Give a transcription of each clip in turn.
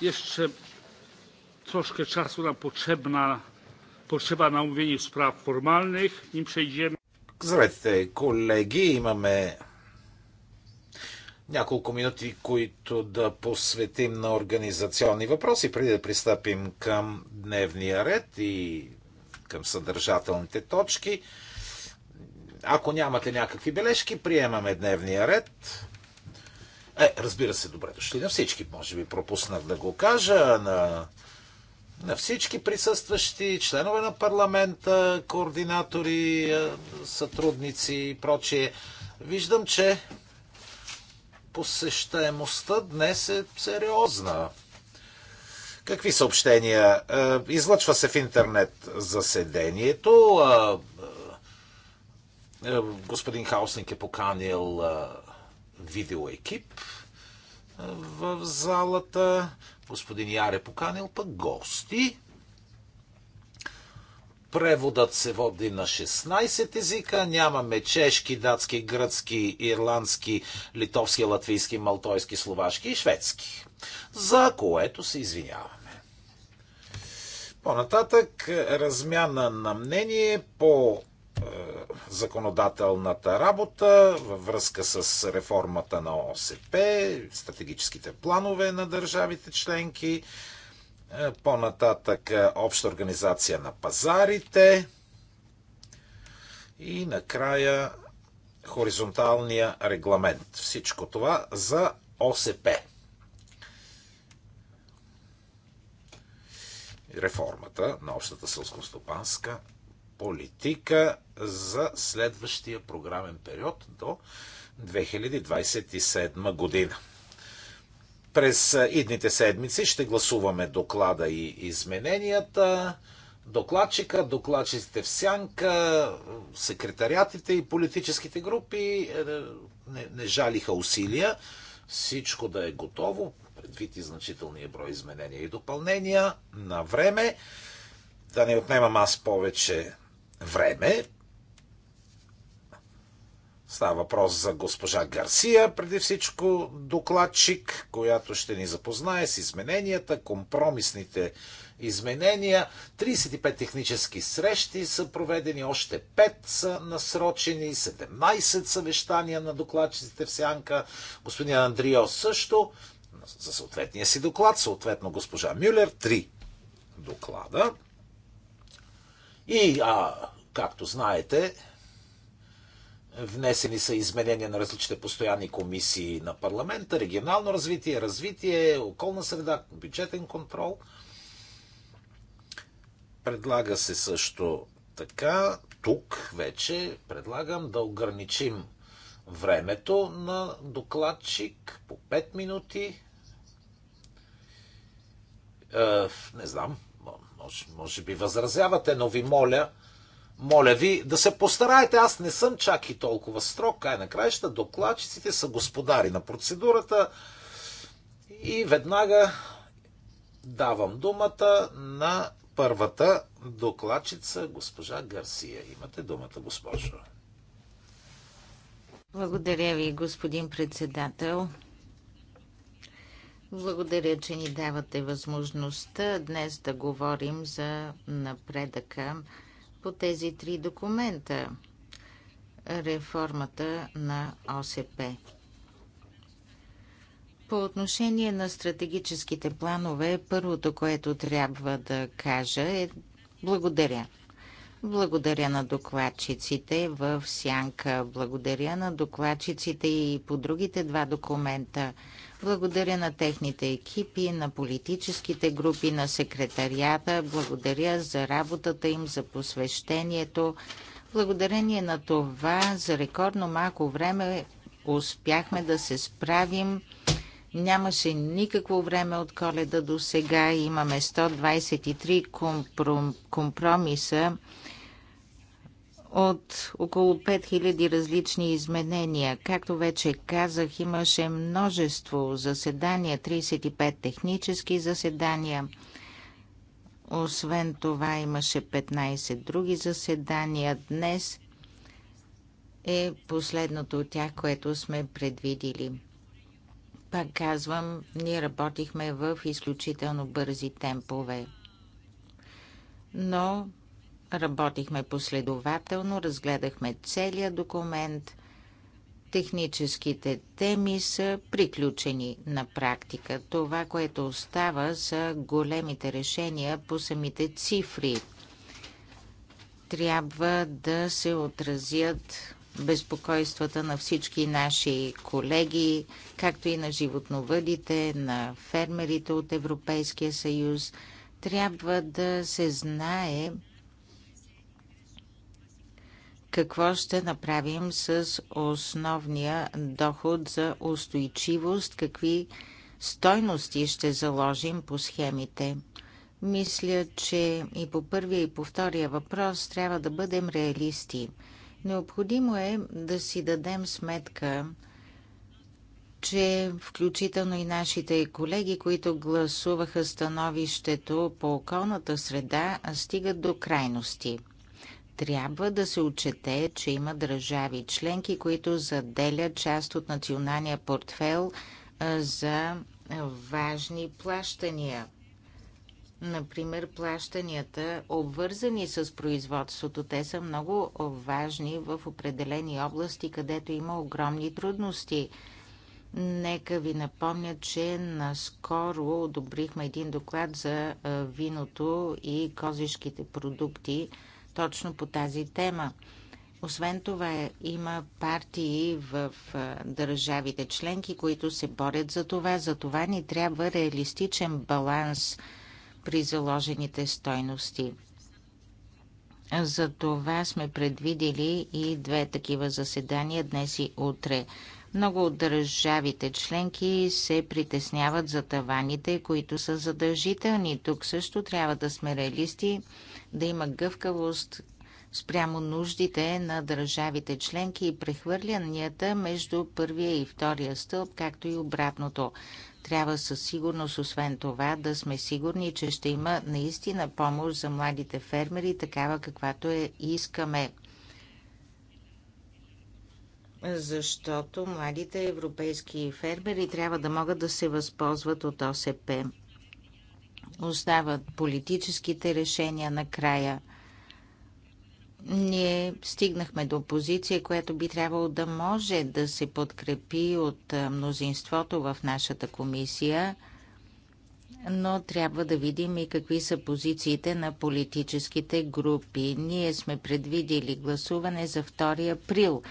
jeszcze troszkę czasu nam potrzeba na omówienie spraw formalnych, nim przejdziemy. Здравейте, колеги! Имаме няколко минути, които да посветим на организационни въпроси, преди да пристъпим към дневния ред и към съдържателните точки. Ако нямате някакви бележки, приемаме дневния ред. Е, разбира се, добре дошли на всички. Може би пропуснах да го кажа на, на всички присъстващи, членове на парламента, координатори, е, сътрудници и прочие. Виждам, че посещаемостта днес е сериозна. Какви съобщения? Е, излъчва се в интернет заседението. Е, господин Хаусник е поканил видеоекип в залата. Господин Яре поканил пък гости. Преводът се води на 16 езика. Нямаме чешки, датски, гръцки, ирландски, литовски, латвийски, малтойски, словашки и шведски. За което се извиняваме. По-нататък размяна на мнение по е, законодателната работа във връзка с реформата на ОСП, стратегическите планове на държавите членки, е, по-нататък е, обща организация на пазарите и накрая хоризонталния регламент. Всичко това за ОСП. Реформата на общата селско-стопанска политика за следващия програмен период до 2027 година. През идните седмици ще гласуваме доклада и измененията, докладчика, докладчиците в сянка, секретариатите и политическите групи е, не, не жалиха усилия всичко да е готово, предвид и значителния брой изменения и допълнения на време. Да не отнемам аз повече време. Става въпрос за госпожа Гарсия, преди всичко докладчик, която ще ни запознае с измененията, компромисните изменения. 35 технически срещи са проведени, още 5 са насрочени, 17 съвещания на докладчиците в Сянка. Господин Андрио също за съответния си доклад, съответно госпожа Мюлер, 3 доклада. И, а, както знаете, внесени са изменения на различните постоянни комисии на парламента, регионално развитие, развитие, околна среда, бюджетен контрол. Предлага се също така, тук вече предлагам да ограничим времето на докладчик по 5 минути. Е, не знам, може, може би възразявате, но ви моля, моля ви да се постараете. Аз не съм чак и толкова строг. Край на краища, докладчиците са господари на процедурата. И веднага давам думата на първата докладчица, госпожа Гарсия. Имате думата, госпожо. Благодаря ви, господин председател. Благодаря, че ни давате възможността днес да говорим за напредъка по тези три документа. Реформата на ОСП. По отношение на стратегическите планове, първото, което трябва да кажа е благодаря. Благодаря на докладчиците в Сянка, благодаря на докладчиците и по другите два документа – благодаря на техните екипи, на политическите групи, на секретарията. Благодаря за работата им, за посвещението. Благодарение на това за рекордно малко време успяхме да се справим. Нямаше никакво време от коледа до сега. Имаме 123 компромиса от около 5000 различни изменения. Както вече казах, имаше множество заседания, 35 технически заседания. Освен това имаше 15 други заседания. Днес е последното от тях, което сме предвидили. Пак казвам, ние работихме в изключително бързи темпове. Но Работихме последователно, разгледахме целият документ. Техническите теми са приключени на практика. Това, което остава, са големите решения по самите цифри. Трябва да се отразят безпокойствата на всички наши колеги, както и на животновъдите, на фермерите от Европейския съюз. Трябва да се знае, какво ще направим с основния доход за устойчивост, какви стойности ще заложим по схемите. Мисля, че и по първия и по втория въпрос трябва да бъдем реалисти. Необходимо е да си дадем сметка, че включително и нашите колеги, които гласуваха становището по околната среда, стигат до крайности – трябва да се отчете, че има държави членки, които заделят част от националния портфел за важни плащания. Например, плащанията, обвързани с производството, те са много важни в определени области, където има огромни трудности. Нека ви напомня, че наскоро одобрихме един доклад за виното и козишките продукти – точно по тази тема. Освен това, има партии в държавите членки, които се борят за това. За това ни трябва реалистичен баланс при заложените стойности. За това сме предвидели и две такива заседания днес и утре. Много от държавите членки се притесняват за таваните, които са задължителни. Тук също трябва да сме реалисти да има гъвкавост спрямо нуждите на държавите членки и прехвърлянията между първия и втория стълб, както и обратното. Трябва със сигурност, освен това, да сме сигурни, че ще има наистина помощ за младите фермери, такава каквато е искаме. Защото младите европейски фермери трябва да могат да се възползват от ОСП. Остават политическите решения накрая. Ние стигнахме до позиция, която би трябвало да може да се подкрепи от мнозинството в нашата комисия но трябва да видим и какви са позициите на политическите групи. Ние сме предвидили гласуване за 2 април.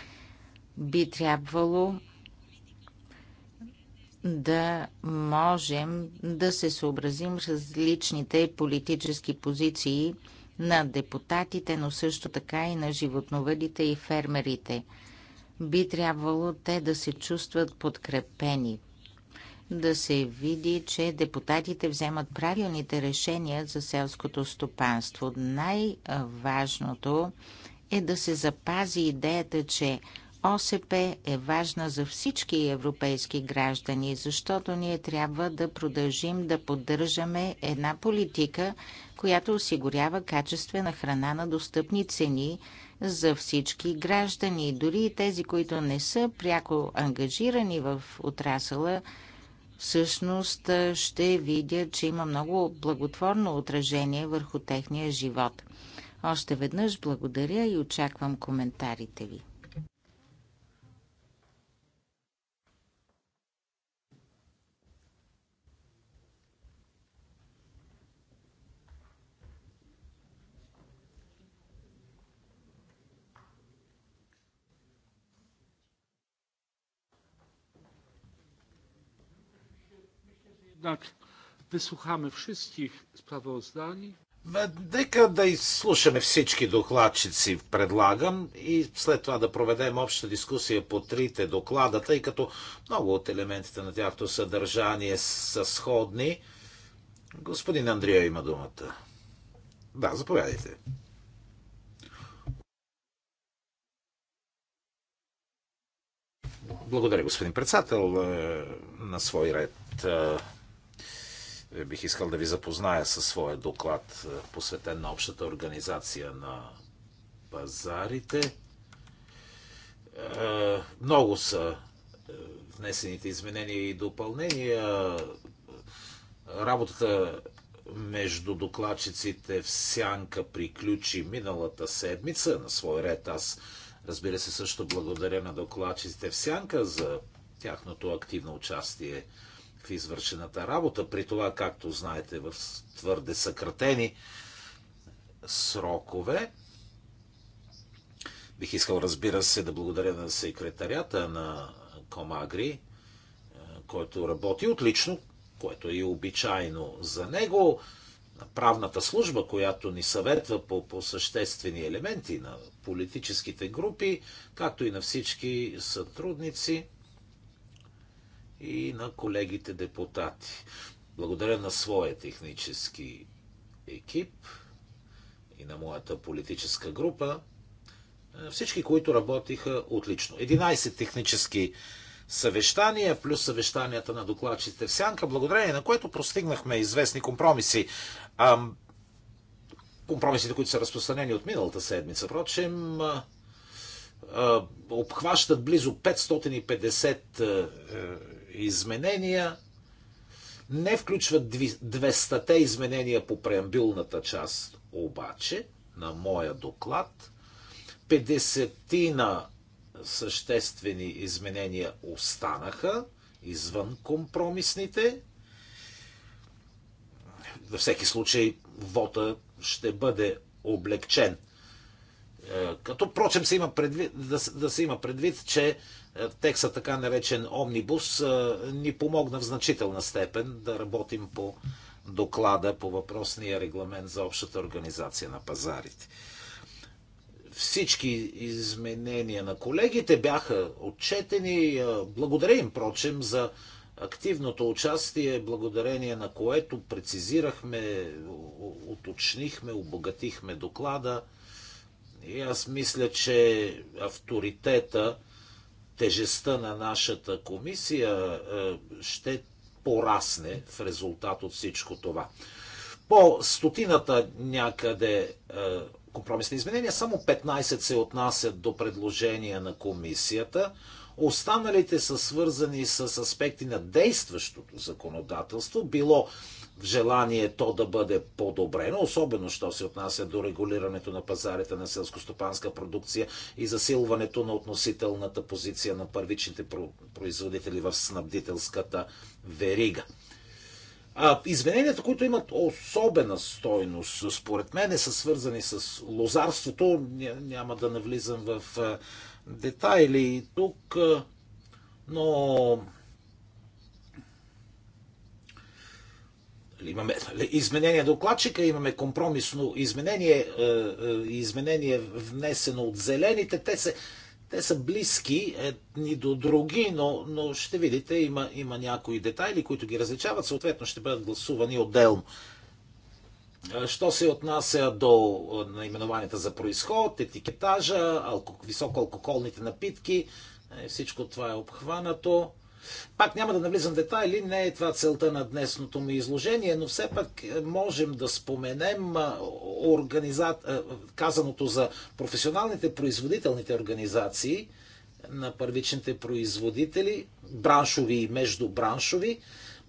Би трябвало да можем да се съобразим с различните политически позиции на депутатите, но също така и на животновъдите и фермерите. Би трябвало те да се чувстват подкрепени. Да се види, че депутатите вземат правилните решения за селското стопанство. Най-важното е да се запази идеята, че ОСП е важна за всички европейски граждани, защото ние трябва да продължим да поддържаме една политика, която осигурява качествена храна на достъпни цени за всички граждани, дори и тези, които не са пряко ангажирани в отрасъла, всъщност ще видят, че има много благотворно отражение върху техния живот. Още веднъж благодаря и очаквам коментарите ви. jednak wysłuchamy wszystkich sprawozdań. Нека да изслушаме всички докладчици, предлагам, и след това да проведем обща дискусия по трите доклада, тъй като много от елементите на тяхното съдържание са сходни. Господин Андрия има думата. Да, заповядайте. Благодаря, господин председател. Е, на свой ред е, е, бих искал да ви запозная със своя доклад, е, посветен на общата организация на пазарите. Е, много са внесените изменения и допълнения. Работата между докладчиците в Сянка приключи миналата седмица. На свой ред аз, разбира се, също благодаря на докладчиците в Сянка за тяхното активно участие в извършената работа. При това, както знаете, в твърде съкратени срокове. Бих искал, разбира се, да благодаря на секретарята на Комагри, е, който работи отлично, което е и обичайно за него. Правната служба, която ни съветва по, по съществени елементи на политическите групи, както и на всички сътрудници и на колегите депутати. Благодаря на своя технически екип и на моята политическа група. Е, всички, които работиха отлично. 11 технически съвещания, плюс съвещанията на докладчите в Сянка, благодарение на което простигнахме известни компромиси. Ам, компромисите, които са разпространени от миналата седмица, впрочем, а, а, обхващат близо 550 а, изменения не включват 200-те изменения по преамбилната част, обаче, на моя доклад, 50 съществени изменения останаха извън компромисните. Във всеки случай, вота ще бъде облегчен. Е, като, прочем, се има предвид, да, да се има предвид, че е, текста така наречен омнибус е, ни помогна в значителна степен да работим по доклада по въпросния регламент за общата организация на пазарите. Всички изменения на колегите бяха отчетени. Благодаря им, прочем, за активното участие, благодарение на което прецизирахме, уточнихме, обогатихме доклада и аз мисля, че авторитета, тежестта на нашата комисия е, ще порасне в резултат от всичко това. По стотината някъде е, компромисни изменения, само 15 се отнасят до предложения на комисията. Останалите са свързани с аспекти на действащото законодателство, било в желание то да бъде подобрено, особено що се отнася до регулирането на пазарите на селскостопанска продукция и засилването на относителната позиция на първичните производители в снабдителската верига. измененията, които имат особена стойност, според мен, са свързани с лозарството. Няма да навлизам в детайли тук, но имаме изменение докладчика, имаме компромисно изменение, е, е, изменение внесено от зелените. Те са, те са близки едни до други, но, но ще видите, има, има някои детайли, които ги различават, съответно ще бъдат гласувани отделно. Е, що се отнася до наименованията за происход, етикетажа, високоалкохолните напитки, всичко това е обхванато. Пак няма да навлизам в детайли, не е това целта на днесното ми изложение, но все пак е, можем да споменем организа... казаното за професионалните производителните организации на първичните производители, браншови и междубраншови.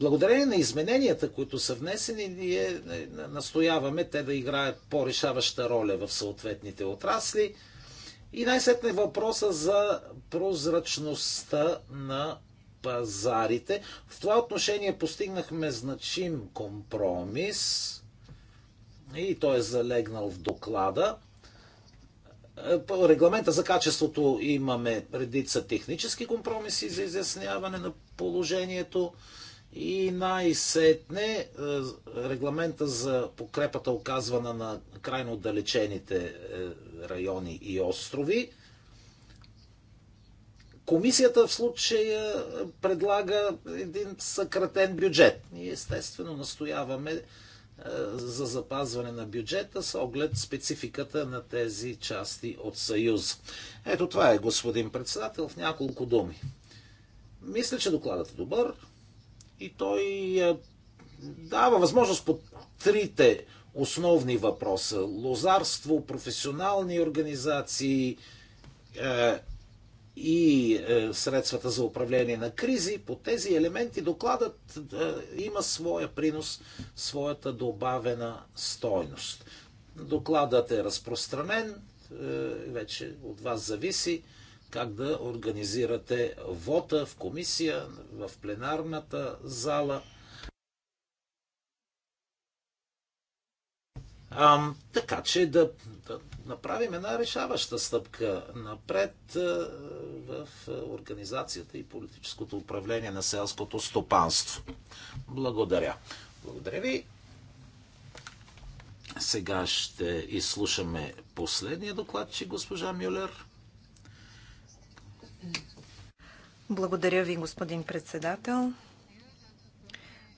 Благодарение на измененията, които са внесени, ние е, настояваме те да играят по-решаваща роля в съответните отрасли. И най-сетне въпроса за прозрачността на пазарите. В това отношение постигнахме значим компромис и той е залегнал в доклада. Е, по регламента за качеството имаме редица технически компромиси за изясняване на положението и най-сетне е, регламента за покрепата оказвана на крайно отдалечените е, райони и острови – Комисията в случая предлага един съкратен бюджет. Ние естествено настояваме е, за запазване на бюджета с оглед спецификата на тези части от Съюз. Ето това е, господин председател, в няколко думи. Мисля, че докладът е добър и той е, дава възможност по трите основни въпроса лозарство, професионални организации е, и е, средствата за управление на кризи, по тези елементи докладът е, има своя принос, своята добавена стойност. Докладът е разпространен, е, вече от вас зависи как да организирате вота в комисия, в пленарната зала. А, така че да, да, направим една решаваща стъпка напред е, в е, организацията и политическото управление на селското стопанство. Благодаря. Благодаря ви. Сега ще изслушаме последния доклад, че госпожа Мюлер. Благодаря ви, господин председател.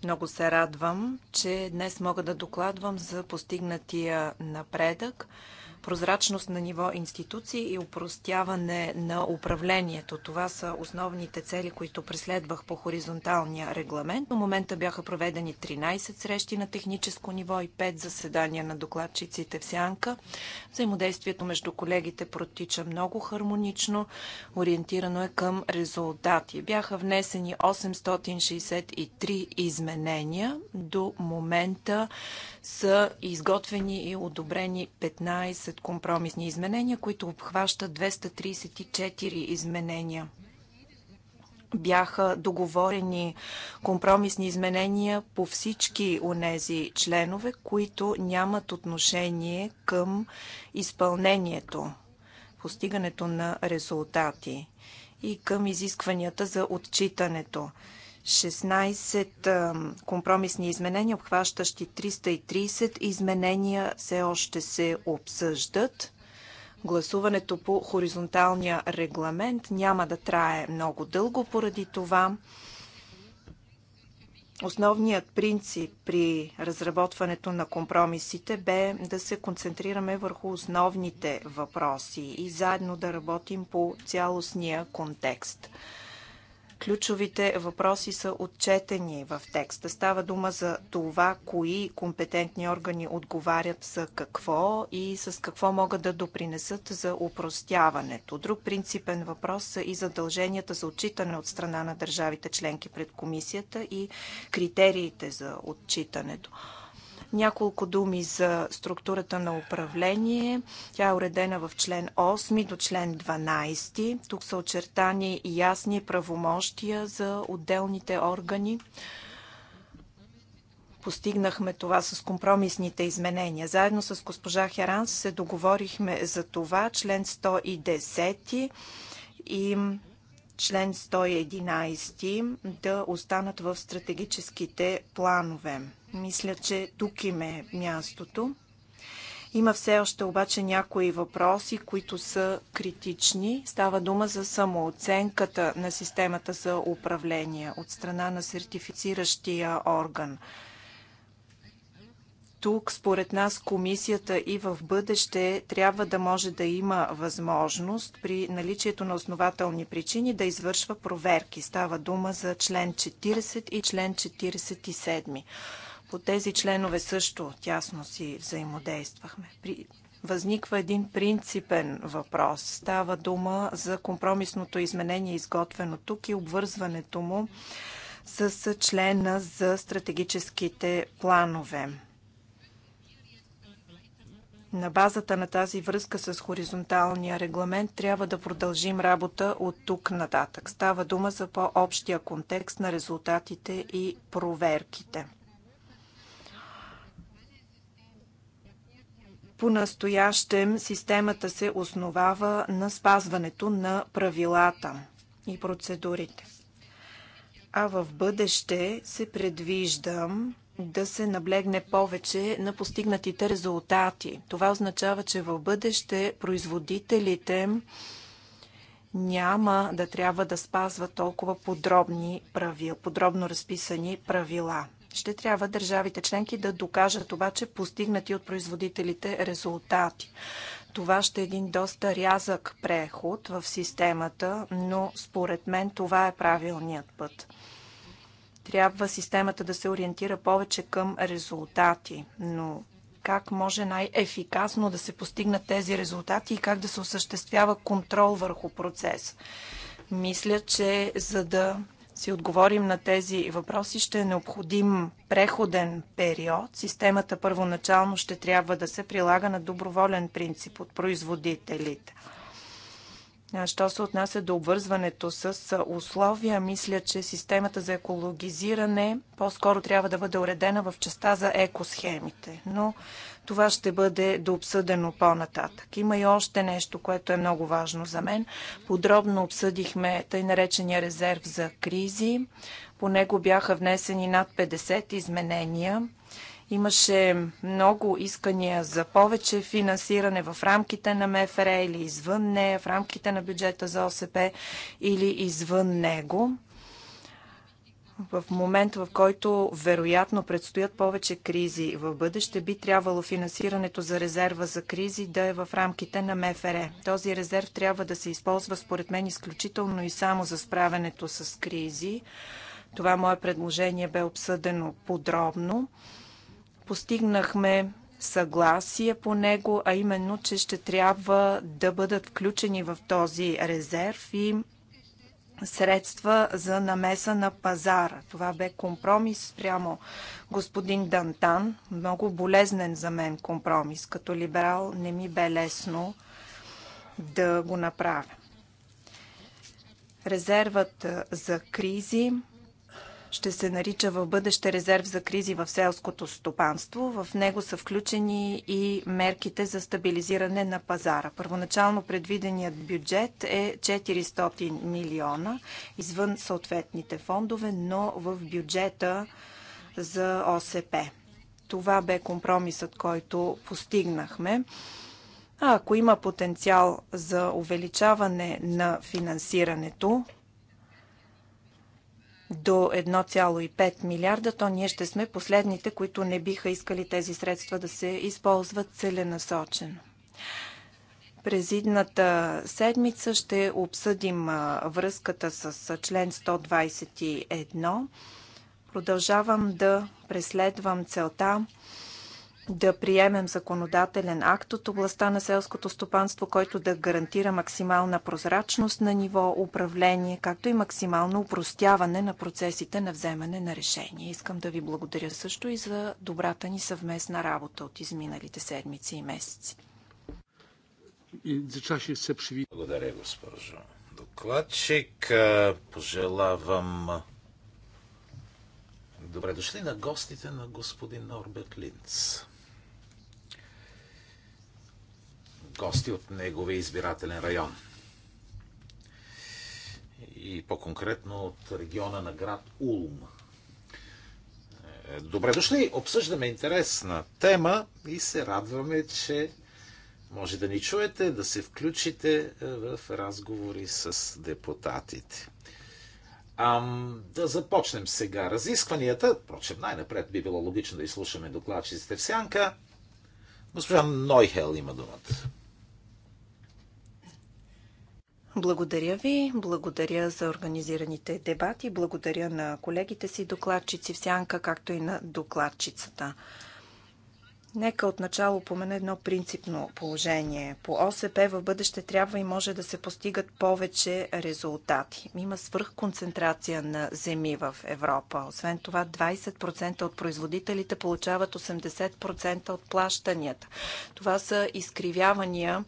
Много се радвам, че днес мога да докладвам за постигнатия напредък прозрачност на ниво институции и упростяване на управлението. Това са основните цели, които преследвах по хоризонталния регламент. До момента бяха проведени 13 срещи на техническо ниво и 5 заседания на докладчиците в Сянка. Взаимодействието между колегите протича много хармонично, ориентирано е към резултати. Бяха внесени 863 изменения. До момента са изготвени и одобрени 15 компромисни изменения, които обхващат 234 изменения. Бяха договорени компромисни изменения по всички онези членове, които нямат отношение към изпълнението, постигането на резултати и към изискванията за отчитането. 16 компромисни изменения, обхващащи 330 изменения, все още се обсъждат. Гласуването по хоризонталния регламент няма да трае много дълго поради това. Основният принцип при разработването на компромисите бе да се концентрираме върху основните въпроси и заедно да работим по цялостния контекст. Ключовите въпроси са отчетени в текста. Става дума за това, кои компетентни органи отговарят за какво и с какво могат да допринесат за упростяването. Друг принципен въпрос са и задълженията за отчитане от страна на държавите членки пред комисията и критериите за отчитането. Няколко думи за структурата на управление. Тя е уредена в член 8 до член 12. Тук са очертани и ясни правомощия за отделните органи постигнахме това с компромисните изменения. Заедно с госпожа Херанс се договорихме за това член 110 и член 111 да останат в стратегическите планове. Мисля, че тук им е мястото. Има все още обаче някои въпроси, които са критични. Става дума за самооценката на системата за управление от страна на сертифициращия орган. Тук, според нас, комисията и в бъдеще трябва да може да има възможност при наличието на основателни причини да извършва проверки. Става дума за член 40 и член 47. По тези членове също тясно си взаимодействахме. При... Възниква един принципен въпрос. Става дума за компромисното изменение, изготвено тук и обвързването му с члена за стратегическите планове. На базата на тази връзка с хоризонталния регламент трябва да продължим работа от тук нататък. Става дума за по-общия контекст на резултатите и проверките. По-настоящем системата се основава на спазването на правилата и процедурите. А в бъдеще се предвиждам да се наблегне повече на постигнатите резултати. Това означава, че в бъдеще производителите няма да трябва да спазват толкова подробни правил, подробно разписани правила. Ще трябва държавите членки да докажат обаче постигнати от производителите резултати. Това ще е един доста рязък преход в системата, но според мен това е правилният път. Трябва системата да се ориентира повече към резултати, но как може най-ефикасно да се постигнат тези резултати и как да се осъществява контрол върху процес. Мисля, че за да си отговорим на тези въпроси, ще е необходим преходен период. Системата първоначално ще трябва да се прилага на доброволен принцип от производителите. Що се отнася до обвързването с условия, мисля, че системата за екологизиране по-скоро трябва да бъде уредена в частта за екосхемите. Но това ще бъде дообсъдено по-нататък. Има и още нещо, което е много важно за мен. Подробно обсъдихме тъй наречения резерв за кризи. По него бяха внесени над 50 изменения. Имаше много искания за повече финансиране в рамките на МФР или извън нея, в рамките на бюджета за ОСП или извън него в момент, в който вероятно предстоят повече кризи в бъдеще, би трябвало финансирането за резерва за кризи да е в рамките на МФР. Този резерв трябва да се използва според мен изключително и само за справянето с кризи. Това мое предложение бе обсъдено подробно. Постигнахме съгласие по него, а именно, че ще трябва да бъдат включени в този резерв и средства за намеса на пазара. Това бе компромис спрямо господин Дантан. Много болезнен за мен компромис. Като либерал не ми бе лесно да го направя. Резервът за кризи ще се нарича в бъдеще резерв за кризи в селското стопанство. В него са включени и мерките за стабилизиране на пазара. Първоначално предвиденият бюджет е 400 милиона извън съответните фондове, но в бюджета за ОСП. Това бе компромисът, който постигнахме. А ако има потенциал за увеличаване на финансирането, до 1,5 милиарда, то ние ще сме последните, които не биха искали тези средства да се използват целенасочено. През идната седмица ще обсъдим връзката с член 121. Продължавам да преследвам целта да приемем законодателен акт от областта на селското стопанство, който да гарантира максимална прозрачност на ниво управление, както и максимално упростяване на процесите на вземане на решения. Искам да ви благодаря също и за добрата ни съвместна работа от изминалите седмици и месеци. За се Благодаря, госпожо докладчик. Пожелавам добре дошли на гостите на господин Норберт Линц. гости от неговия избирателен район. И по-конкретно от региона на град Улм. Е, добре дошли, обсъждаме интересна тема и се радваме, че може да ни чуете, да се включите е, в разговори с депутатите. Ам, да започнем сега разискванията. Впрочем, най-напред би било логично да изслушаме докладчиците в сянка. Госпожа Нойхел има думата. Благодаря ви, благодаря за организираните дебати, благодаря на колегите си докладчици в Сянка, както и на докладчицата. Нека отначало помена едно принципно положение. По ОСП в бъдеще трябва и може да се постигат повече резултати. Има свръхконцентрация на земи в Европа. Освен това, 20% от производителите получават 80% от плащанията. Това са изкривявания,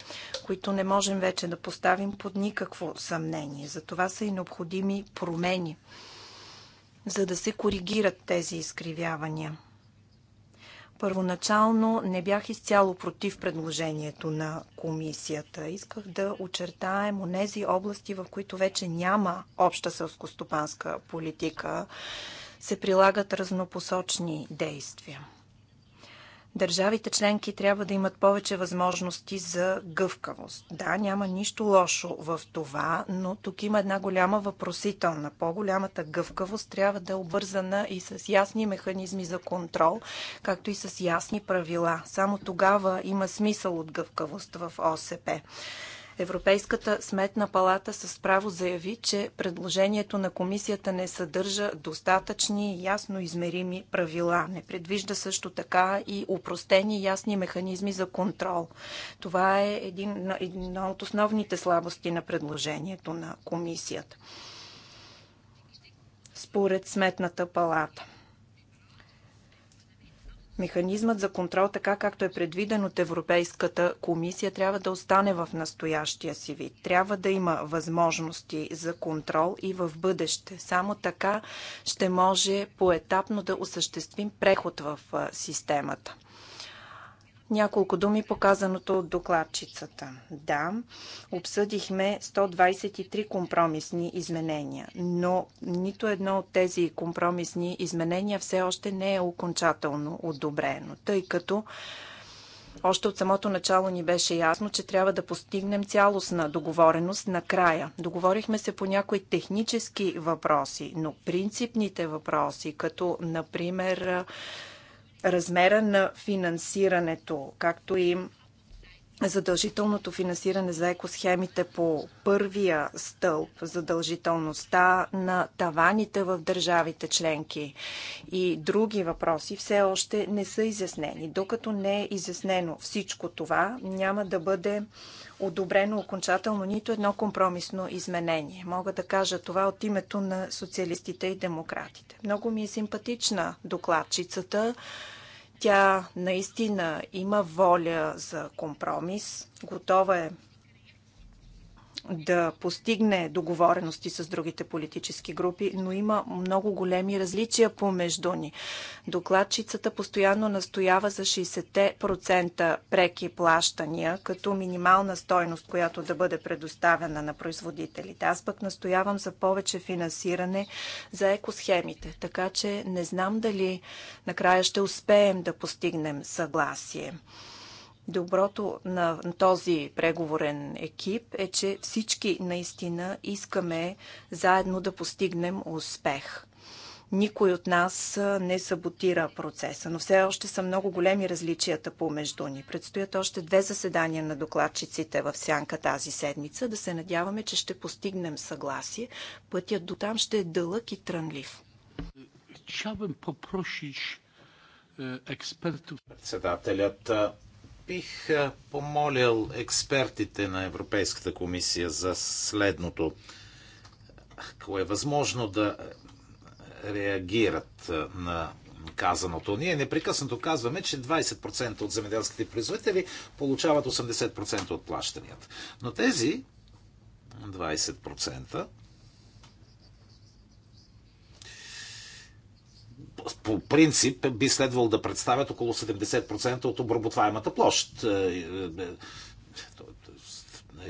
които не можем вече да поставим под никакво съмнение. За това са и необходими промени, за да се коригират тези изкривявания. Първоначално не бях изцяло против предложението на комисията. Исках да очертаем онези области, в които вече няма обща селскостопанска политика, се прилагат разнопосочни действия. Държавите членки трябва да имат повече възможности за гъвкавост. Да, няма нищо лошо в това, но тук има една голяма въпросителна. По-голямата гъвкавост трябва да е обвързана и с ясни механизми за контрол, както и с ясни правила. Само тогава има смисъл от гъвкавост в ОСП. Европейската сметна палата с право заяви, че предложението на комисията не съдържа достатъчни и ясно измерими правила. Не предвижда също така и упростени и ясни механизми за контрол. Това е един, една от основните слабости на предложението на комисията. Според сметната палата. Механизмът за контрол, така както е предвиден от Европейската комисия, трябва да остане в настоящия си вид. Трябва да има възможности за контрол и в бъдеще. Само така ще може поетапно да осъществим преход в системата. Няколко думи показаното от докладчицата. Да, обсъдихме 123 компромисни изменения, но нито едно от тези компромисни изменения все още не е окончателно одобрено, тъй като още от самото начало ни беше ясно, че трябва да постигнем цялостна договореност накрая. Договорихме се по някои технически въпроси, но принципните въпроси, като например размера на финансирането, както и задължителното финансиране за екосхемите по първия стълб, задължителността на таваните в държавите членки и други въпроси все още не са изяснени. Докато не е изяснено всичко това, няма да бъде одобрено окончателно нито едно компромисно изменение. Мога да кажа това от името на социалистите и демократите. Много ми е симпатична докладчицата. Тя наистина има воля за компромис, готова е да постигне договорености с другите политически групи, но има много големи различия помежду ни. Докладчицата постоянно настоява за 60% преки плащания като минимална стойност, която да бъде предоставена на производителите. Аз пък настоявам за повече финансиране за екосхемите, така че не знам дали накрая ще успеем да постигнем съгласие. Доброто на този преговорен екип е, че всички наистина искаме заедно да постигнем успех. Никой от нас не саботира процеса, но все още са много големи различията помежду ни. Предстоят още две заседания на докладчиците в Сянка тази седмица. Да се надяваме, че ще постигнем съгласие. Пътят до там ще е дълъг и трънлив. Chciałbym попросить е, експертов. Председателят бих помолил експертите на Европейската комисия за следното. Ако е възможно да реагират на казаното. Ние непрекъснато казваме, че 20% от земеделските производители получават 80% от плащанията. Но тези 20% по принцип би следвало да представят около 70% от обработваемата площ. Е, е,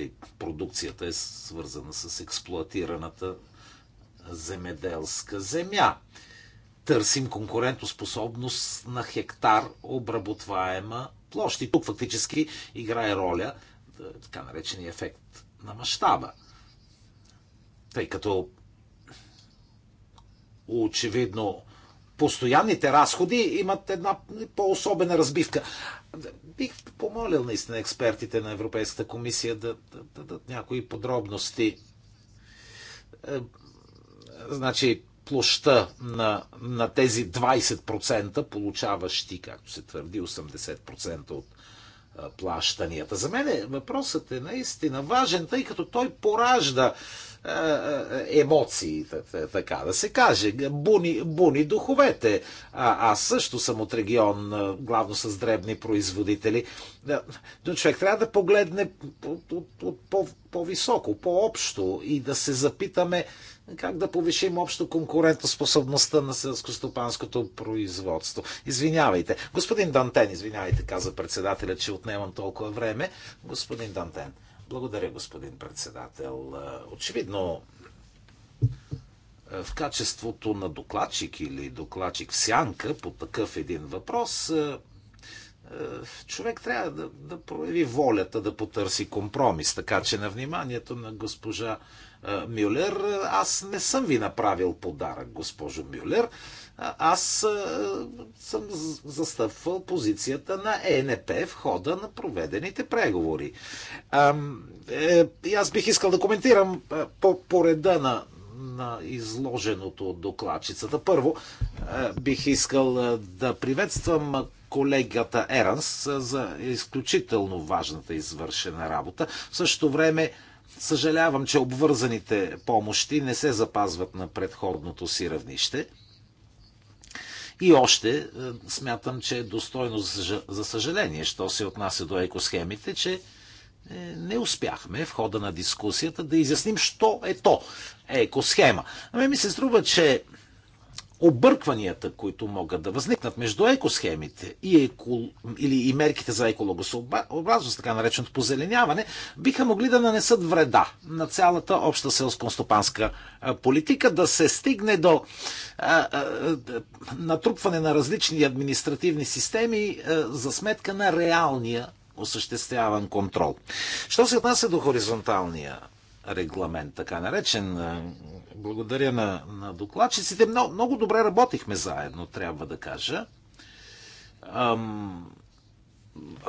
е, продукцията е свързана с експлуатираната земеделска земя. Търсим конкурентоспособност на хектар обработваема площ. И тук фактически играе роля така наречения ефект на мащаба. Тъй като очевидно постоянните разходи имат една по-особена разбивка. Бих помолил наистина експертите на Европейската комисия да дадат да, да, някои подробности. Е, значи, площа на, на тези 20%, получаващи, както се твърди, 80% от е, плащанията. За мен е, въпросът е наистина важен, тъй като той поражда емоции, така да се каже. Буни, буни духовете. А, аз също съм от регион, главно с дребни производители. Но човек трябва да погледне по, по-високо, по-общо и да се запитаме как да повишим общо конкурентоспособността на селскостопанското производство. Извинявайте. Господин Дантен, извинявайте, каза председателя, че отнемам толкова време. Господин Дантен. Благодаря, господин председател. Очевидно, в качеството на докладчик или докладчик в сянка по такъв един въпрос, човек трябва да, да прояви волята да потърси компромис. Така че на вниманието на госпожа Мюлер, аз не съм ви направил подарък, госпожо Мюлер. Аз съм застъпвал позицията на ЕНП в хода на проведените преговори. Е, и аз бих искал да коментирам по, реда на, на изложеното от докладчицата. Първо, бих искал да приветствам колегата Еранс за изключително важната извършена работа. В същото време, съжалявам, че обвързаните помощи не се запазват на предходното си равнище – и още е, смятам, че е достойно за съжаление, що се отнася до екосхемите, че е, не успяхме в хода на дискусията да изясним, що е то екосхема. Ами ми се струва, че объркванията, които могат да възникнат между екосхемите и, еко, или и мерките за екологосообразност, така нареченото позеленяване, биха могли да нанесат вреда на цялата обща селско-стопанска политика, да се стигне до а, а, натрупване на различни административни системи а, за сметка на реалния осъществяван контрол. Що се отнася до хоризонталния регламент, така наречен. Е, благодаря на, на докладчиците. Много, много добре работихме заедно, трябва да кажа. Ам,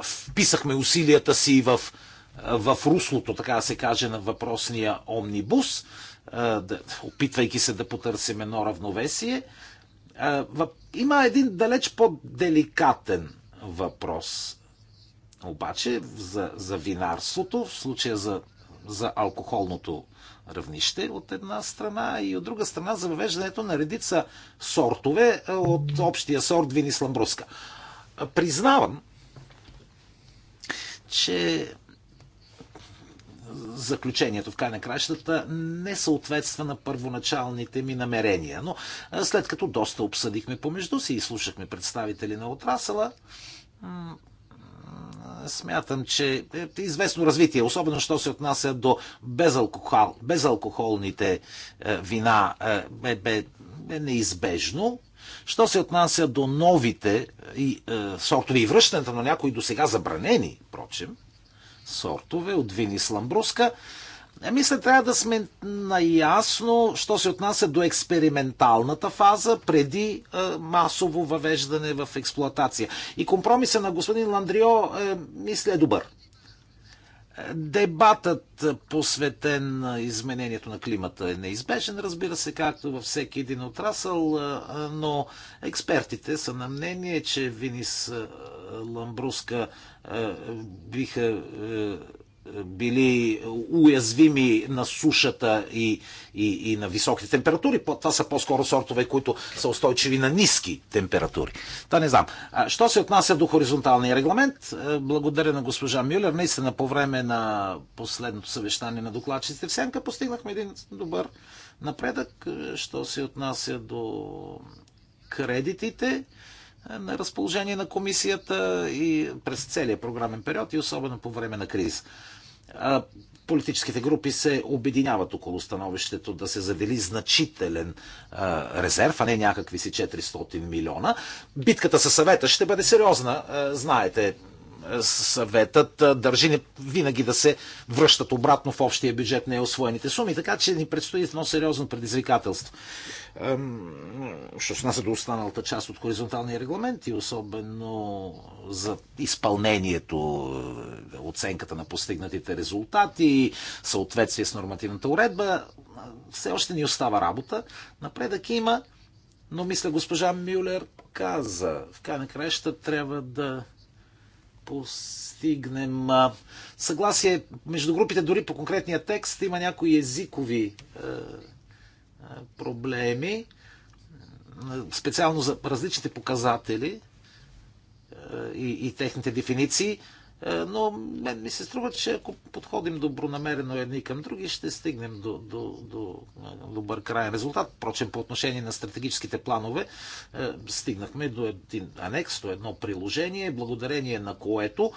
вписахме усилията си в, в руслото, така да се каже, на въпросния омнибус, е, опитвайки се да потърсим едно равновесие. Е, има един далеч по-деликатен въпрос. Обаче за, за винарството, в случая за за алкохолното равнище от една страна и от друга страна за въвеждането на редица сортове е, от общия сорт Вини Ламбруска. Признавам, че заключението в край на кращата не съответства на първоначалните ми намерения. Но е, след като доста обсъдихме помежду си и слушахме представители на отрасъла, смятам, че е известно развитие, особено що се отнася до безалкохол, безалкохолните е, вина, бе, е, е, е неизбежно. Що се отнася до новите и, е, сортове и връщането на някои до сега забранени, прочим, сортове от Вини Сламбруска, мисля, трябва да сме наясно, що се отнася до експерименталната фаза преди е, масово въвеждане в експлоатация. И компромиса на господин Ландрио, е, мисля, е добър. Дебатът, посветен на изменението на климата, е неизбежен, разбира се, както във всеки един отрасъл, е, но експертите са на мнение, че Винис е, Ламбруска е, биха били уязвими на сушата и, и, и на високите температури. Това са по-скоро сортове, които са устойчиви на ниски температури. Та не знам. Що се отнася до хоризонталния регламент, благодаря на госпожа Мюллер. Наистина по време на последното съвещание на докладчиците в Сенка постигнахме един добър напредък. Що се отнася до кредитите, на разположение на комисията и през целия програмен период и особено по време на криза политическите групи се обединяват около становището да се задели значителен а, резерв, а не някакви си 400 милиона. Битката със съвета ще бъде сериозна. А, знаете, съветът а, държи винаги да се връщат обратно в общия бюджет на е освоените суми, така че ни предстои едно сериозно предизвикателство що се нася до останалата част от хоризонталния регламент и особено за изпълнението, е, оценката на постигнатите резултати, съответствие с нормативната уредба, все още ни остава работа. Напредък има, но мисля госпожа Мюлер каза, в край на краща трябва да постигнем съгласие между групите, дори по конкретния текст има някои езикови е, проблеми, специално за различните показатели и, и техните дефиниции. Е, но мен ми се струва, че ако подходим добронамерено едни към други, ще стигнем до, до, до е, добър крайен резултат. Впрочем, по отношение на стратегическите планове, е, стигнахме до един анекс, до едно приложение, благодарение на което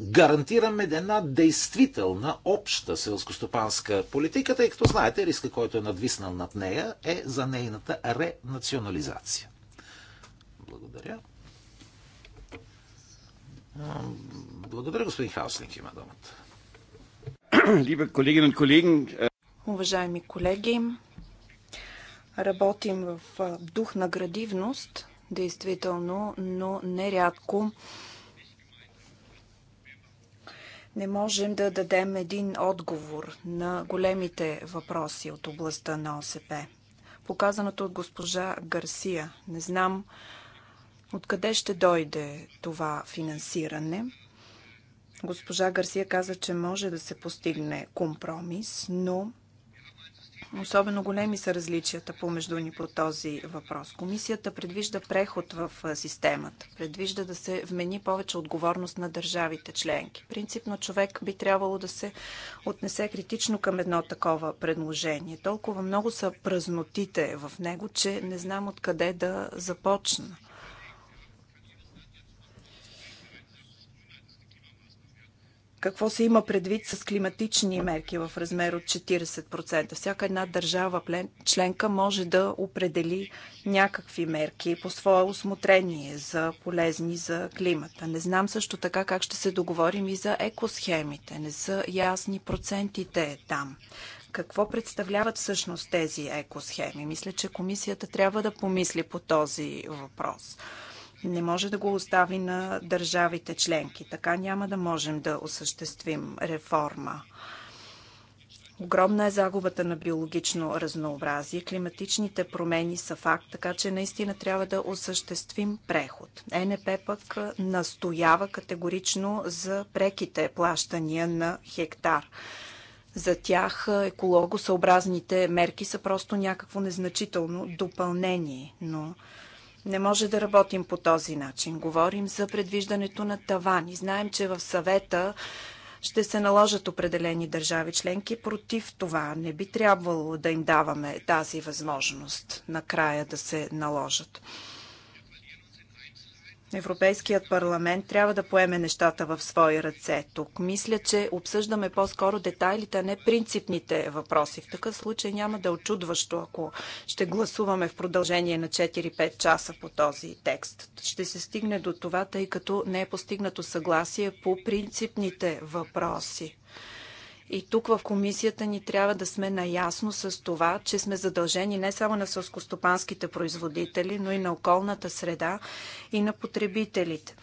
гарантираме една действителна обща селскостопанска политика, тъй като знаете, риска, който е надвиснал над нея, е за нейната ренационализация. Благодаря. Благодаря, господин Хаусник, има думата. Е, Уважаеми колеги, работим в дух на градивност, действително, но нерядко не можем да дадем един отговор на големите въпроси от областта на ОСП. Показаното от госпожа Гарсия. Не знам Откъде ще дойде това финансиране? Госпожа Гарсия каза, че може да се постигне компромис, но особено големи са различията помежду ни по този въпрос. Комисията предвижда преход в системата, предвижда да се вмени повече отговорност на държавите членки. Принципно човек би трябвало да се отнесе критично към едно такова предложение. Толкова много са празнотите в него, че не знам откъде да започна. Какво се има предвид с климатични мерки в размер от 40%? Всяка една държава членка може да определи някакви мерки по свое осмотрение за полезни за климата. Не знам също така как ще се договорим и за екосхемите. Не са ясни процентите там. Какво представляват всъщност тези екосхеми? Мисля, че комисията трябва да помисли по този въпрос не може да го остави на държавите членки. Така няма да можем да осъществим реформа. Огромна е загубата на биологично разнообразие. Климатичните промени са факт, така че наистина трябва да осъществим преход. ЕНП пък настоява категорично за преките плащания на хектар. За тях екологосъобразните мерки са просто някакво незначително допълнение, но не може да работим по този начин. Говорим за предвиждането на тавани. Знаем, че в съвета ще се наложат определени държави членки против това. Не би трябвало да им даваме тази възможност накрая да се наложат. Европейският парламент трябва да поеме нещата в свои ръце. Тук мисля, че обсъждаме по-скоро детайлите, а не принципните въпроси. В такъв случай няма да е очудващо, ако ще гласуваме в продължение на 4-5 часа по този текст. Ще се стигне до това, тъй като не е постигнато съгласие по принципните въпроси. И тук в комисията ни трябва да сме наясно с това, че сме задължени не само на сълскостопанските производители, но и на околната среда и на потребителите.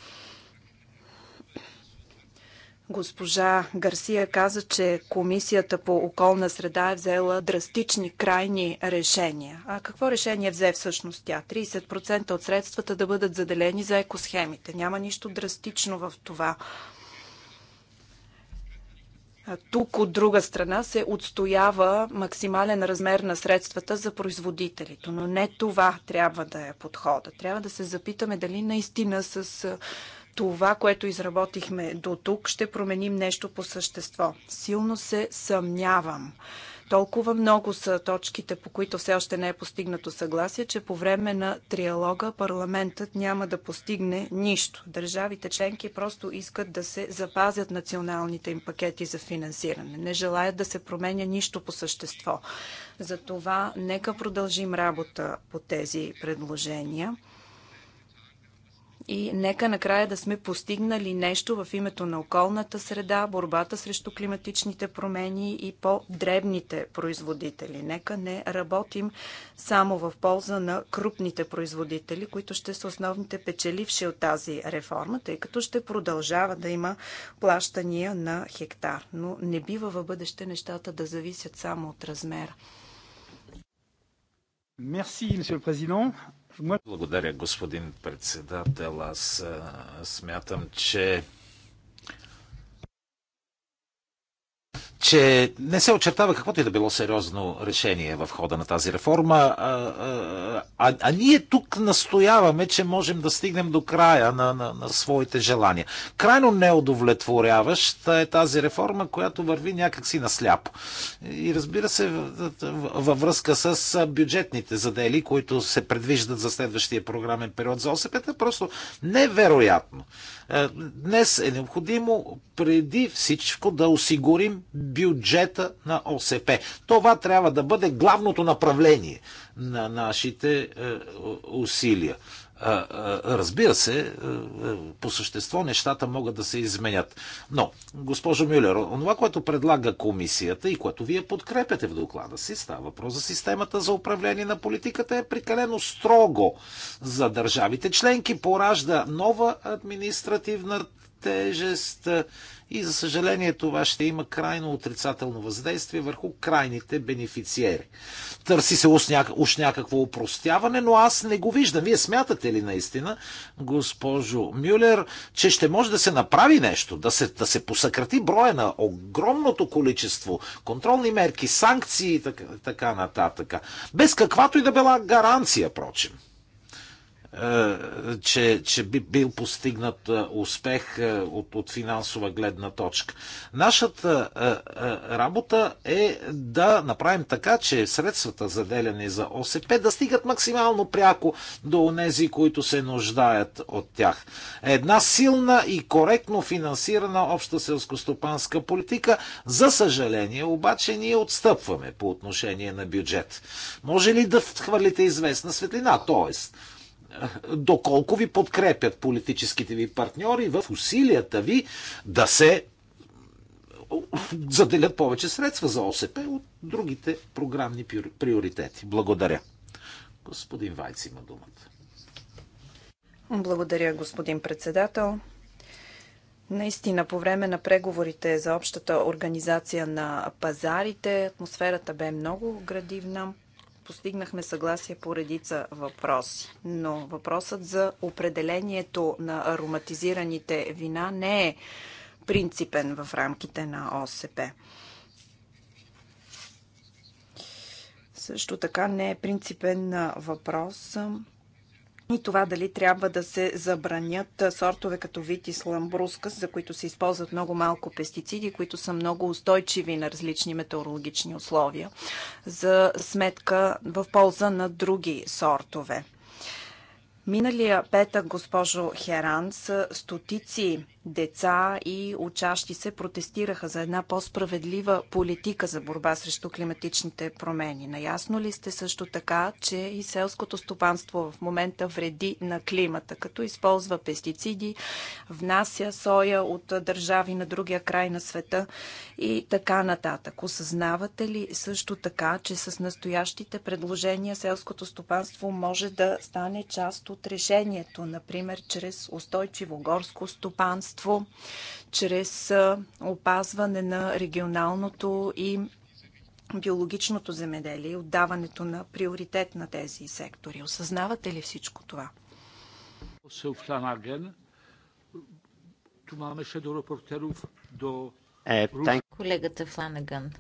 Госпожа Гарсия каза, че Комисията по околна среда е взела драстични крайни решения. А какво решение взе всъщност тя? 30% от средствата да бъдат заделени за екосхемите. Няма нищо драстично в това. Тук от друга страна се отстоява максимален размер на средствата за производителите, но не това трябва да е подхода. Трябва да се запитаме дали наистина с това, което изработихме до тук, ще променим нещо по същество. Силно се съмнявам. Толкова много са точките, по които все още не е постигнато съгласие, че по време на триалога парламентът няма да постигне нищо. Държавите членки просто искат да се запазят националните им пакети за финансиране. Не желаят да се променя нищо по същество. Затова нека продължим работа по тези предложения и нека накрая да сме постигнали нещо в името на околната среда, борбата срещу климатичните промени и по-дребните производители. Нека не работим само в полза на крупните производители, които ще са основните печеливши от тази реформа, тъй като ще продължава да има плащания на хектар. Но не бива в бъдеще нещата да зависят само от размера. Merci, Monsieur le Président. Благодаря, господин председател. Аз смятам, че че не се очертава каквото и да било сериозно решение в хода на тази реформа, а, а, а, а ние тук настояваме, че можем да стигнем до края на, на, на своите желания. Крайно неудовлетворяваща е тази реформа, която върви някакси насляпо. И разбира се, във връзка с бюджетните задели, които се предвиждат за следващия програмен период за ОСП, е просто невероятно. Е, днес е необходимо преди всичко да осигурим бюджета на ОСП. Това трябва да бъде главното направление на нашите е, усилия. Е, е, разбира се, по същество нещата могат да се изменят. Но, госпожо Мюлер, това, което предлага комисията и което вие подкрепяте в доклада си, става въпрос за системата за управление на политиката, е прекалено строго за държавите членки, поражда нова административна тежест и за съжаление това ще има крайно отрицателно въздействие върху крайните бенефициери. Търси се уж, уж някакво упростяване, но аз не го виждам. Вие смятате ли наистина, госпожо Мюлер, че ще може да се направи нещо, да се, да се посъкрати броя на огромното количество контролни мерки, санкции и така, така нататък, без каквато и да била гаранция, прочим? Е, че, че би бил постигнат е, успех е, от, от финансова гледна точка. Нашата работа е да направим така, че средствата заделяни за ОСП да стигат максимално пряко до онези, които се нуждаят от тях. Една силна и коректно финансирана обща селскостопанска политика, за съжаление, обаче ние отстъпваме по отношение на бюджет. Може ли да хвърлите известна светлина? Тоест, доколко ви подкрепят политическите ви партньори в усилията ви да се заделят повече средства за ОСП от другите програмни приоритети. Благодаря. Господин Вайц има думата. Благодаря, господин председател. Наистина, по време на преговорите за общата организация на пазарите, атмосферата бе много градивна постигнахме съгласие по редица въпроси, но въпросът за определението на ароматизираните вина не е принципен в рамките на ОСП. Също така не е принципен въпрос и това дали трябва да се забранят сортове като витис ламбрускас, за които се използват много малко пестициди, които са много устойчиви на различни метеорологични условия, за сметка в полза на други сортове. Миналия петък, госпожо Херанс, стотици деца и учащи се протестираха за една по-справедлива политика за борба срещу климатичните промени. Наясно ли сте също така, че и селското стопанство в момента вреди на климата, като използва пестициди, внася соя от държави на другия край на света и така нататък? Осъзнавате ли също така, че с настоящите предложения селското стопанство може да стане част от от решението, например чрез устойчиво горско стопанство, чрез опазване на регионалното и биологичното земеделие отдаването на приоритет на тези сектори. Осъзнавате ли всичко това? Е, Колегата Фланаган.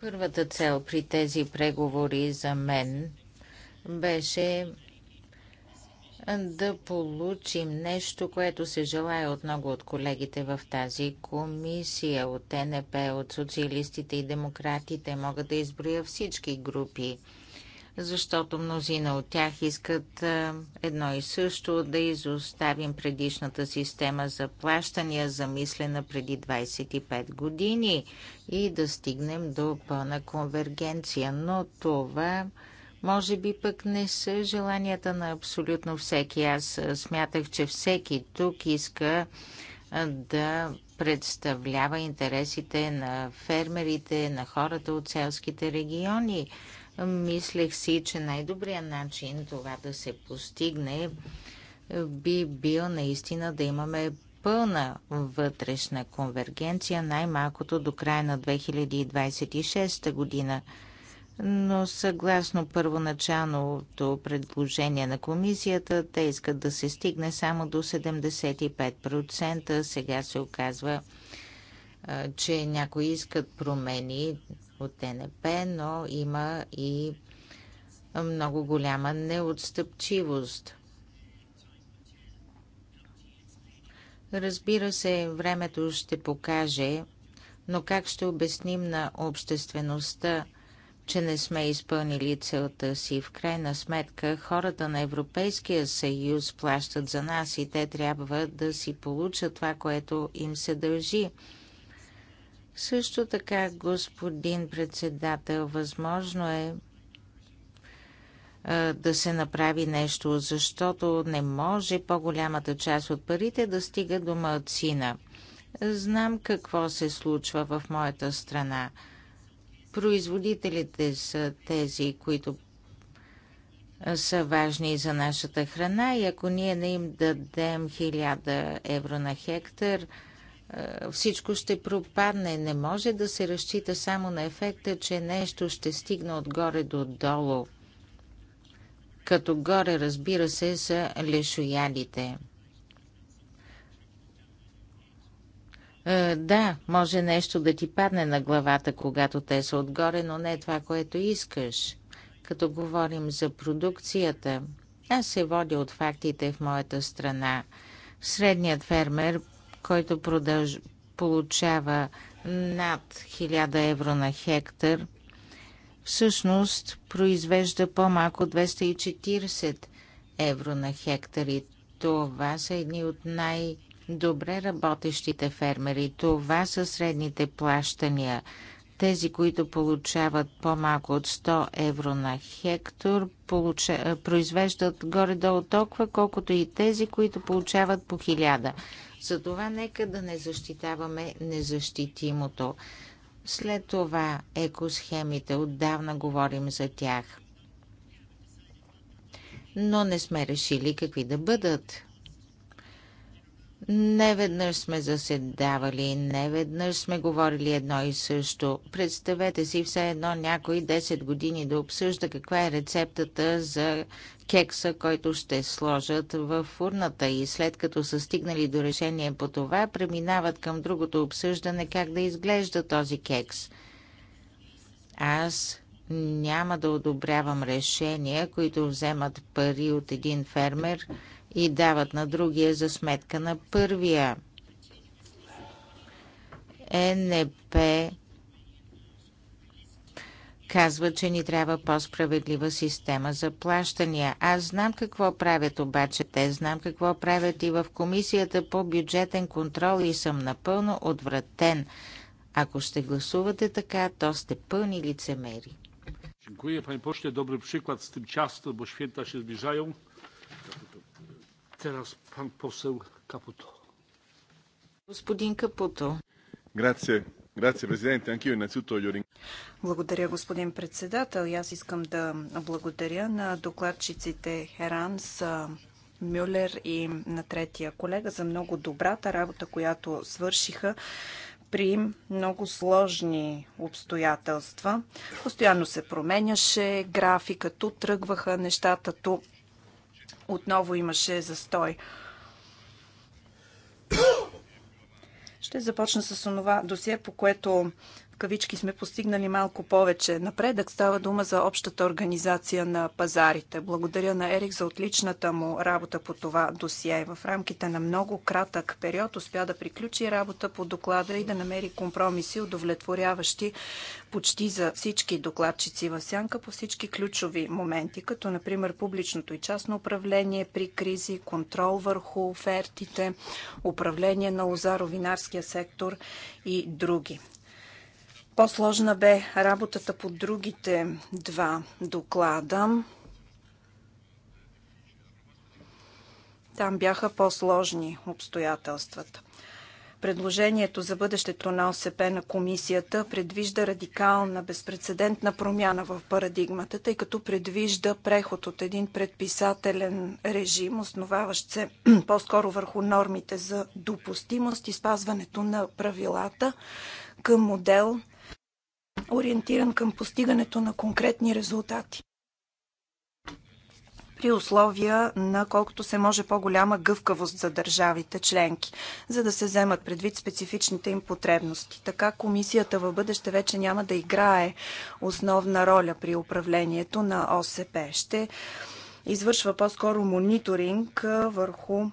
Първата цел при тези преговори за мен беше да получим нещо, което се желая от много от колегите в тази комисия, от НП, от социалистите и демократите. Мога да изброя всички групи защото мнозина от тях искат едно и също да изоставим предишната система за плащания, замислена преди 25 години и да стигнем до пълна конвергенция. Но това може би пък не са желанията на абсолютно всеки. Аз смятах, че всеки тук иска да представлява интересите на фермерите, на хората от селските региони. Мислех си, че най-добрият начин това да се постигне би бил наистина да имаме пълна вътрешна конвергенция, най-малкото до края на 2026 година. Но съгласно първоначалното предложение на комисията, те искат да се стигне само до 75%. Сега се оказва, че някои искат промени от ТНП, но има и много голяма неотстъпчивост. Разбира се, времето ще покаже, но как ще обясним на обществеността, че не сме изпълнили целта си. В крайна сметка хората на Европейския съюз плащат за нас и те трябва да си получат това, което им се дължи. Също така, господин председател, възможно е да се направи нещо, защото не може по-голямата част от парите да стига до малцина. Знам какво се случва в моята страна. Производителите са тези, които са важни за нашата храна и ако ние не им дадем 1000 евро на хектар, е, всичко ще пропадне. Не може да се разчита само на ефекта, че нещо ще стигне отгоре до долу. Като горе, разбира се, са лешоядите. Е, да, може нещо да ти падне на главата, когато те са отгоре, но не това, което искаш. Като говорим за продукцията, аз се водя от фактите в моята страна. Средният фермер който продълж... получава над 1000 евро на хектар, всъщност произвежда по-малко 240 евро на хектар и това са едни от най-добре работещите фермери. Това са средните плащания. Тези, които получават по-малко от 100 евро на хектар, получа... произвеждат горе-долу толкова, колкото и тези, които получават по 1000. Затова нека да не защитаваме незащитимото. След това екосхемите, отдавна говорим за тях. Но не сме решили какви да бъдат. Неведнъж сме заседавали, неведнъж сме говорили едно и също. Представете си все едно някой 10 години да обсъжда каква е рецептата за кекса, който ще сложат в урната и след като са стигнали до решение по това, преминават към другото обсъждане как да изглежда този кекс. Аз няма да одобрявам решения, които вземат пари от един фермер – и дават на другия за сметка на първия. Е НП казва, че ни трябва по-справедлива система за плащания. Аз знам какво правят обаче те, знам какво правят и в Комисията по бюджетен контрол и съм напълно отвратен. Ако ще гласувате така, то сте пълни лицемери. Dziękuję panie pośle, dobry przykład z tym ciastem, bo święta się zbliżają. Teraz pan poseł Caputo. Господин Капуто. Грация. Благодаря, господин председател. И аз искам да благодаря на докладчиците Херанс, Мюлер и на третия колега за много добрата работа, която свършиха при много сложни обстоятелства. Постоянно се променяше графика, ту тръгваха нещата, ту отново имаше застой. Ще започна с онова досие, по което кавички сме постигнали малко повече напредък. Става дума за общата организация на пазарите. Благодаря на Ерик за отличната му работа по това досие. В рамките на много кратък период успя да приключи работа по доклада и да намери компромиси, удовлетворяващи почти за всички докладчици в сянка по всички ключови моменти, като например публичното и частно управление при кризи, контрол върху офертите, управление на лозаровинарския сектор и други. По-сложна бе работата по другите два доклада. Там бяха по-сложни обстоятелствата. Предложението за бъдещето на ОСП на комисията предвижда радикална, безпредседентна промяна в парадигмата, тъй като предвижда преход от един предписателен режим, основаващ се по-скоро върху нормите за допустимост и спазването на правилата, към модел – ориентиран към постигането на конкретни резултати при условия на колкото се може по-голяма гъвкавост за държавите членки, за да се вземат предвид специфичните им потребности. Така комисията в бъдеще вече няма да играе основна роля при управлението на ОСП. Ще извършва по-скоро мониторинг върху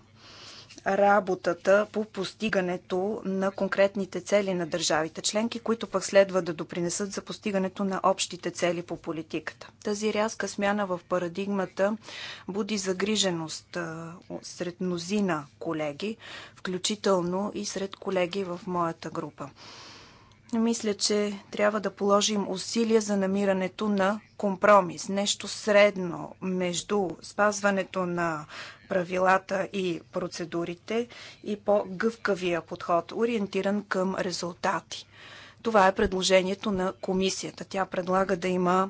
работата по постигането на конкретните цели на държавите членки, които пък следва да допринесат за постигането на общите цели по политиката. Тази рязка смяна в парадигмата буди загриженост сред мнозина колеги, включително и сред колеги в моята група. Мисля, че трябва да положим усилия за намирането на компромис, нещо средно между спазването на правилата и процедурите и по-гъвкавия подход, ориентиран към резултати. Това е предложението на комисията. Тя предлага да има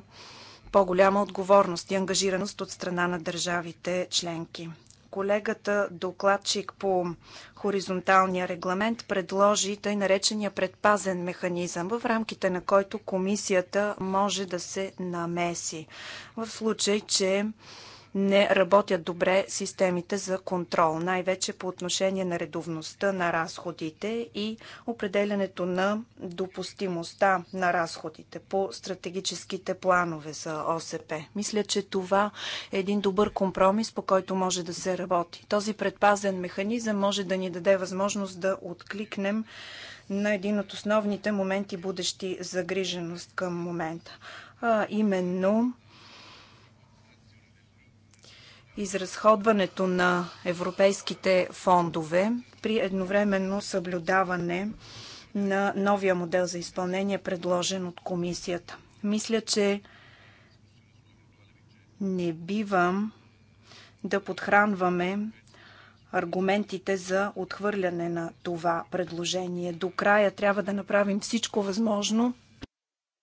по-голяма отговорност и ангажираност от страна на държавите членки колегата докладчик по хоризонталния регламент предложи тъй наречения предпазен механизъм, в рамките на който комисията може да се намеси в случай, че не работят добре системите за контрол, най-вече по отношение на редовността на разходите и определянето на допустимостта на разходите по стратегическите планове за ОСП. Мисля, че това е един добър компромис, по който може да се работи. Този предпазен механизъм може да ни даде възможност да откликнем на един от основните моменти, будещи загриженост към момента. А, именно изразходването на европейските фондове при едновременно съблюдаване на новия модел за изпълнение, предложен от комисията. Мисля, че не бивам да подхранваме аргументите за отхвърляне на това предложение. До края трябва да направим всичко възможно,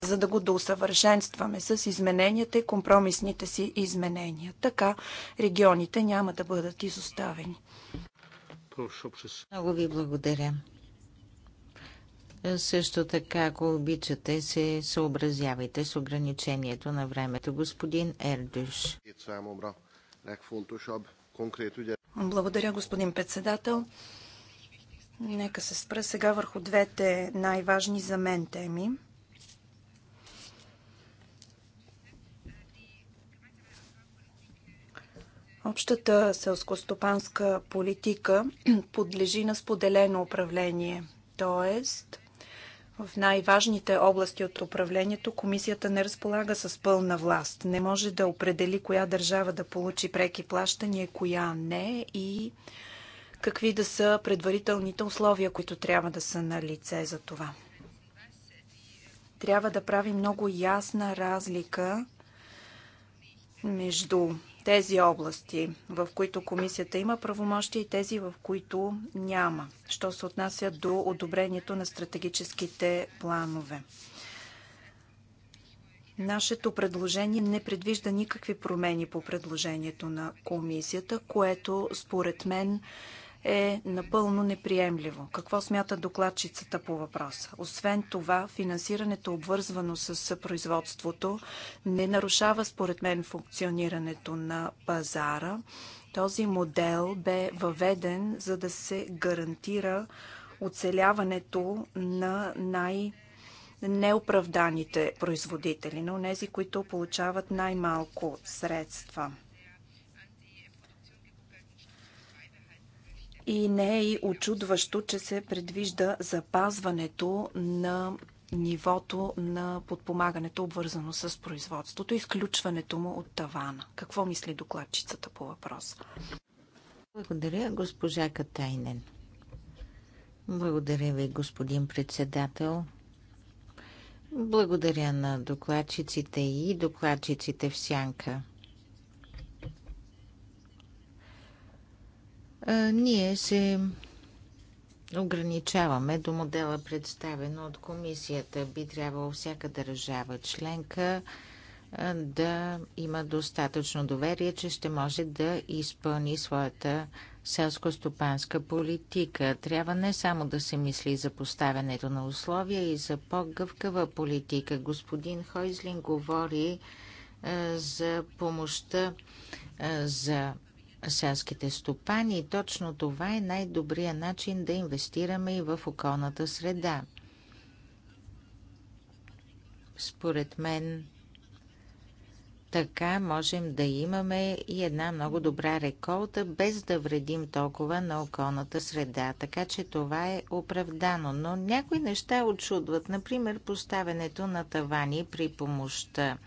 за да го доусъвършенстваме с измененията и компромисните си изменения. Така регионите няма да бъдат изоставени. Много ви благодаря. Също така, ако обичате, се съобразявайте с ограничението на времето, господин Ердюш. Благодаря, господин председател. Нека се спра сега върху двете най-важни за мен теми. Общата селскостопанска политика подлежи на споделено управление, т.е. в най-важните области от управлението комисията не разполага с пълна власт. Не може да определи коя държава да получи преки плащания, коя не и какви да са предварителните условия, които трябва да са на лице за това. Трябва да прави много ясна разлика между тези области, в които комисията има правомощи и тези, в които няма, що се отнася до одобрението на стратегическите планове. Нашето предложение не предвижда никакви промени по предложението на комисията, което според мен е напълно неприемливо. Какво смята докладчицата по въпроса? Освен това, финансирането, обвързвано с производството, не нарушава според мен функционирането на пазара. Този модел бе въведен, за да се гарантира оцеляването на най- неоправданите производители, на тези, които получават най-малко средства. И не е и очудващо, че се предвижда запазването на нивото на подпомагането, обвързано с производството, изключването му от тавана. Какво мисли докладчицата по въпроса? Благодаря, госпожа Катайнен. Благодаря ви, господин председател. Благодаря на докладчиците и докладчиците в сянка. ние се ограничаваме до модела представен от комисията. Би трябвало всяка държава членка да има достатъчно доверие, че ще може да изпълни своята селско-стопанска политика. Трябва не само да се мисли за поставянето на условия и за по-гъвкава политика. Господин Хойзлин говори за помощта за селските стопани. Точно това е най-добрият начин да инвестираме и в околната среда. Според мен, така можем да имаме и една много добра реколта, без да вредим толкова на околната среда. Така че това е оправдано. Но някои неща очудват. Например, поставянето на тавани при помощта.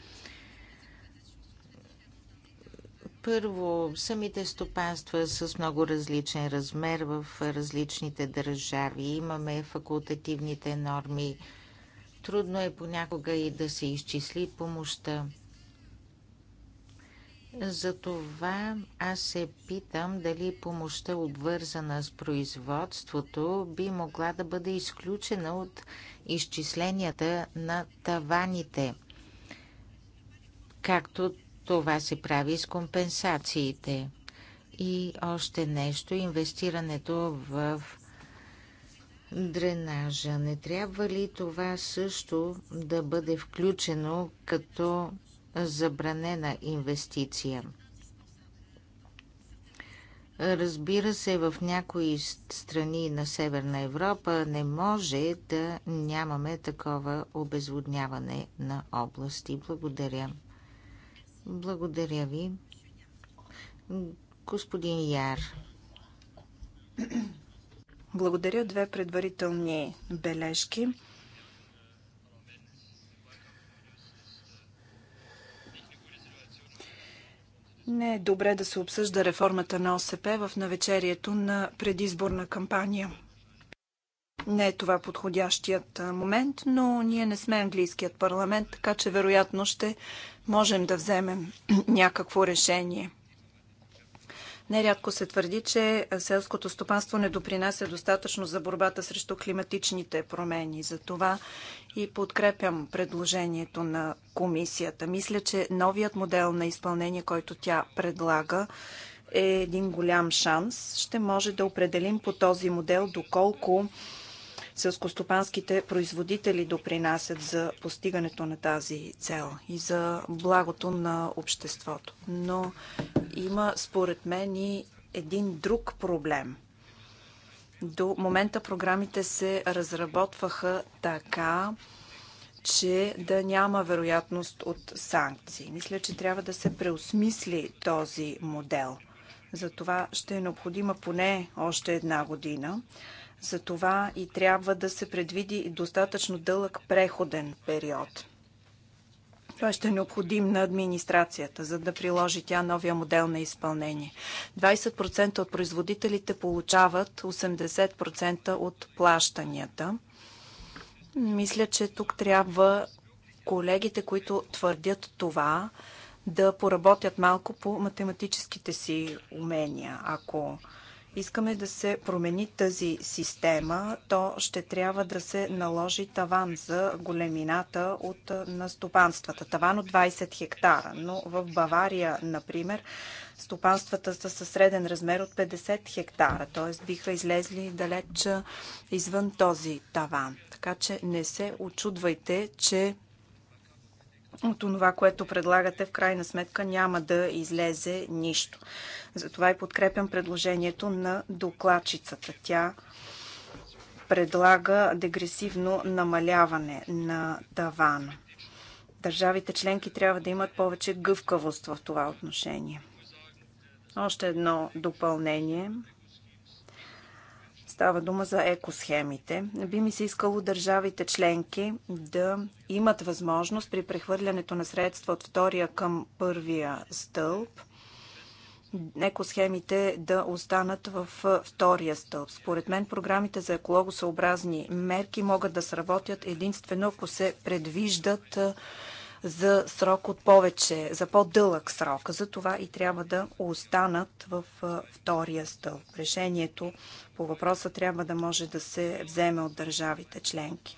Първо, самите стопанства с много различен размер в различните държави. Имаме факултативните норми. Трудно е понякога и да се изчисли помощта. Затова аз се питам дали помощта, обвързана с производството, би могла да бъде изключена от изчисленията на таваните, както това се прави с компенсациите. И още нещо, инвестирането в дренажа. Не трябва ли това също да бъде включено като забранена инвестиция? Разбира се, в някои страни на Северна Европа не може да нямаме такова обезводняване на области. Благодаря. Благодаря ви. Господин Яр. Благодаря. Две предварителни бележки. Не е добре да се обсъжда реформата на ОСП в навечерието на предизборна кампания. Не е това подходящият момент, но ние не сме английският парламент, така че вероятно ще можем да вземем някакво решение. Нерядко се твърди, че селското стопанство не допринася достатъчно за борбата срещу климатичните промени. за това и подкрепям предложението на комисията. Мисля, че новият модел на изпълнение, който тя предлага, е един голям шанс. Ще може да определим по този модел доколко селскостопанските производители допринасят за постигането на тази цел и за благото на обществото. Но има, според мен, и един друг проблем – до момента програмите се разработваха така, че да няма вероятност от санкции. Мисля, че трябва да се преосмисли този модел. За това ще е необходима поне още една година. Затова и трябва да се предвиди достатъчно дълъг преходен период. Това ще е необходим на администрацията, за да приложи тя новия модел на изпълнение. 20% от производителите получават 80% от плащанията. Мисля, че тук трябва колегите, които твърдят това, да поработят малко по математическите си умения. Ако искаме да се промени тази система, то ще трябва да се наложи таван за големината от, настопанствата. Таван от 20 хектара, но в Бавария, например, стопанствата са със среден размер от 50 хектара, т.е. биха излезли далеч извън този таван. Така че не се очудвайте, че от това, което предлагате, в крайна сметка няма да излезе нищо. Затова и подкрепям предложението на докладчицата. Тя предлага дегресивно намаляване на тавана. Държавите членки трябва да имат повече гъвкавост в това отношение. Още едно допълнение – Става дума за екосхемите. Би ми се искало държавите членки да имат възможност при прехвърлянето на средства от втория към първия стълб екосхемите да останат в втория стълб. Според мен програмите за екологосъобразни мерки могат да сработят единствено ако се предвиждат за срок от повече, за по-дълъг срок. Затова и трябва да останат в втория стълб. Решението по въпроса трябва да може да се вземе от държавите членки.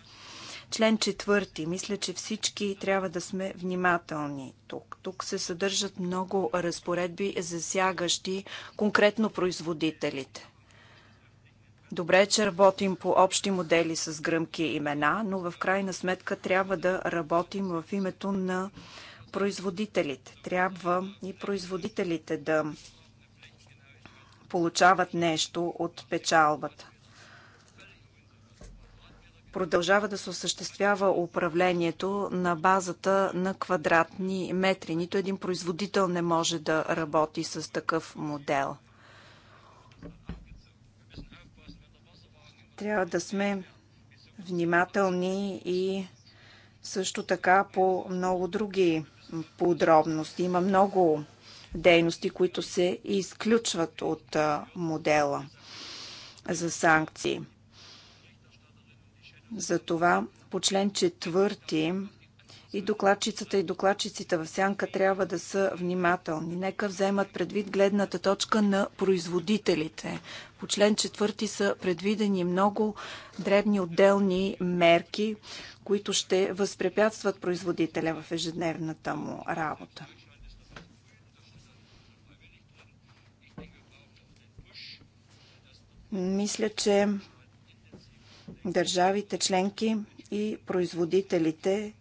Член четвърти. Мисля, че всички трябва да сме внимателни тук. Тук се съдържат много разпоредби, засягащи конкретно производителите. Добре че работим по общи модели с гръмки имена, но в крайна сметка трябва да работим в името на производителите. Трябва и производителите да получават нещо от печалбата. Продължава да се осъществява управлението на базата на квадратни метри. Нито един производител не може да работи с такъв модел. Трябва да сме внимателни и също така по много други подробности. Има много дейности, които се изключват от модела за санкции. Затова по член 4 и докладчицата и докладчиците в сянка трябва да са внимателни. Нека вземат предвид гледната точка на производителите. По член 4 са предвидени много дребни отделни мерки, които ще възпрепятстват производителя в ежедневната му работа. Мисля, че държавите членки и производителите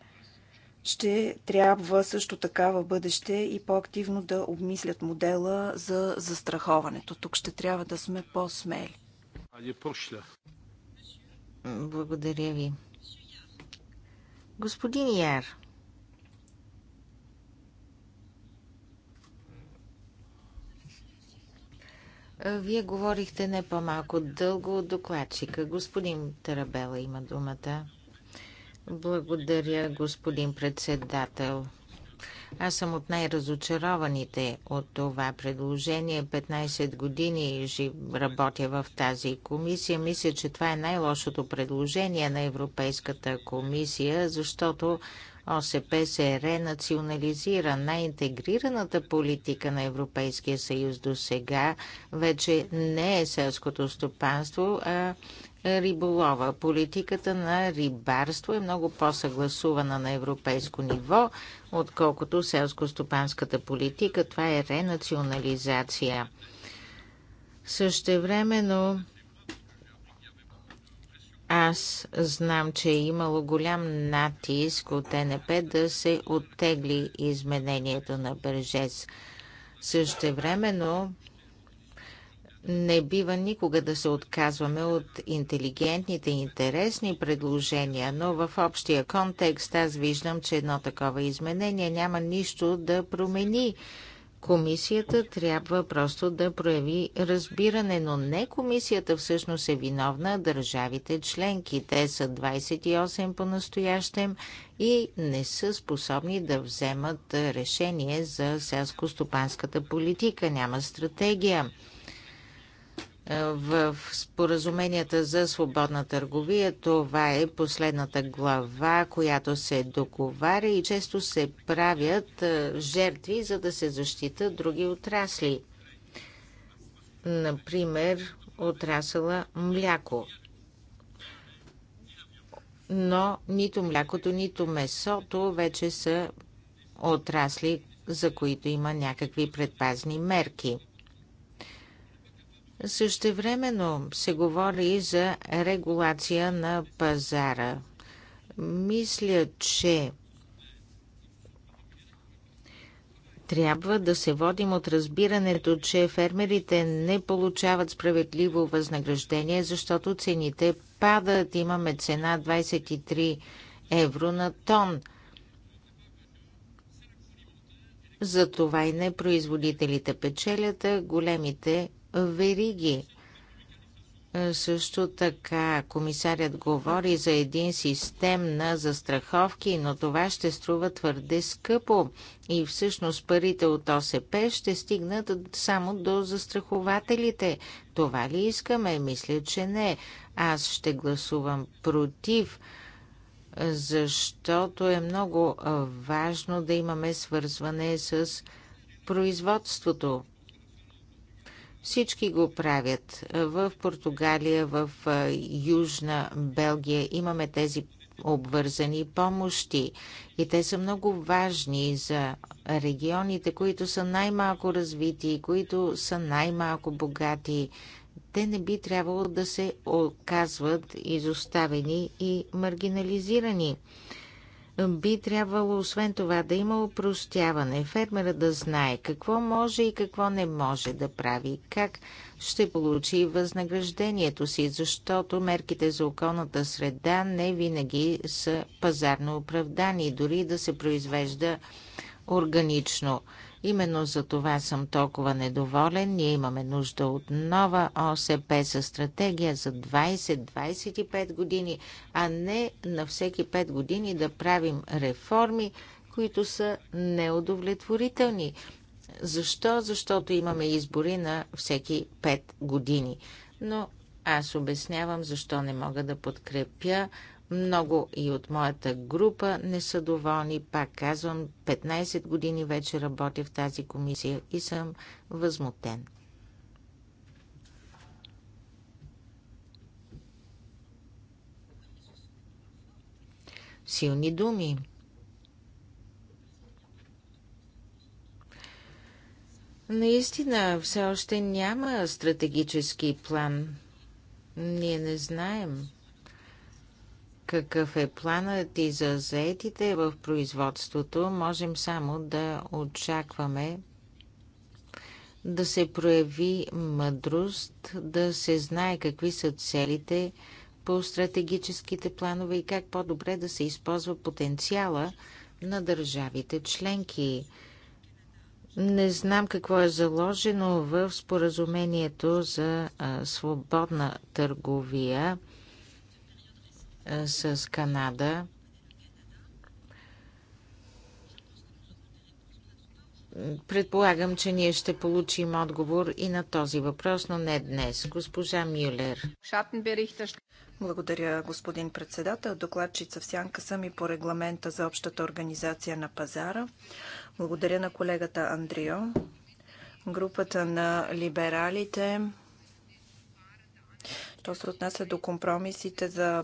ще трябва също така в бъдеще и по-активно да обмислят модела за застраховането. Тук ще трябва да сме по-смели. Благодаря ви. Господин Яр. Вие говорихте не по-малко дълго от докладчика. Господин Тарабела има думата. Благодаря, господин председател. Аз съм от най-разочарованите от това предложение. 15 години работя в тази комисия. Мисля, че това е най-лошото предложение на Европейската комисия, защото ОСП се ренационализира. Най-интегрираната политика на Европейския съюз до сега вече не е селското стопанство, а риболова. Политиката на рибарство е много по-съгласувана на европейско ниво, отколкото селско-стопанската политика. Това е ренационализация. Същевременно аз знам, че е имало голям натиск от НП да се оттегли изменението на Бържец. Същевременно времено не бива никога да се отказваме от интелигентните и интересни предложения, но в общия контекст аз виждам, че едно такова изменение няма нищо да промени. Комисията трябва просто да прояви разбиране, но не комисията всъщност е виновна, държавите членки. Те са 28 по-настоящем и не са способни да вземат решение за селско-стопанската политика. Няма стратегия. Е, в споразуменията за свободна търговия това е последната глава, която се договаря и често се правят е, жертви, за да се защитат други отрасли. Например, отрасъла мляко. Но нито млякото, нито месото вече са отрасли, за които има някакви предпазни мерки. Същевременно се говори и за регулация на пазара. Мисля, че трябва да се водим от разбирането, че фермерите не получават справедливо възнаграждение, защото цените падат. Имаме цена 23 евро на тон. Затова и не производителите печелят, а големите вериги. Е, също така комисарят говори за един систем на застраховки, но това ще струва твърде скъпо и всъщност парите от ОСП ще стигнат само до застрахователите. Това ли искаме? Мисля, че не. Аз ще гласувам против, защото е много важно да имаме свързване с производството. Всички го правят. В Португалия, в Южна Белгия имаме тези обвързани помощи и те са много важни за регионите, които са най-малко развити, които са най-малко богати. Те не би трябвало да се оказват изоставени и маргинализирани. Би трябвало, освен това, да има упростяване, фермера да знае какво може и какво не може да прави, как ще получи възнаграждението си, защото мерките за околната среда не винаги са пазарно оправдани, дори да се произвежда органично. Именно за това съм толкова недоволен. Ние имаме нужда от нова ОСП за стратегия за 20-25 години, а не на всеки 5 години да правим реформи, които са неудовлетворителни. Защо? Защото имаме избори на всеки 5 години. Но аз обяснявам защо не мога да подкрепя много и от моята група не са доволни. Пак казвам, 15 години вече работя в тази комисия и съм възмутен. Силни думи. Наистина, все още няма стратегически план. Ние не знаем какъв е планът и за заетите в производството, можем само да очакваме да се прояви мъдрост, да се знае какви са целите по стратегическите планове и как по-добре да се използва потенциала на държавите членки. Не знам какво е заложено в споразумението за свободна търговия с Канада. Предполагам, че ние ще получим отговор и на този въпрос, но не днес. Госпожа Мюлер. Благодаря, господин председател. Докладчица в сянка съм и по регламента за общата организация на пазара. Благодаря на колегата Андрио. Групата на либералите То се отнася до компромисите за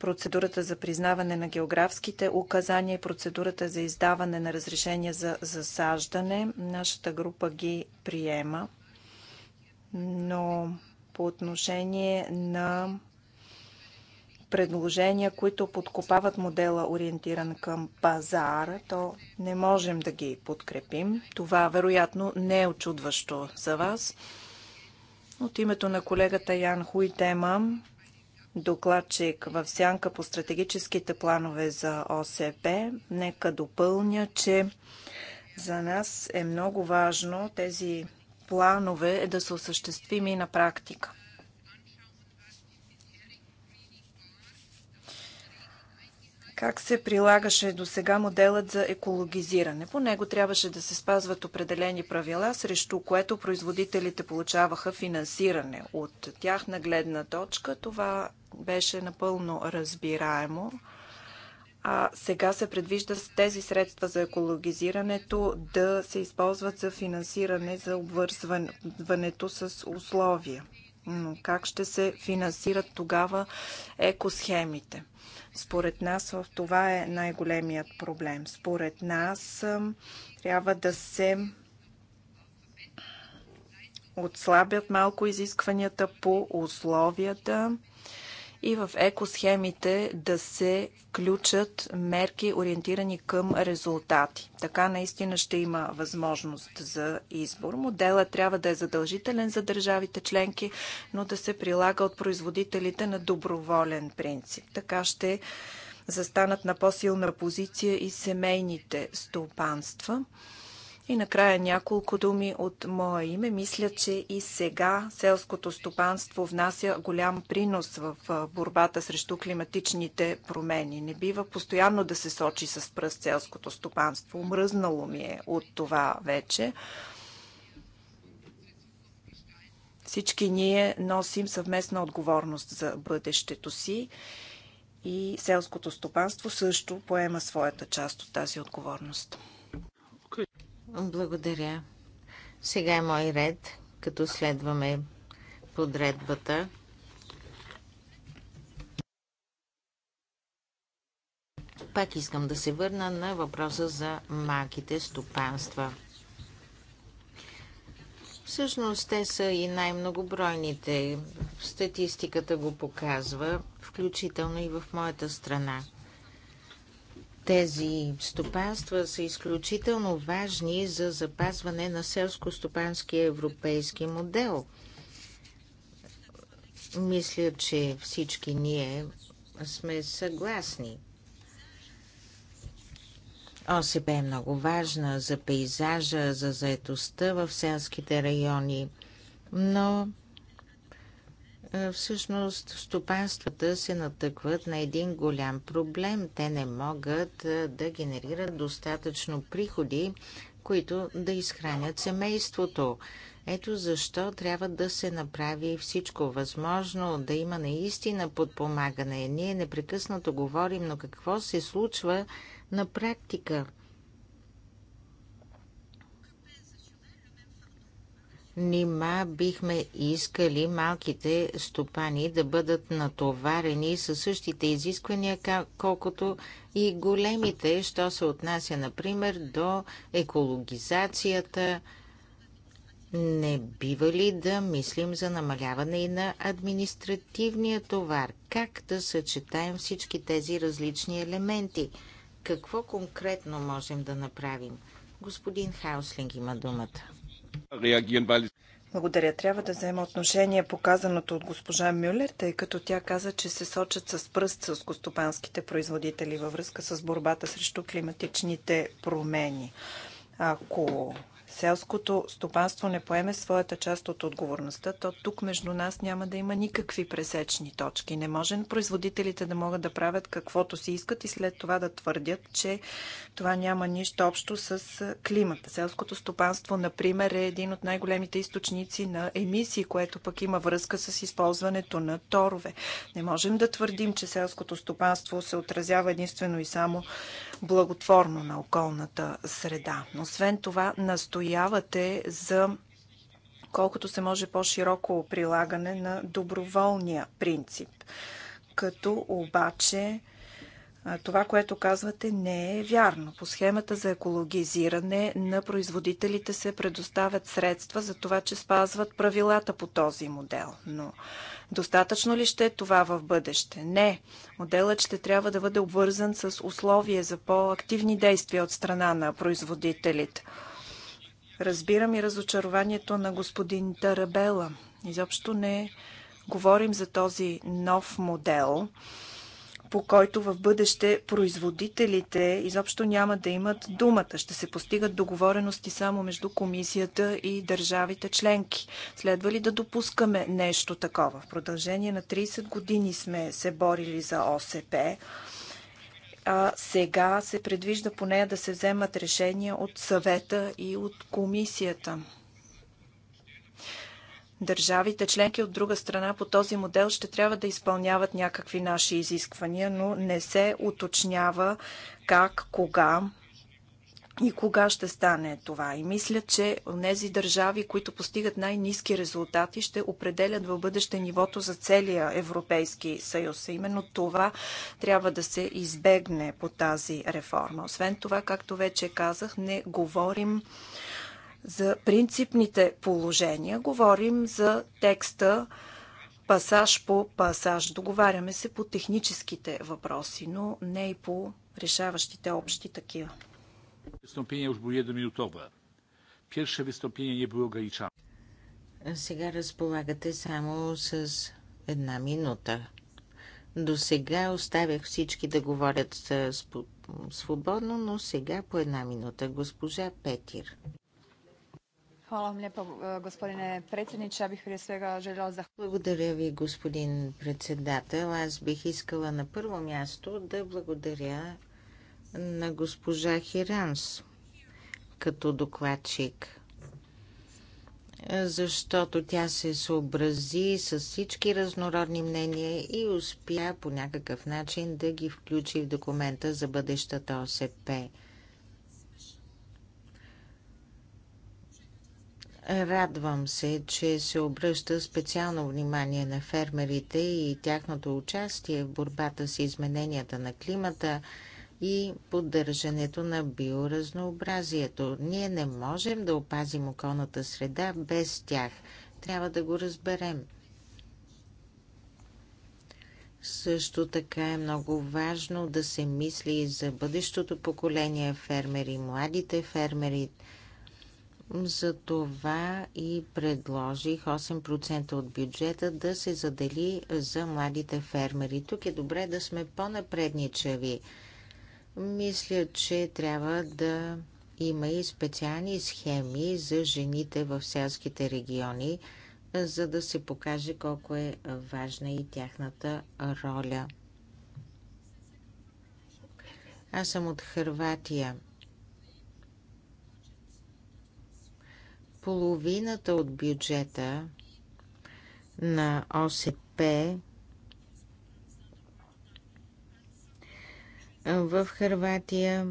процедурата за признаване на географските указания и процедурата за издаване на разрешение за засаждане. Нашата група ги приема, но по отношение на предложения, които подкопават модела ориентиран към пазара, то не можем да ги подкрепим. Това вероятно не е очудващо за вас. От името на колегата Ян Тема докладчик в сянка по стратегическите планове за ОСП, нека допълня, че за нас е много важно тези планове да се осъществими и на практика. Как се прилагаше до сега моделът за екологизиране? По него трябваше да се спазват определени правила, срещу което производителите получаваха финансиране. От тях на гледна точка това беше напълно разбираемо. А сега се предвижда с тези средства за екологизирането да се използват за финансиране за обвързването с условия. Но как ще се финансират тогава екосхемите? Според нас в това е най-големият проблем. Според нас трябва да се отслабят малко изискванията по условията и в екосхемите да се включат мерки ориентирани към резултати. Така наистина ще има възможност за избор. Моделът трябва да е задължителен за държавите членки, но да се прилага от производителите на доброволен принцип. Така ще застанат на по-силна позиция и семейните стопанства. И накрая няколко думи от мое име. Мисля, че и сега селското стопанство внася голям принос в борбата срещу климатичните промени. Не бива постоянно да се сочи с пръст селското стопанство. Мръзнало ми е от това вече. Всички ние носим съвместна отговорност за бъдещето си и селското стопанство също поема своята част от тази отговорност. Благодаря. Сега е мой ред, като следваме подредбата. Пак искам да се върна на въпроса за малките стопанства. Всъщност те са и най-многобройните. Статистиката го показва, включително и в моята страна – тези стопанства са изключително важни за запазване на селско-стопанския европейски модел. Мисля, че всички ние сме съгласни. ОСП е много важна за пейзажа, за заетостта в селските райони, но Всъщност стопанствата се натъкват на един голям проблем. Те не могат да генерират достатъчно приходи, които да изхранят семейството. Ето защо трябва да се направи всичко възможно, да има наистина подпомагане. Ние непрекъснато говорим, но какво се случва на практика? Нима бихме искали малките стопани да бъдат натоварени със същите изисквания, колкото и големите, що се отнася, например, до екологизацията. Не бива ли да мислим за намаляване и на административния товар? Как да съчетаем всички тези различни елементи? Какво конкретно можем да направим? Господин Хауслинг има думата. Благодаря. Трябва да взема отношение по казаното от госпожа Мюллер, тъй като тя каза, че се сочат с пръст с костопанските производители във връзка с борбата срещу климатичните промени. Ако селското стопанство не поеме своята част от отговорността, то тук между нас няма да има никакви пресечни точки. Не може производителите да могат да правят каквото си искат и след това да твърдят, че това няма нищо общо с климата. Селското стопанство, например, е един от най-големите източници на емисии, което пък има връзка с използването на торове. Не можем да твърдим, че селското стопанство се отразява единствено и само благотворно на околната среда. Освен това, настоя настоявате за колкото се може по-широко прилагане на доброволния принцип. Като обаче това, което казвате, не е вярно. По схемата за екологизиране на производителите се предоставят средства за това, че спазват правилата по този модел. Но достатъчно ли ще е това в бъдеще? Не. Моделът ще трябва да бъде обвързан с условие за по-активни действия от страна на производителите. Разбирам и разочарованието на господин Тарабела. Изобщо не говорим за този нов модел, по който в бъдеще производителите изобщо няма да имат думата. Ще се постигат договорености само между комисията и държавите членки. Следва ли да допускаме нещо такова? В продължение на 30 години сме се борили за ОСП а сега се предвижда по нея да се вземат решения от съвета и от комисията. Държавите членки от друга страна по този модел ще трябва да изпълняват някакви наши изисквания, но не се уточнява как, кога и кога ще стане това. И мисля, че тези държави, които постигат най-низки резултати, ще определят в бъдеще нивото за целия Европейски съюз. именно това трябва да се избегне по тази реформа. Освен това, както вече казах, не говорим за принципните положения, говорим за текста пасаж по пасаж. Договаряме се по техническите въпроси, но не и по решаващите общи такива. Сега разполагате само с една минута. До сега оставях всички да говорят свободно, но сега по една минута. Госпожа Петир. Благодаря ви, господин председател. Аз бих искала на първо място да благодаря на госпожа Хиранс като докладчик, защото тя се съобрази с всички разнородни мнения и успя по някакъв начин да ги включи в документа за бъдещата ОСП. Радвам се, че се обръща специално внимание на фермерите и тяхното участие в борбата с измененията на климата – и поддържането на биоразнообразието. Ние не можем да опазим околната среда без тях. Трябва да го разберем. Също така е много важно да се мисли и за бъдещото поколение фермери, младите фермери. За това и предложих 8% от бюджета да се задели за младите фермери. Тук е добре да сме по-напредничави. Мисля, че трябва да има и специални схеми за жените в селските региони, за да се покаже колко е важна и тяхната роля. Аз съм от Хърватия. Половината от бюджета на ОСП в Харватия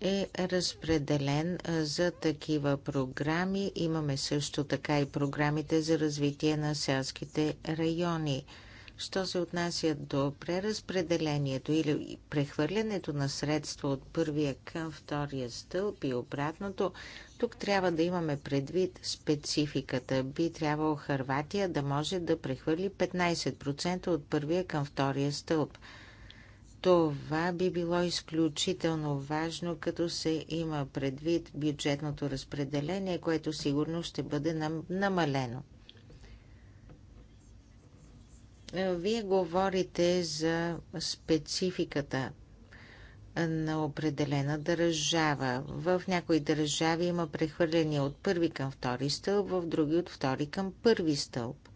е разпределен за такива програми. Имаме също така и програмите за развитие на селските райони. Що се отнася до преразпределението или прехвърлянето на средства от първия към втория стълб и обратното, тук трябва да имаме предвид спецификата. Би трябвало Харватия да може да прехвърли 15% от първия към втория стълб – това би било изключително важно, като се има предвид бюджетното разпределение, което сигурно ще бъде намалено. Вие говорите за спецификата на определена държава. В някои държави има прехвърляния от първи към втори стълб, в други от втори към първи стълб.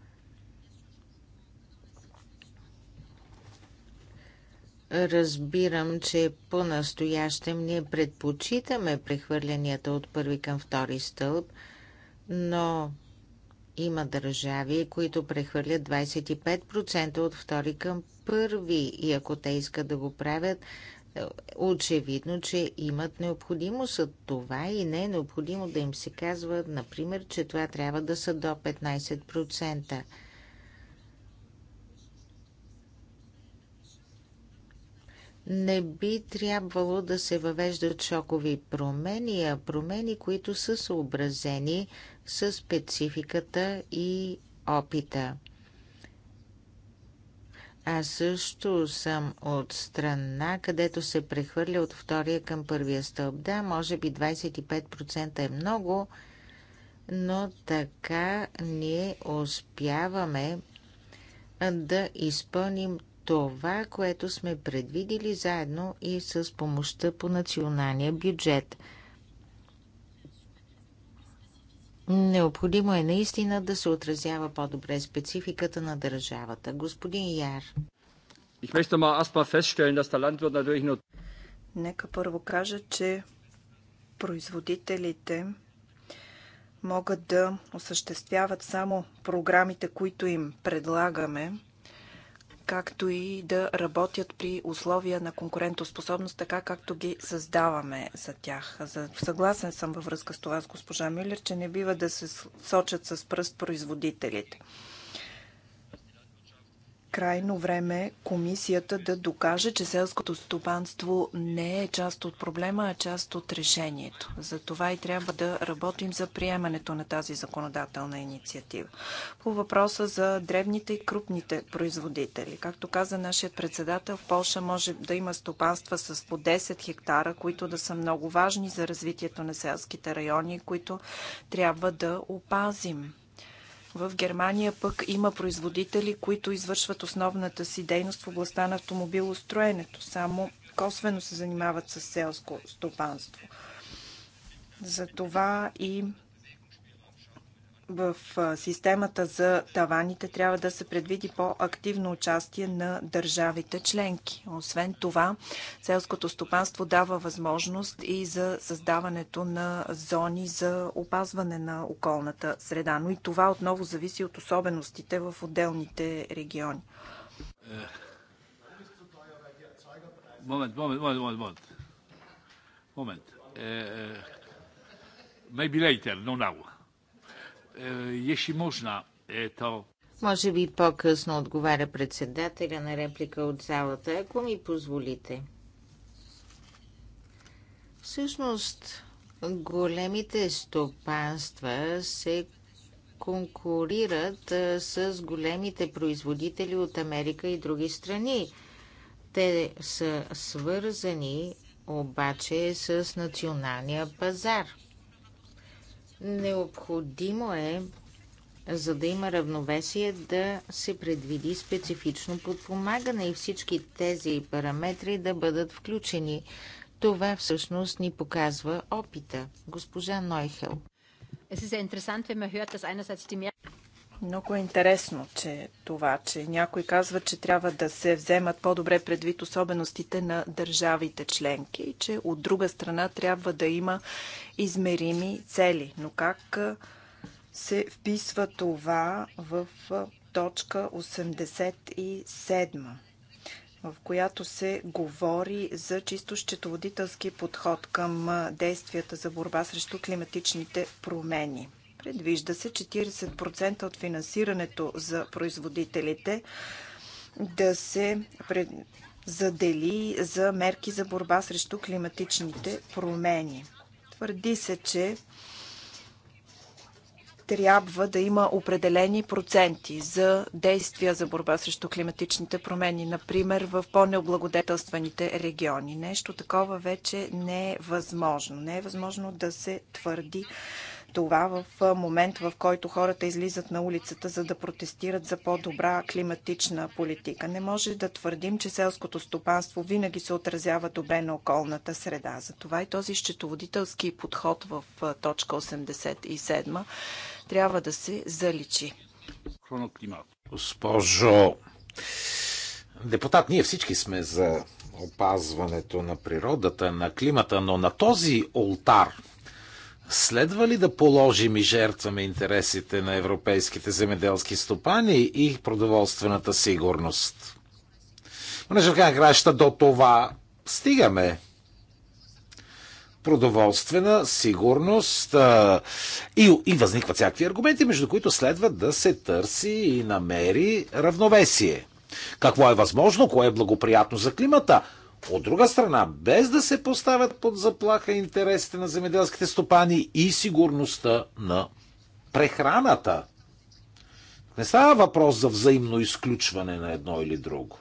Разбирам, че по-настоящем ние предпочитаме прехвърлянията от първи към втори стълб, но има държави, които прехвърлят 25% от втори към първи и ако те искат да го правят, е, очевидно, че имат необходимост от това и не е необходимо да им се казва, например, че това трябва да са до 15%. не би трябвало да се въвеждат шокови промени, а промени, които са съобразени с спецификата и опита. Аз също съм от страна, където се прехвърля от втория към първия стълб. Да, може би 25% е много, но така ние успяваме да изпълним това, което сме предвидили заедно и с помощта по националния бюджет. Необходимо е наистина да се отразява по-добре спецификата на държавата. Господин Яр. Нека първо кажа, че производителите могат да осъществяват само програмите, които им предлагаме както и да работят при условия на конкурентоспособност, така както ги създаваме за тях. Съгласен съм във връзка с това с госпожа Милер, че не бива да се сочат с пръст производителите крайно време комисията да докаже, че селското стопанство не е част от проблема, а част от решението. За това и трябва да работим за приемането на тази законодателна инициатива. По въпроса за древните и крупните производители. Както каза нашият председател, в Польша може да има стопанства с по 10 хектара, които да са много важни за развитието на селските райони, които трябва да опазим. В Германия пък има производители, които извършват основната си дейност в областта на автомобилостроенето. Само косвено се занимават с селско стопанство. Затова и в системата за таваните трябва да се предвиди по-активно участие на държавите членки. Освен това, селското стопанство дава възможност и за създаването на зони за опазване на околната среда, но и това отново зависи от особеностите в отделните региони. Е, момент, момент, момент, момент. Момент. Е, е, maybe later, no now. Е, еши можна, ето. Може би по-късно отговаря председателя на реплика от залата, ако ми позволите. Всъщност, големите стопанства се конкурират с големите производители от Америка и други страни. Те са свързани обаче с националния пазар – Необходимо е, за да има равновесие, да се предвиди специфично подпомагане и всички тези параметри да бъдат включени. Това всъщност ни показва опита. Госпожа Нойхел. Много е интересно, че това, че някой казва, че трябва да се вземат по-добре предвид особеностите на държавите членки и че от друга страна трябва да има измерими цели. Но как се вписва това в точка 87, в която се говори за чисто счетоводителски подход към действията за борба срещу климатичните промени? Предвижда се 40% от финансирането за производителите да се задели за мерки за борба срещу климатичните промени. Твърди се, че трябва да има определени проценти за действия за борба срещу климатичните промени, например в по-необлагодетелстваните региони. Нещо такова вече не е възможно. Не е възможно да се твърди, това в момент, в който хората излизат на улицата, за да протестират за по-добра климатична политика. Не може да твърдим, че селското стопанство винаги се отразява добре на околната среда. Затова и този счетоводителски подход в точка 87 трябва да се заличи. Госпожо депутат, ние всички сме за опазването на природата, на климата, но на този олтар Следва ли да положим и жертваме интересите на европейските земеделски стопани и продоволствената сигурност? Понеже в крайна краща до това стигаме. Продоволствена сигурност а, и, и възникват всякакви аргументи, между които следва да се търси и намери равновесие. Какво е възможно, кое е благоприятно за климата – от друга страна, без да се поставят под заплаха интересите на земеделските стопани и сигурността на прехраната. Не става въпрос за взаимно изключване на едно или друго.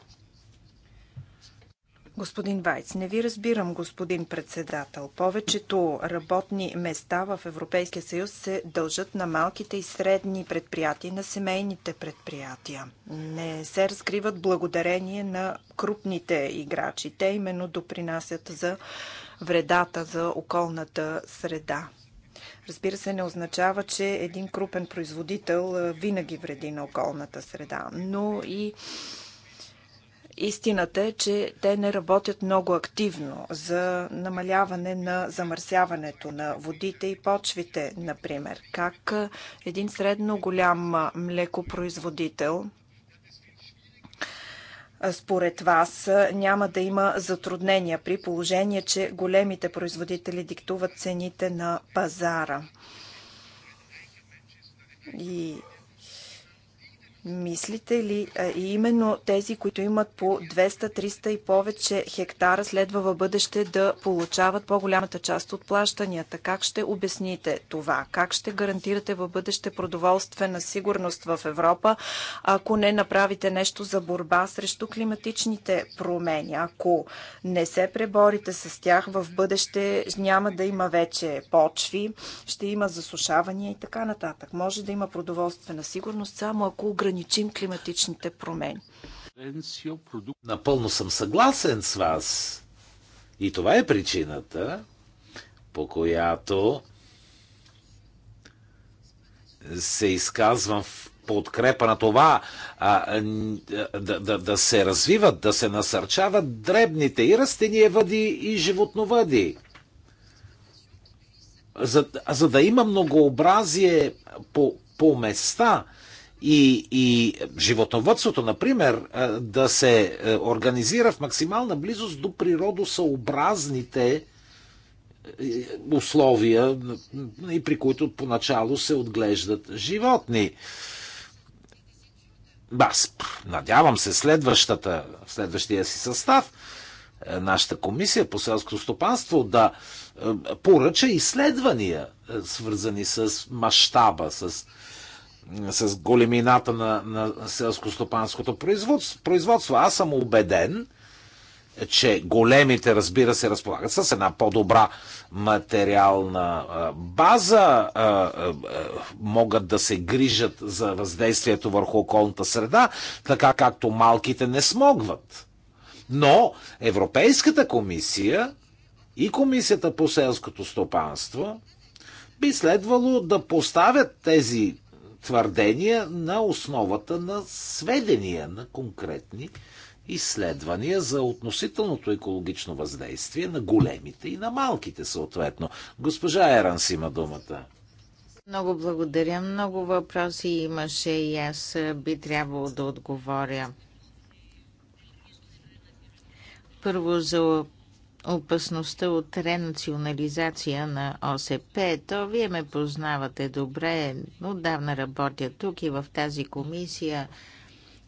Господин Вайц, не ви разбирам, господин председател. Повечето работни места в Европейския съюз се дължат на малките и средни предприятия, на семейните предприятия. Не се разкриват благодарение на крупните играчи. Те именно допринасят за вредата за околната среда. Разбира се, не означава, че един крупен производител винаги вреди на околната среда, но и Истината е, че те не работят много активно за намаляване на замърсяването на водите и почвите, например. Как един средно голям млекопроизводител според вас няма да има затруднения при положение, че големите производители диктуват цените на пазара? И Мислите ли и именно тези, които имат по 200, 300 и повече хектара, следва в бъдеще да получават по-голямата част от плащанията? Как ще обясните това? Как ще гарантирате в бъдеще продоволствена сигурност в Европа, ако не направите нещо за борба срещу климатичните промени? Ако не се преборите с тях, в бъдеще няма да има вече почви, ще има засушавания и така нататък. Може да има продоволствена сигурност, само ако ограничите ограничим климатичните промени. Напълно съм съгласен с вас. И това е причината, по която се изказвам в подкрепа на това а, да, да, да се развиват, да се насърчават дребните и въди и животновъди. За, за да има многообразие по, по места – и, и животновътството, например, да се организира в максимална близост до природосъобразните е, условия, и при които поначало се отглеждат животни. Бас, надявам се следващата, следващия си състав, е, нашата комисия по селско стопанство да е, поръча изследвания, свързани с мащаба, с с големината на, на селско-стопанското производство, производство. Аз съм убеден, че големите, разбира се, разполагат с една по-добра материална база, могат да се грижат за въздействието върху околната среда, така както малките не смогват. Но Европейската комисия и Комисията по селското стопанство би следвало да поставят тези твърдения на основата на сведения на конкретни изследвания за относителното екологично въздействие на големите и на малките съответно. Госпожа Еранс има думата. Много благодаря. Много въпроси имаше и аз би трябвало да отговоря. Първо за опасността от ренационализация на ОСП, то вие ме познавате добре. Отдавна работя тук и в тази комисия.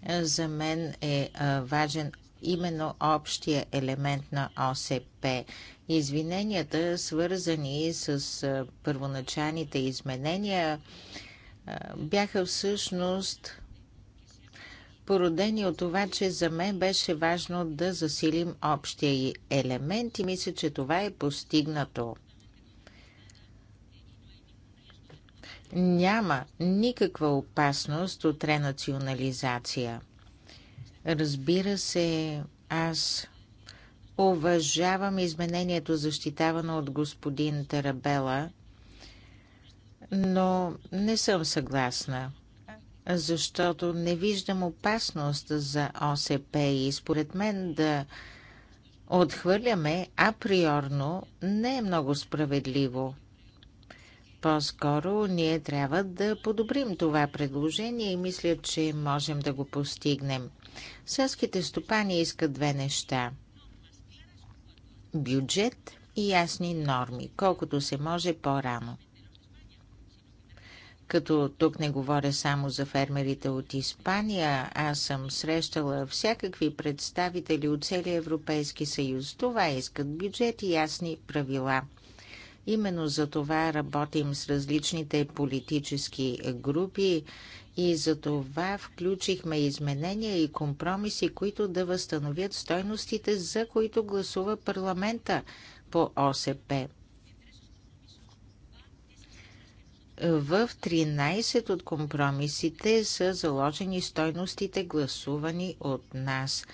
За мен е важен именно общия елемент на ОСП. Извиненията, свързани с първоначалните изменения, бяха всъщност породени от това, че за мен беше важно да засилим общия елемент и мисля, че това е постигнато. Няма никаква опасност от ренационализация. Разбира се, аз уважавам изменението, защитавано от господин Тарабела, но не съм съгласна защото не виждам опасност за ОСП и според мен да отхвърляме априорно не е много справедливо. По-скоро ние трябва да подобрим това предложение и мисля, че можем да го постигнем. Селските стопани искат две неща. Бюджет и ясни норми, колкото се може по-рано. Като тук не говоря само за фермерите от Испания, аз съм срещала всякакви представители от целия Европейски съюз. Това искат бюджет и ясни правила. Именно за това работим с различните политически групи и за това включихме изменения и компромиси, които да възстановят стойностите, за които гласува парламента по ОСП. В 13 от компромисите са заложени стойностите, гласувани от нас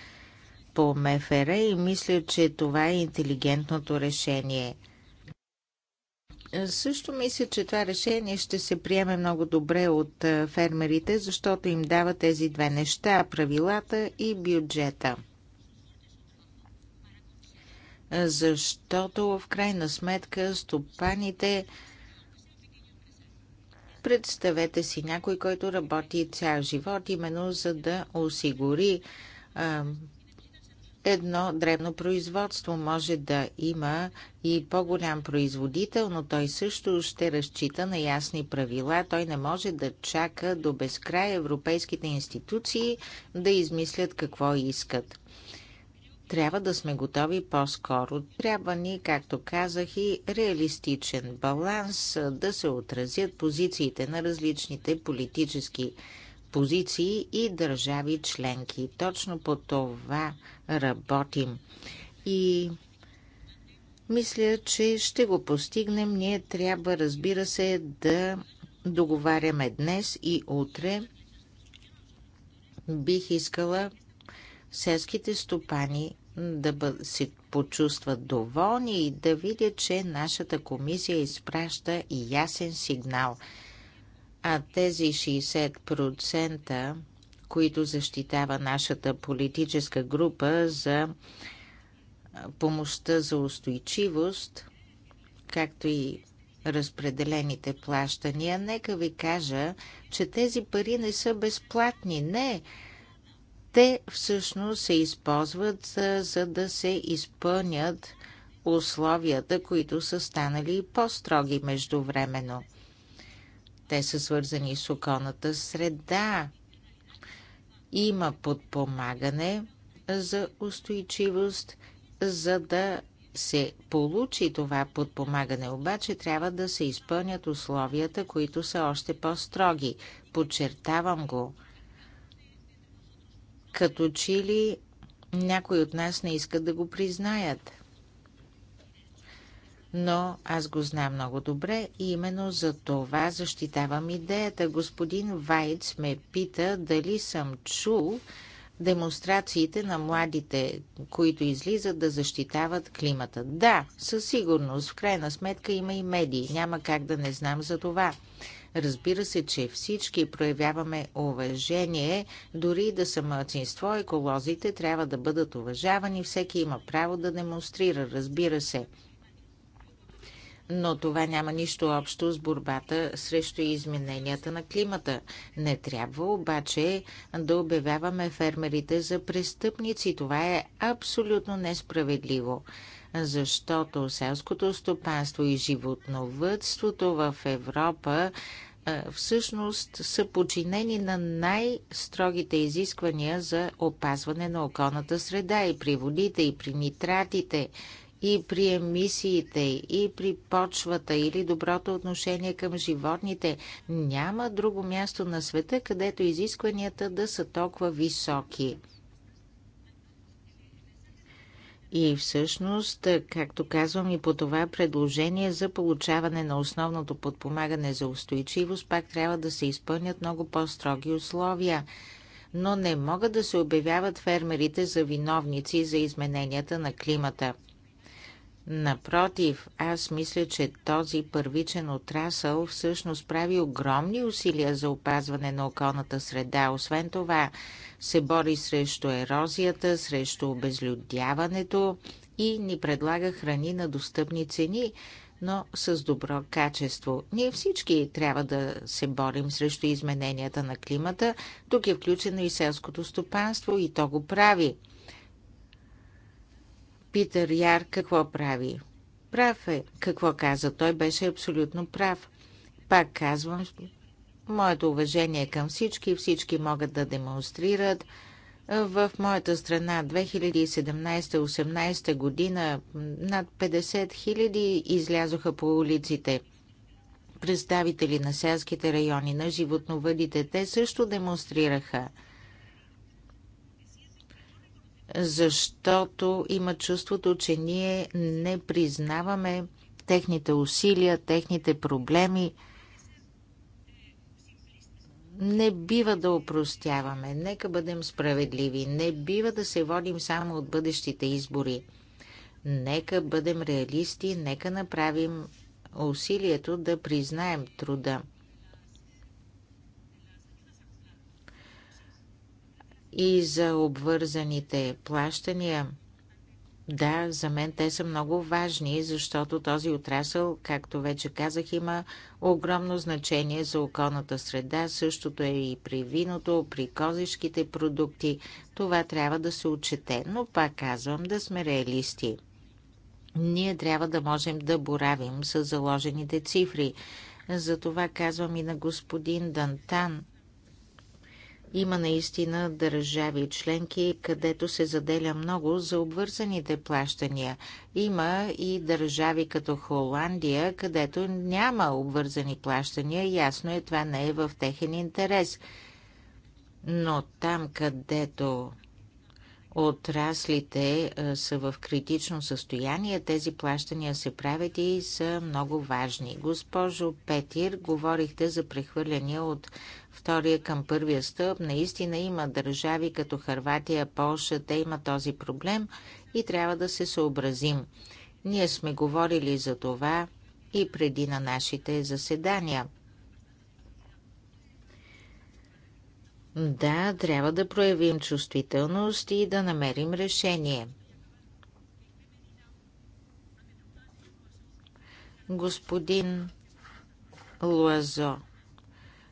по МФР и мисля, че това е интелигентното решение. Също мисля, че това решение ще се приеме много добре от фермерите, защото им дава тези две неща – правилата и бюджета. Защото в крайна сметка стопаните – Представете си някой, който работи цял живот, именно за да осигури а, едно древно производство. Може да има и по-голям производител, но той също ще разчита на ясни правила. Той не може да чака до безкрай европейските институции да измислят какво искат трябва да сме готови по-скоро. Трябва ни, както казах, и реалистичен баланс да се отразят позициите на различните политически позиции и държави членки. Точно по това работим. И мисля, че ще го постигнем. Ние трябва, разбира се, да договаряме днес и утре. Бих искала селските стопани да се почувстват доволни и да видят, че нашата комисия изпраща ясен сигнал. А тези 60%, които защитава нашата политическа група за помощта за устойчивост, както и разпределените плащания, нека ви кажа, че тези пари не са безплатни. Не, те всъщност се използват за, за да се изпълнят условията, които са станали по-строги междувременно. Те са свързани с околната среда. Има подпомагане за устойчивост, за да се получи това подпомагане, обаче трябва да се изпълнят условията, които са още по-строги. Подчертавам го – като че ли някои от нас не искат да го признаят. Но аз го знам много добре и именно за това защитавам идеята. Господин Вайц ме пита дали съм чул демонстрациите на младите, които излизат да защитават климата. Да, със сигурност, в крайна сметка има и медии. Няма как да не знам за това. Разбира се, че всички проявяваме уважение, дори да са младсинство, еколозите трябва да бъдат уважавани, всеки има право да демонстрира, разбира се. Но това няма нищо общо с борбата срещу измененията на климата. Не трябва обаче да обявяваме фермерите за престъпници. Това е абсолютно несправедливо защото селското стопанство и животновътството в Европа всъщност са подчинени на най-строгите изисквания за опазване на околната среда и при водите, и при нитратите, и при емисиите, и при почвата, или доброто отношение към животните. Няма друго място на света, където изискванията да са толкова високи. И всъщност, както казвам и по това предложение за получаване на основното подпомагане за устойчивост, пак трябва да се изпълнят много по-строги условия. Но не могат да се обявяват фермерите за виновници за измененията на климата. Напротив, аз мисля, че този първичен отрасъл всъщност прави огромни усилия за опазване на околната среда. Освен това, се бори срещу ерозията, срещу обезлюдяването и ни предлага храни на достъпни цени, но с добро качество. Ние всички трябва да се борим срещу измененията на климата. Тук е включено и селското стопанство и то го прави. Питър Яр какво прави? Прав е. Какво каза? Той беше абсолютно прав. Пак казвам, Моето уважение към всички, всички могат да демонстрират. В моята страна 2017-18 година над 50 хиляди излязоха по улиците. Представители на селските райони, на животновъдите, те също демонстрираха. Защото има чувството, че ние не признаваме техните усилия, техните проблеми – не бива да опростяваме, нека бъдем справедливи, не бива да се водим само от бъдещите избори. Нека бъдем реалисти, нека направим усилието да признаем труда. И за обвързаните плащания – да, за мен те са много важни, защото този отрасъл, както вече казах, има огромно значение за околната среда. Същото е и при виното, при козишките продукти. Това трябва да се отчете, но пак казвам да сме реалисти. Ние трябва да можем да боравим с заложените цифри. Затова казвам и на господин Дантан. Има наистина държави членки, където се заделя много за обвързаните плащания. Има и държави като Холандия, където няма обвързани плащания. Ясно е, това не е в техен интерес. Но там, където отраслите са в критично състояние, тези плащания се правят и са много важни. Госпожо Петир, говорихте за прехвърляния от втория към първия стълб. Наистина има държави като Харватия, Полша, те има този проблем и трябва да се съобразим. Ние сме говорили за това и преди на нашите заседания – Да, трябва да проявим чувствителност и да намерим решение. Господин Луазо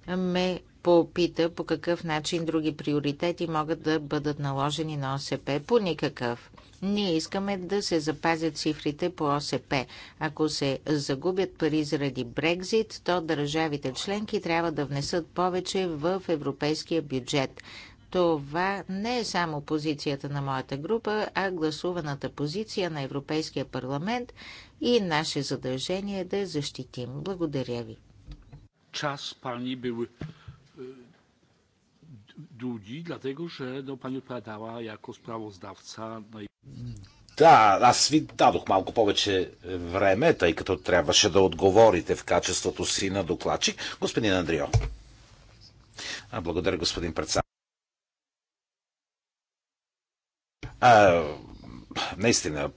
ме попита по какъв начин други приоритети могат да бъдат наложени на ОСП. По никакъв. Ние искаме да се запазят цифрите по ОСП. Ако се загубят пари заради Брекзит, то държавите членки трябва да внесат повече в европейския бюджет. Това не е само позицията на моята група, а гласуваната позиция на Европейския парламент и наше задължение е да я защитим. Благодаря ви. Час пани бил długi, dlatego że no, pani odpowiadała jako sprawozdawca. No i... Да, аз ви дадох малко повече време, тъй като трябваше да отговорите в качеството си на докладчик. Господин Андрио. А, благодаря, господин председател. А, наистина,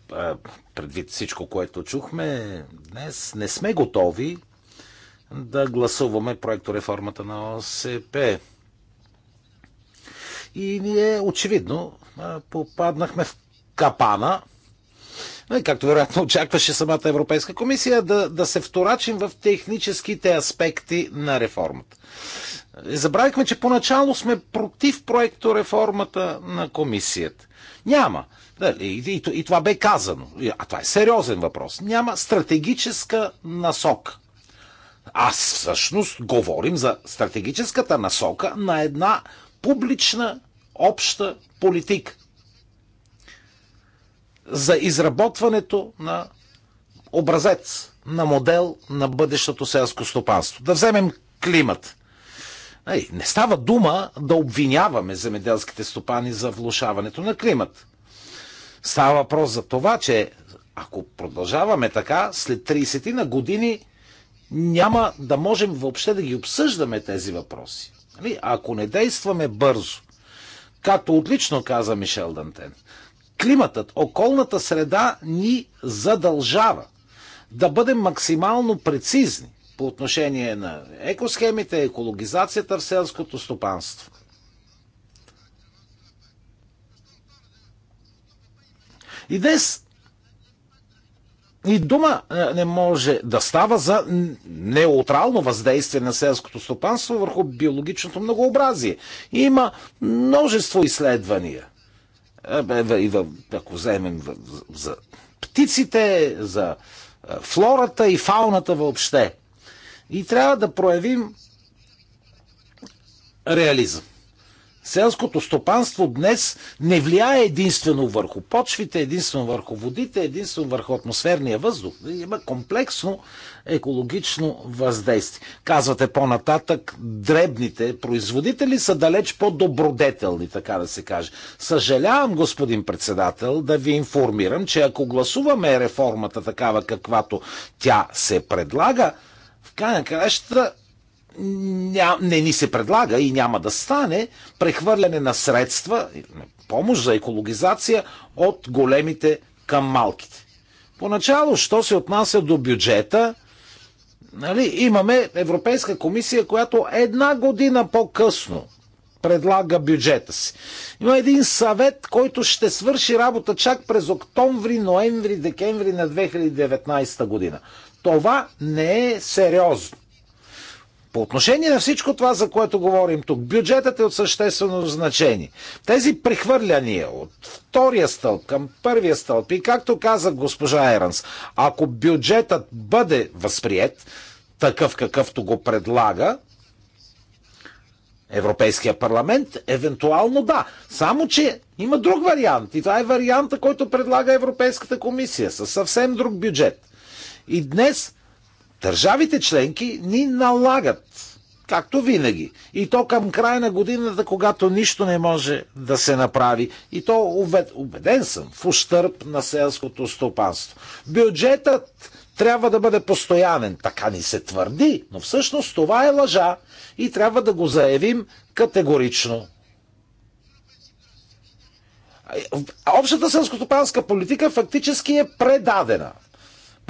предвид всичко, което чухме днес, не сме готови да гласуваме проекто реформата на ОСП. И ние очевидно попаднахме в капана, както вероятно очакваше самата Европейска комисия, да, да се вторачим в техническите аспекти на реформата. Забравихме, че поначало сме против проекто реформата на комисията. Няма. И, и, и това бе казано. А това е сериозен въпрос. Няма стратегическа насока. Аз всъщност говорим за стратегическата насока на една публична обща политика за изработването на образец, на модел на бъдещото селско стопанство. Да вземем климат. Не става дума да обвиняваме земеделските стопани за влушаването на климат. Става въпрос за това, че ако продължаваме така, след 30 на години няма да можем въобще да ги обсъждаме тези въпроси. Ами, ако не действаме бързо, както отлично каза Мишел Дантен, климатът, околната среда ни задължава да бъдем максимално прецизни по отношение на екосхемите, екологизацията в селското стопанство. И днес и дума е, не може да става за неутрално въздействие на селското стопанство върху биологичното многообразие. Има множество изследвания. Е, ако вземем за птиците, за е, флората и фауната въобще. И трябва да проявим реализъм. Селското стопанство днес не влияе единствено върху почвите, единствено върху водите, единствено върху атмосферния въздух. Има комплексно екологично въздействие. Казвате по-нататък, дребните производители са далеч по-добродетелни, така да се каже. Съжалявам, господин председател, да ви информирам, че ако гласуваме реформата такава, каквато тя се предлага, в край на ня, не ни се предлага и няма да стане прехвърляне на средства, помощ за екологизация от големите към малките. Поначало, що се отнася до бюджета, нали, имаме Европейска комисия, която една година по-късно предлага бюджета си. Има един съвет, който ще свърши работа чак през октомври, ноември, декември на 2019 година. Това не е сериозно. По отношение на всичко това, за което говорим тук, бюджетът е от съществено значение. Тези прехвърляния от втория стълб към първия стълб и както каза госпожа Еранс, ако бюджетът бъде възприят, такъв какъвто го предлага, Европейския парламент, евентуално да. Само, че има друг вариант. И това е варианта, който предлага Европейската комисия, със съвсем друг бюджет. И днес Държавите членки ни налагат, както винаги. И то към края на годината, когато нищо не може да се направи. И то, убеден съм, в ущърп на селското стопанство. Бюджетът трябва да бъде постоянен. Така ни се твърди, но всъщност това е лъжа и трябва да го заявим категорично. Общата селскостопанска политика фактически е предадена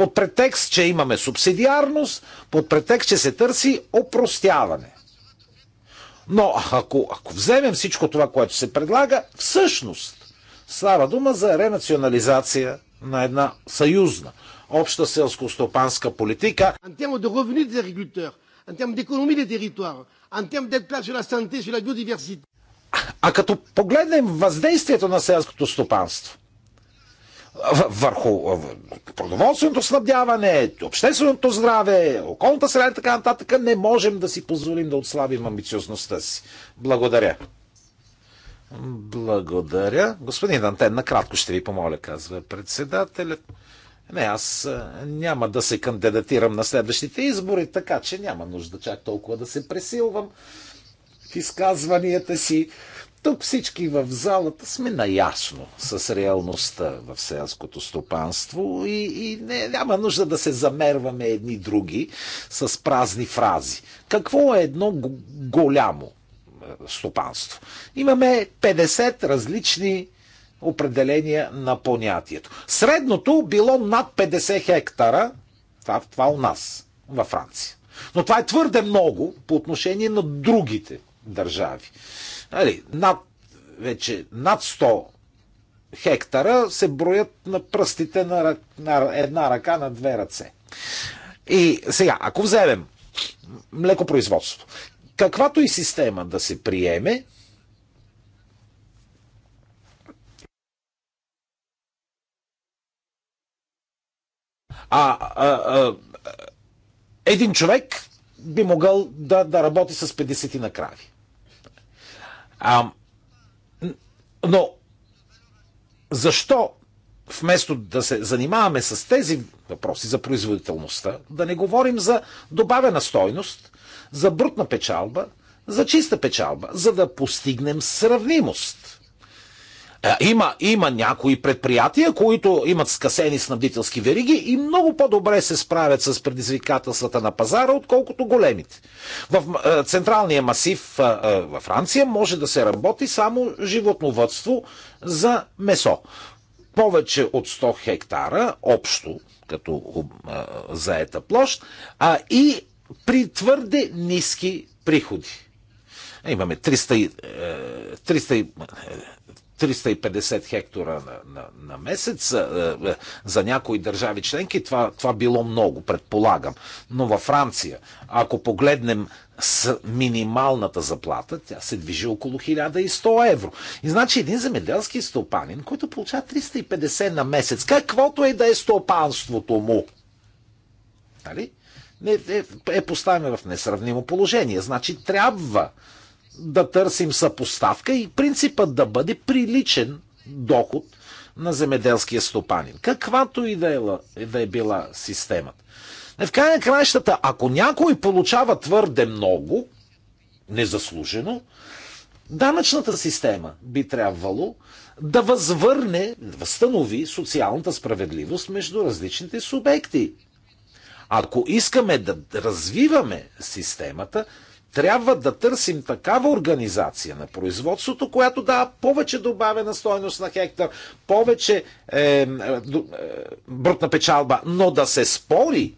под претекст, че имаме субсидиарност, под претекст, че се търси опростяване. Но ако, ако вземем всичко това, което се предлага, всъщност става дума за ренационализация на една съюзна обща селско-стопанска политика. Антемо да ревени за agriculteurs, en termes d'économie des territoires, en termes d'aide place А като погледнем въздействието на селското стопанство, върху продоволственото снабдяване, общественото здраве, околната среда и така нататък, не можем да си позволим да отслабим амбициозността си. Благодаря. Благодаря. Господин Антен накратко ще ви помоля, казва председателят. Не, аз няма да се кандидатирам на следващите избори, така че няма нужда чак толкова да се пресилвам в изказванията си. Тук всички в залата сме наясно с реалността в селското стопанство и, и не, няма нужда да се замерваме едни други с празни фрази. Какво е едно голямо е, стопанство? Имаме 50 различни определения на понятието. Средното било над 50 хектара, това, това у нас, във Франция. Но това е твърде много по отношение на другите държави. Нали, над, вече над 100 хектара се броят на пръстите на, на една ръка, на две ръце. И сега, ако вземем млекопроизводство, каквато и система да се приеме, а, а, а един човек би могъл да, да работи с 50 на крави. А, но защо вместо да се занимаваме с тези въпроси за производителността, да не говорим за добавена стойност, за брутна печалба, за чиста печалба, за да постигнем сравнимост? Е, има, има някои предприятия, които имат скъсени снабдителски вериги и много по-добре се справят с предизвикателствата на пазара, отколкото големите. В е, централния масив е, във Франция може да се работи само животновътство за месо. Повече от 100 хектара общо като заета площ а и при твърде ниски приходи. Имаме 300, 300 350 хектора на, на, на месец. За някои държави членки това, това било много, предполагам. Но във Франция, ако погледнем с минималната заплата, тя се движи около 1100 евро. И значи един земеделски стопанин, който получава 350 на месец, каквото е да е стопанството му, дали? е, е, е поставен в несравнимо положение. Значи трябва да търсим съпоставка и принципът да бъде приличен доход на земеделския стопанин. Каквато и да е, да е била системата. Е, в крайна краищата, ако някой получава твърде много, незаслужено, данъчната система би трябвало да възвърне, да възстанови социалната справедливост между различните субекти. Ако искаме да развиваме системата, трябва да търсим такава организация на производството, която дава повече добавена стойност на хектар, повече е, е, е, брутна печалба, но да се спори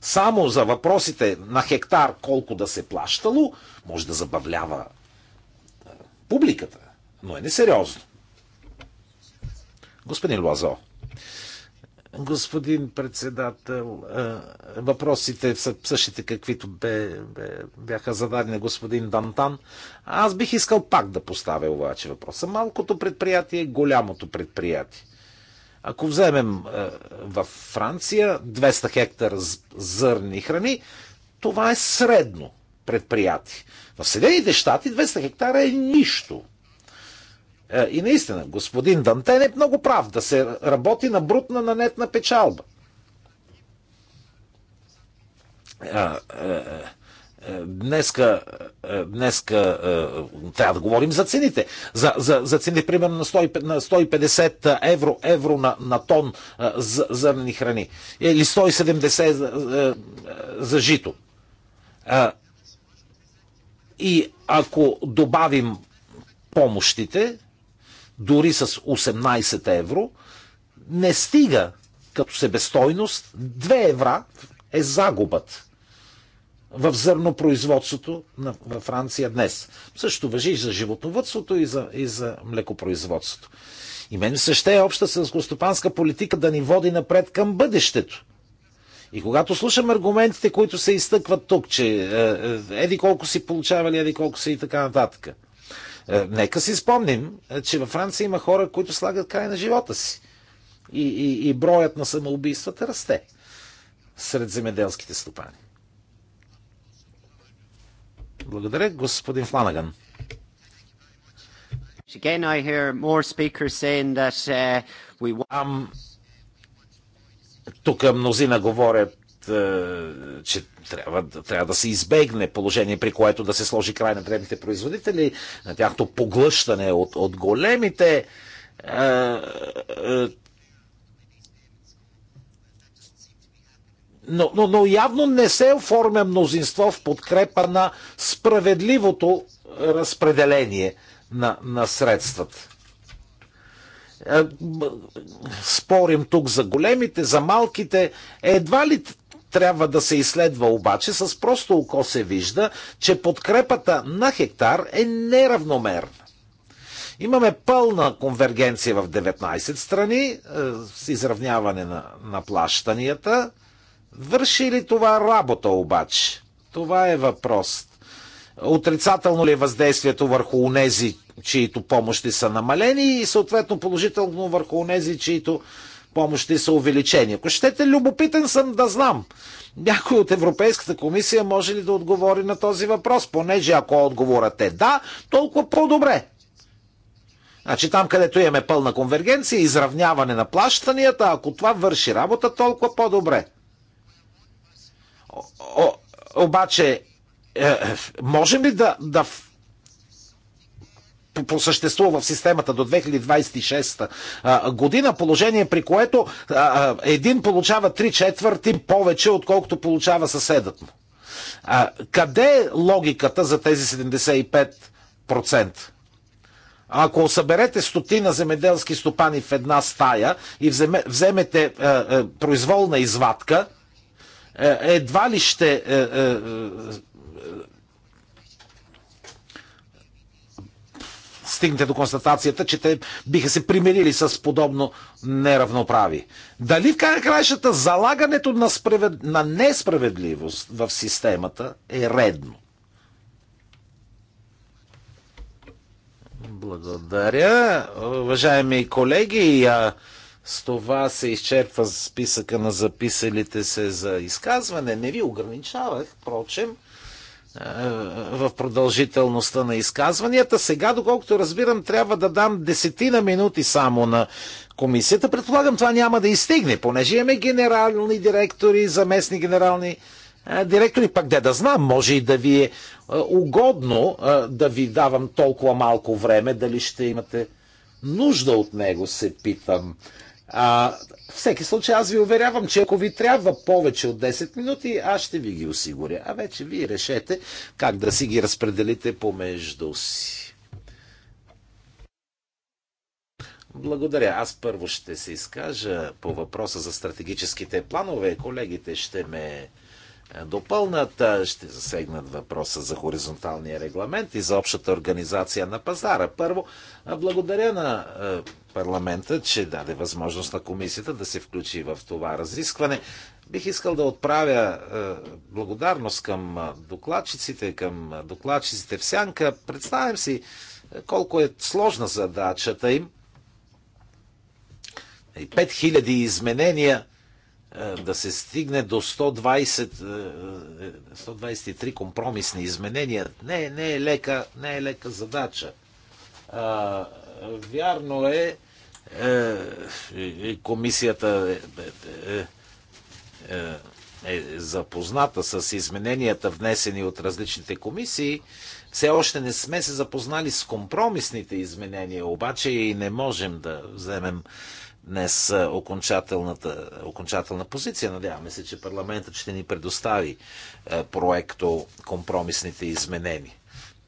само за въпросите на хектар колко да се плащало, може да забавлява е, публиката, но е несериозно. Господин Луазо. Господин председател, въпросите са същите каквито бе, бе, бяха зададени на господин Дантан. Аз бих искал пак да поставя обаче въпроса. Малкото предприятие, е голямото предприятие. Ако вземем във Франция 200 хектара зърни храни, това е средно предприятие. В Съединените щати 200 хектара е нищо. Е, и наистина, господин Дантен е много прав да се работи на брутна на нетна печалба. Е, е, днеска, днеска трябва да говорим за цените. За, за, за цените, примерно, на, на 150 евро, евро на, на тон за зърнени храни. Или 170 за, за жито. И ако добавим помощите, дори с 18 евро, не стига като себестойност 2 евра е загубът в зърнопроизводството на, във Франция днес. Също въжи и за животновътството и за, и за млекопроизводството. И мен се ще е обща селскостопанска политика да ни води напред към бъдещето. И когато слушам аргументите, които се изтъкват тук, че е, е еди колко си получавали, еди колко си и така нататък, е, нека си спомним, е, че във Франция има хора, които слагат край на живота си. И, и, и броят на самоубийствата расте сред земеделските стопани. Благодаря, господин Фланаган. Again, I hear more speakers saying that uh, we want... Тук мнозина говорят, е, че трябва, трябва да се избегне положение, при което да се сложи край на древните производители, на тяхното поглъщане от, от големите. Е, е, но, но, но явно не се оформя мнозинство в подкрепа на справедливото разпределение на, на средствата. Е, спорим тук за големите, за малките. Едва ли трябва да се изследва обаче, с просто око се вижда, че подкрепата на хектар е неравномерна. Имаме пълна конвергенция в 19 страни е, с изравняване на, на плащанията. Върши ли това работа обаче? Това е въпрос. Отрицателно ли е въздействието върху унези, чието помощи са намалени и съответно положително върху унези, чието помощи са увеличени. Ако щете, любопитен съм да знам. Някой от Европейската комисия може ли да отговори на този въпрос? Понеже ако отговорът е да, толкова по-добре. Значи там, където имаме пълна конвергенция, изравняване на плащанията, ако това върши работа, толкова по-добре. обаче, е, е, можем ли да, да по същество в системата до 2026 година, положение при което един получава 3 четвърти повече, отколкото получава съседът му. Къде е логиката за тези 75%? Ако съберете стотина земеделски стопани в една стая и вземете е, е, произволна извадка, е, едва ли ще е, е, стигнете до констатацията, че те биха се примирили с подобно неравноправи. Дали в край краищата залагането на, справед... на несправедливост в системата е редно? Благодаря. Уважаеми колеги, с това се изчерпва списъка на записалите се за изказване. Не ви ограничавах, впрочем. Е, в продължителността на изказванията. Сега, доколкото разбирам, трябва да дам десетина минути само на комисията. Предполагам, това няма да изстигне, понеже имаме генерални директори, заместни генерални е, директори, пак де да знам, може и да ви е, е угодно да ви давам толкова малко време, дали ще имате нужда от него, се питам. А, всеки случай аз ви уверявам, че ако ви трябва повече от 10 минути, аз ще ви ги осигуря. А вече вие решете как да си ги разпределите помежду си. Благодаря. Аз първо ще се изкажа по въпроса за стратегическите планове. Колегите ще ме е, допълнат, ще засегнат въпроса за хоризонталния регламент и за общата организация на пазара. Първо, благодаря на е, парламента, че даде възможност на комисията да се включи в това разискване. Бих искал да отправя е, благодарност към е, докладчиците, към е, докладчиците в сянка. Представям си колко е сложна задачата им. 5000 изменения да се стигне до 120, 123 компромисни изменения не, не, е, лека, не е лека задача. Вярно е, е комисията е, е, е запозната с измененията, внесени от различните комисии. Все още не сме се запознали с компромисните изменения, обаче и не можем да вземем днес окончателната, окончателна позиция. Надяваме се, че парламентът ще ни предостави проекто компромисните изменения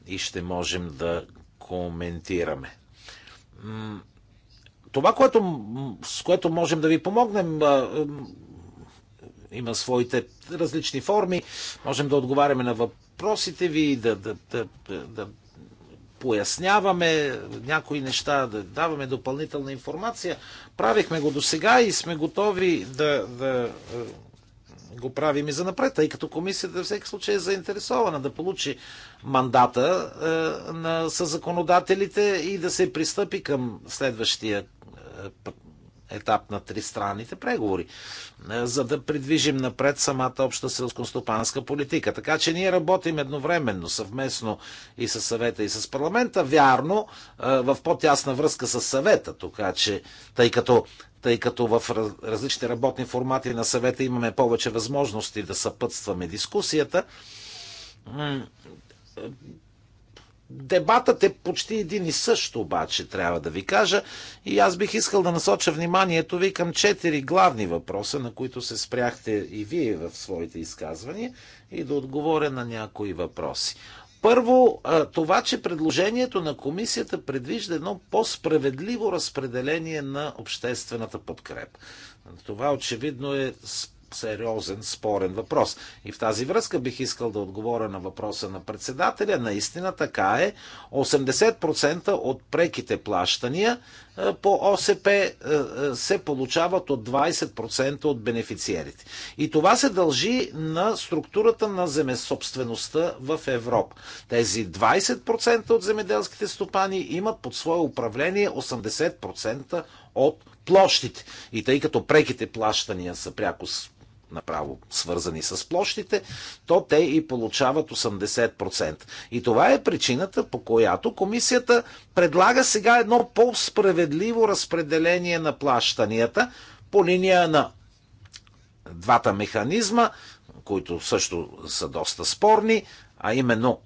и ще можем да коментираме. Това, което, с което можем да ви помогнем, има своите различни форми. Можем да отговаряме на въпросите ви, да, да, да, да поясняваме някои неща, да даваме допълнителна информация. Правихме го до сега и сме готови да, да го правим и за напред, тъй като комисията във всеки случай е заинтересована да получи мандата е, на законодателите и да се пристъпи към следващия е, етап на тристранните преговори, е, за да придвижим напред самата обща селскостопанска политика. Така че ние работим едновременно, съвместно и с съвета и с парламента, вярно, е, в по-тясна връзка с съвета, така че, тъй като тъй като в различни работни формати на съвета имаме повече възможности да съпътстваме дискусията. Дебатът е почти един и също, обаче, трябва да ви кажа. И аз бих искал да насоча вниманието ви към четири главни въпроса, на които се спряхте и вие в своите изказвания, и да отговоря на някои въпроси. Първо, това, че предложението на комисията предвижда едно по-справедливо разпределение на обществената подкрепа. Това очевидно е сериозен, спорен въпрос. И в тази връзка бих искал да отговоря на въпроса на председателя. Наистина така е. 80% от преките плащания е, по ОСП е, е, се получават от 20% от бенефициерите. И това се дължи на структурата на земесобствеността в Европа. Тези 20% от земеделските стопани имат под свое управление 80% от площите. И тъй като преките плащания са пряко направо свързани с площите, то те и получават 80%. И това е причината, по която комисията предлага сега едно по-справедливо разпределение на плащанията по линия на двата механизма, които също са доста спорни, а именно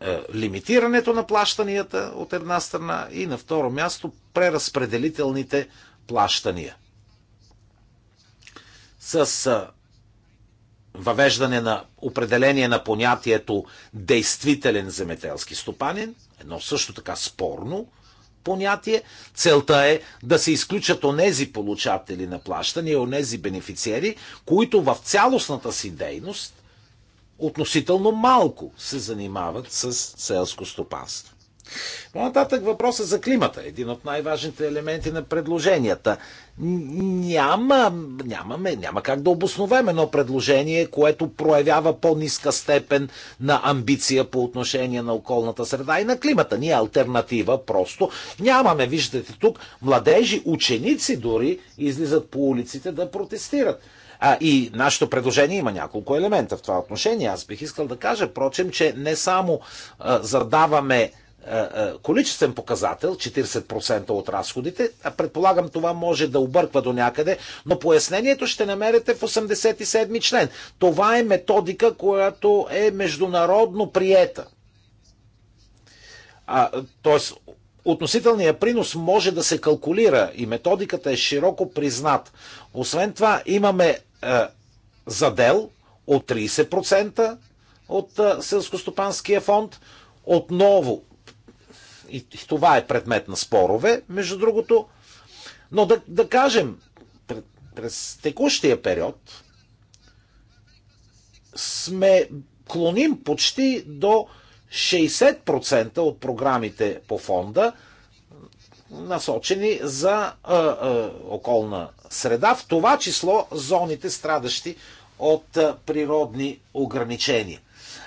е, лимитирането на плащанията от една страна и на второ място преразпределителните плащания с въвеждане на определение на понятието действителен земеделски стопанин, едно също така спорно понятие. Целта е да се изключат онези получатели на плащания, онези бенефициери, които в цялостната си дейност относително малко се занимават с селско стопанство. По-нататък въпроса за климата. Един от най-важните елементи на предложенията. Няма, нямаме, няма как да обосновем едно предложение, което проявява по-ниска степен на амбиция по отношение на околната среда и на климата. Ние альтернатива просто нямаме. Виждате тук, младежи, ученици дори излизат по улиците да протестират. А, и нашето предложение има няколко елемента в това отношение. Аз бих искал да кажа, прочим, че не само а, задаваме е, е, количествен показател, 40% от разходите. а Предполагам, това може да обърква до някъде, но пояснението ще намерите в 87-ми член. Това е методика, която е международно приета. тоест, относителният принос може да се калкулира и методиката е широко признат. Освен това, имаме а, е, задел от 30% от селскостопанския фонд, отново и това е предмет на спорове, между другото. Но да, да кажем, през текущия период сме клоним почти до 60% от програмите по фонда, насочени за а, а, околна среда, в това число зоните страдащи от а, природни ограничения.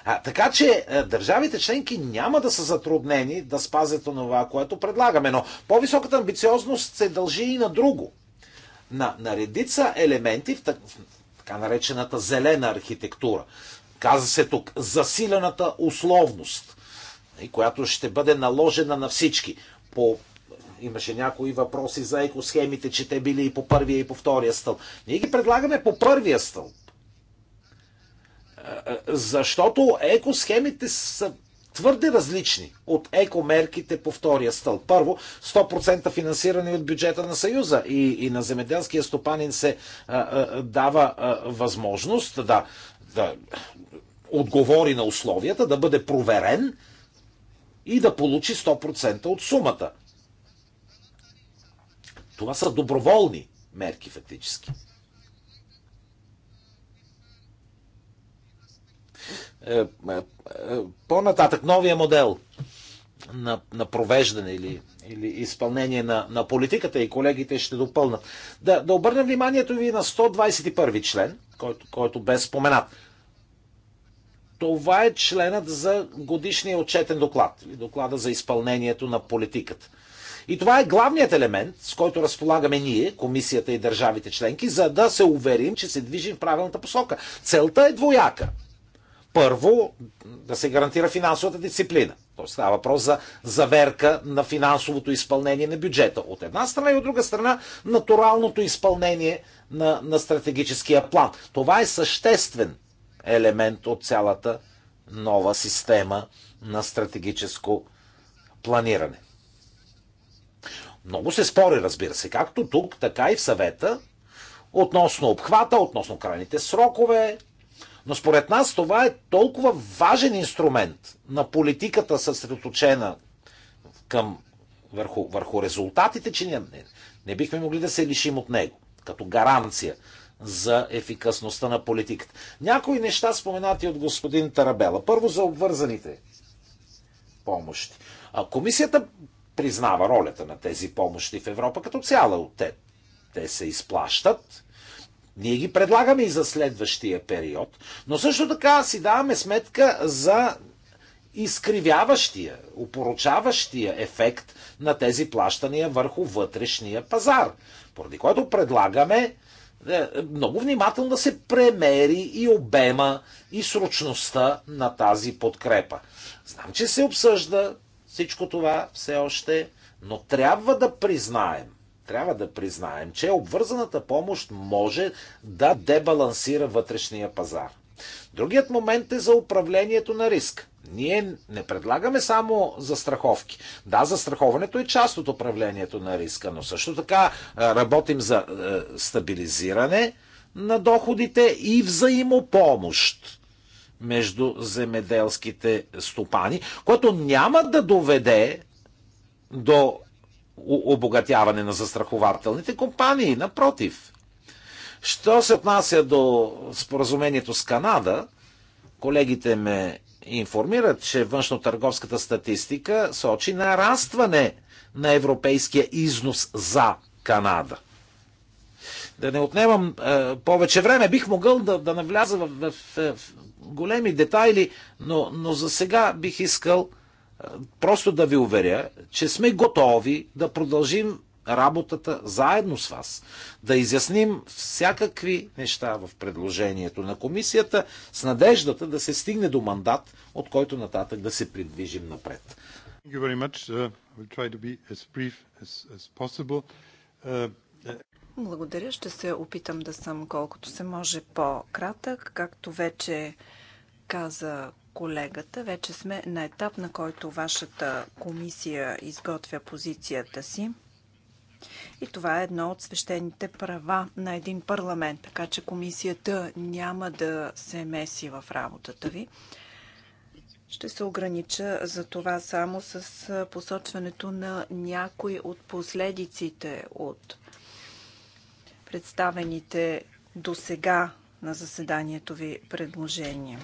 А, така че е, държавите членки няма да са затруднени да спазят онова, което предлагаме. Но по-високата амбициозност се дължи и на друго. На, на редица елементи в, так, така наречената зелена архитектура. Каза се тук засилената условност, нали, която ще бъде наложена на всички. По имаше някои въпроси за екосхемите, че те били и по първия и по втория стълб. Ние ги предлагаме по първия стълб. Защото екосхемите са твърде различни от екомерките по втория стълб. Първо, 100% финансиране от бюджета на Съюза и, и на земеделския стопанин се а, а, дава а, възможност да, да отговори на условията, да бъде проверен и да получи 100% от сумата. Това са доброволни мерки фактически. Е, е, по-нататък, новия модел на, на провеждане или, или изпълнение на, на политиката и колегите ще допълнат. Да, да обърнем вниманието ви на 121 член, който, който бе споменат. Това е членът за годишния отчетен доклад, или доклада за изпълнението на политиката. И това е главният елемент, с който разполагаме ние, комисията и държавите членки, за да се уверим, че се движим в правилната посока. Целта е двояка. Първо, да се гарантира финансовата дисциплина. Тоест става въпрос за заверка на финансовото изпълнение на бюджета. От една страна и от друга страна натуралното изпълнение на, на стратегическия план. Това е съществен елемент от цялата нова система на стратегическо планиране. Много се спори, разбира се, както тук, така и в съвета, относно обхвата, относно крайните срокове, но според нас това е толкова важен инструмент на политиката съсредоточена към, върху, върху резултатите, че не, не, не бихме могли да се лишим от него като гаранция за ефикасността на политиката. Някои неща споменати от господин Тарабела. Първо за обвързаните помощи. А комисията признава ролята на тези помощи в Европа като цяло. Те, те се изплащат ние ги предлагаме и за следващия период, но също така си даваме сметка за изкривяващия, упоручаващия ефект на тези плащания върху вътрешния пазар. Поради което предлагаме е, много внимателно да се премери и обема, и срочността на тази подкрепа. Знам, че се обсъжда всичко това все още, но трябва да признаем, трябва да признаем, че обвързаната помощ може да дебалансира вътрешния пазар. Другият момент е за управлението на риск. Ние не предлагаме само застраховки. Да, застраховането е част от управлението на риска, но също така работим за стабилизиране на доходите и взаимопомощ между земеделските стопани, което няма да доведе до обогатяване на застрахователните компании, напротив. Що се отнася до споразумението с Канада, колегите ме информират, че външно-търговската статистика сочи нарастване на европейския износ за Канада. Да не отнемам е, повече време, бих могъл да, да навляза в, в, в големи детайли, но, но за сега бих искал просто да ви уверя, че сме готови да продължим работата заедно с вас, да изясним всякакви неща в предложението на комисията, с надеждата да се стигне до мандат, от който нататък да се придвижим напред. Uh, Благодаря. Ще се опитам да съм колкото се може по-кратък. Както вече каза колегата. Вече сме на етап, на който вашата комисия изготвя позицията си. И това е едно от свещените права на един парламент, така че комисията няма да се меси в работата ви. Ще се огранича за това само с посочването на някои от последиците от представените до сега на заседанието ви предложения.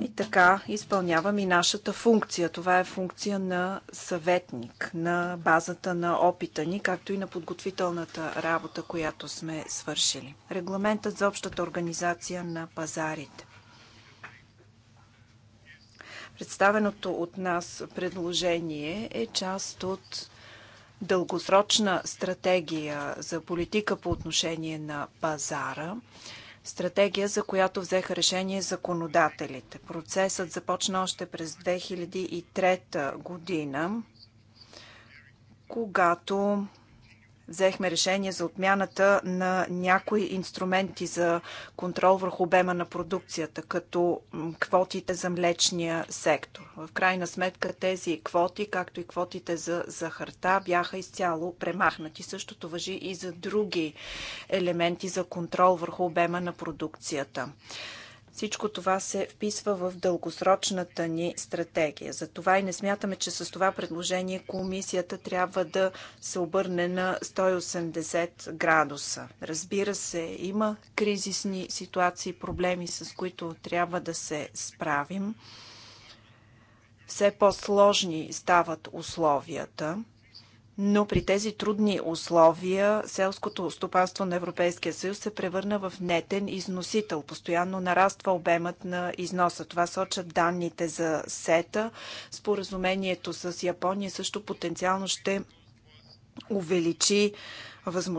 И така изпълнявам и нашата функция. Това е функция на съветник, на базата на опита ни, както и на подготвителната работа, която сме свършили. Регламентът за общата организация на пазарите. Представеното от нас предложение е част от дългосрочна стратегия за политика по отношение на пазара – стратегия, за която взеха решение законодателите. Процесът започна още през 2003 година, когато взехме решение за отмяната на някои инструменти за контрол върху обема на продукцията, като квотите за млечния сектор. В крайна сметка тези квоти, както и квотите за захарта, бяха изцяло премахнати. Същото въжи и за други елементи за контрол върху обема на продукцията. Всичко това се вписва в дългосрочната ни стратегия. Затова и не смятаме, че с това предложение комисията трябва да се обърне на 180 градуса. Разбира се, има кризисни ситуации, проблеми, с които трябва да се справим. Все по-сложни стават условията но при тези трудни условия селското стопанство на Европейския съюз се превърна в нетен износител. Постоянно нараства обемът на износа. Това сочат данните за СЕТА. Споразумението с Япония също потенциално ще увеличи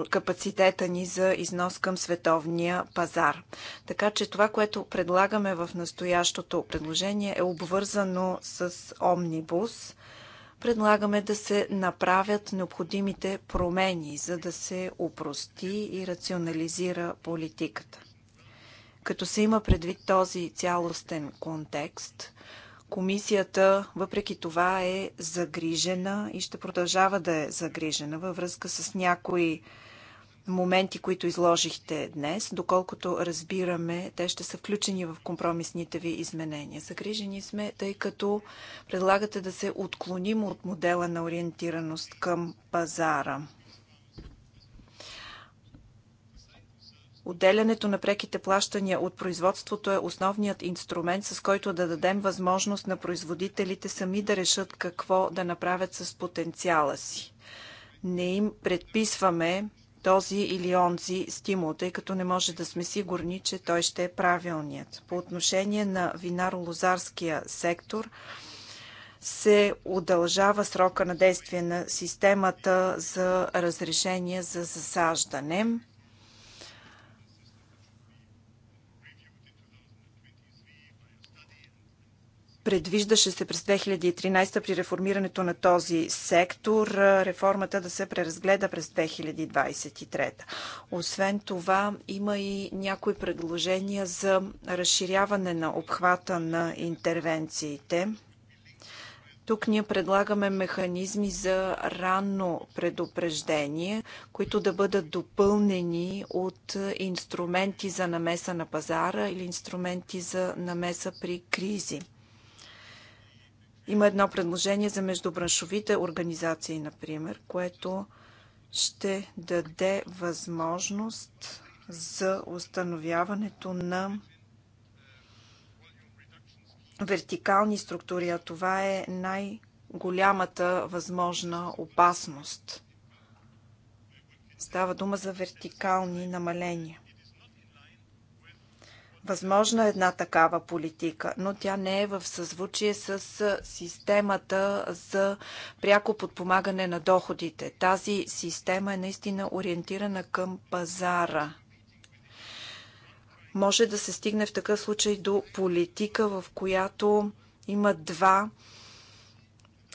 капацитета ни за износ към световния пазар. Така че това, което предлагаме в настоящото предложение е обвързано с омнибус предлагаме да се направят необходимите промени, за да се упрости и рационализира политиката. Като се има предвид този цялостен контекст, комисията въпреки това е загрижена и ще продължава да е загрижена във връзка с някои моменти, които изложихте днес. Доколкото разбираме, те ще са включени в компромисните ви изменения. Загрижени сме, тъй като предлагате да се отклоним от модела на ориентираност към пазара. Отделянето на преките плащания от производството е основният инструмент, с който да дадем възможност на производителите сами да решат какво да направят с потенциала си. Не им предписваме този или онзи стимул, тъй като не може да сме сигурни, че той ще е правилният. По отношение на винаро-лозарския сектор, се удължава срока на действие на системата за разрешение за засаждане. Предвиждаше се през 2013 при реформирането на този сектор реформата да се преразгледа през 2023. Освен това, има и някои предложения за разширяване на обхвата на интервенциите. Тук ние предлагаме механизми за ранно предупреждение, които да бъдат допълнени от инструменти за намеса на пазара или инструменти за намеса при кризи. Има едно предложение за междубраншовите организации, например, което ще даде възможност за установяването на вертикални структури, а това е най-голямата възможна опасност. Става дума за вертикални намаления. Възможна е една такава политика, но тя не е в съзвучие с системата за пряко подпомагане на доходите. Тази система е наистина ориентирана към пазара. Може да се стигне в такъв случай до политика, в която има два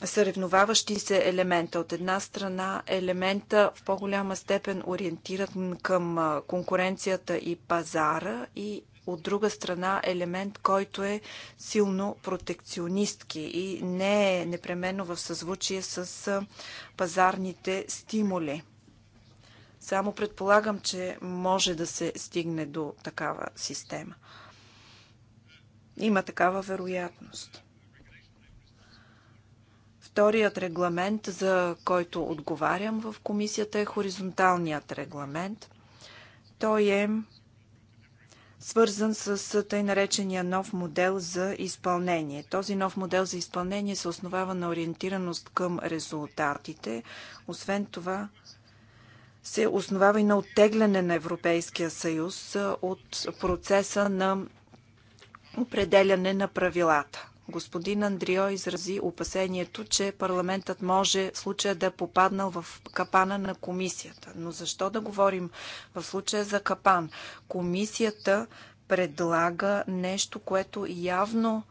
съревноваващи се елемента. От една страна елемента в по-голяма степен ориентиран към конкуренцията и пазара и от друга страна елемент, който е силно протекционистки и не е непременно в съзвучие с пазарните стимули. Само предполагам, че може да се стигне до такава система. Има такава вероятност. Вторият регламент, за който отговарям в комисията, е хоризонталният регламент. Той е свързан с тъй наречения нов модел за изпълнение. Този нов модел за изпълнение се основава на ориентираност към резултатите. Освен това, се основава и на оттегляне на Европейския съюз от процеса на определяне на правилата. Господин Андрио изрази опасението, че парламентът може в случая да е попаднал в капана на комисията. Но защо да говорим в случая за капан? Комисията предлага нещо, което явно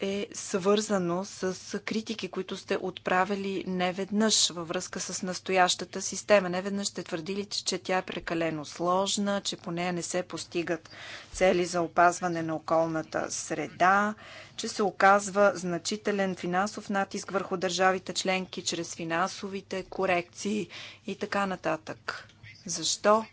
е свързано с критики, които сте отправили неведнъж във връзка с настоящата система. Неведнъж сте твърдили, че тя е прекалено сложна, че по нея не се постигат цели за опазване на околната среда, че се оказва значителен финансов натиск върху държавите членки чрез финансовите корекции и така нататък. Защо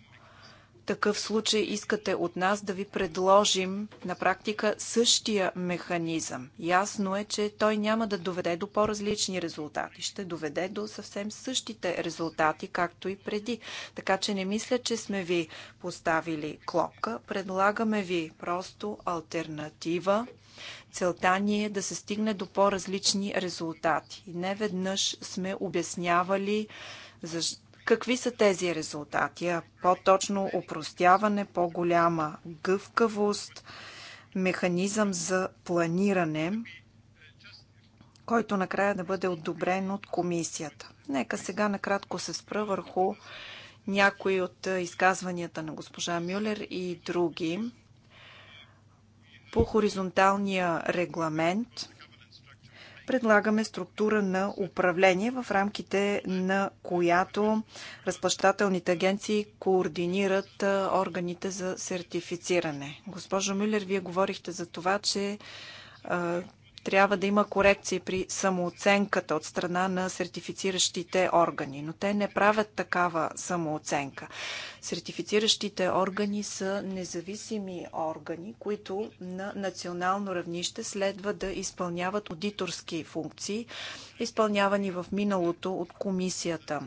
такъв случай искате от нас да ви предложим на практика същия механизъм. Ясно е, че той няма да доведе до по-различни резултати. Ще доведе до съвсем същите резултати, както и преди. Така че не мисля, че сме ви поставили клопка. Предлагаме ви просто альтернатива. Целта ни е да се стигне до по-различни резултати. не веднъж сме обяснявали защо Какви са тези резултати? По-точно упростяване, по-голяма гъвкавост, механизъм за планиране, който накрая да бъде одобрен от комисията. Нека сега накратко се спра върху някои от изказванията на госпожа Мюлер и други. По хоризонталния регламент предлагаме структура на управление, в рамките на която разплащателните агенции координират органите за сертифициране. Госпожо Милер, вие говорихте за това, че трябва да има корекции при самооценката от страна на сертифициращите органи, но те не правят такава самооценка. Сертифициращите органи са независими органи, които на национално равнище следва да изпълняват аудиторски функции, изпълнявани в миналото от комисията.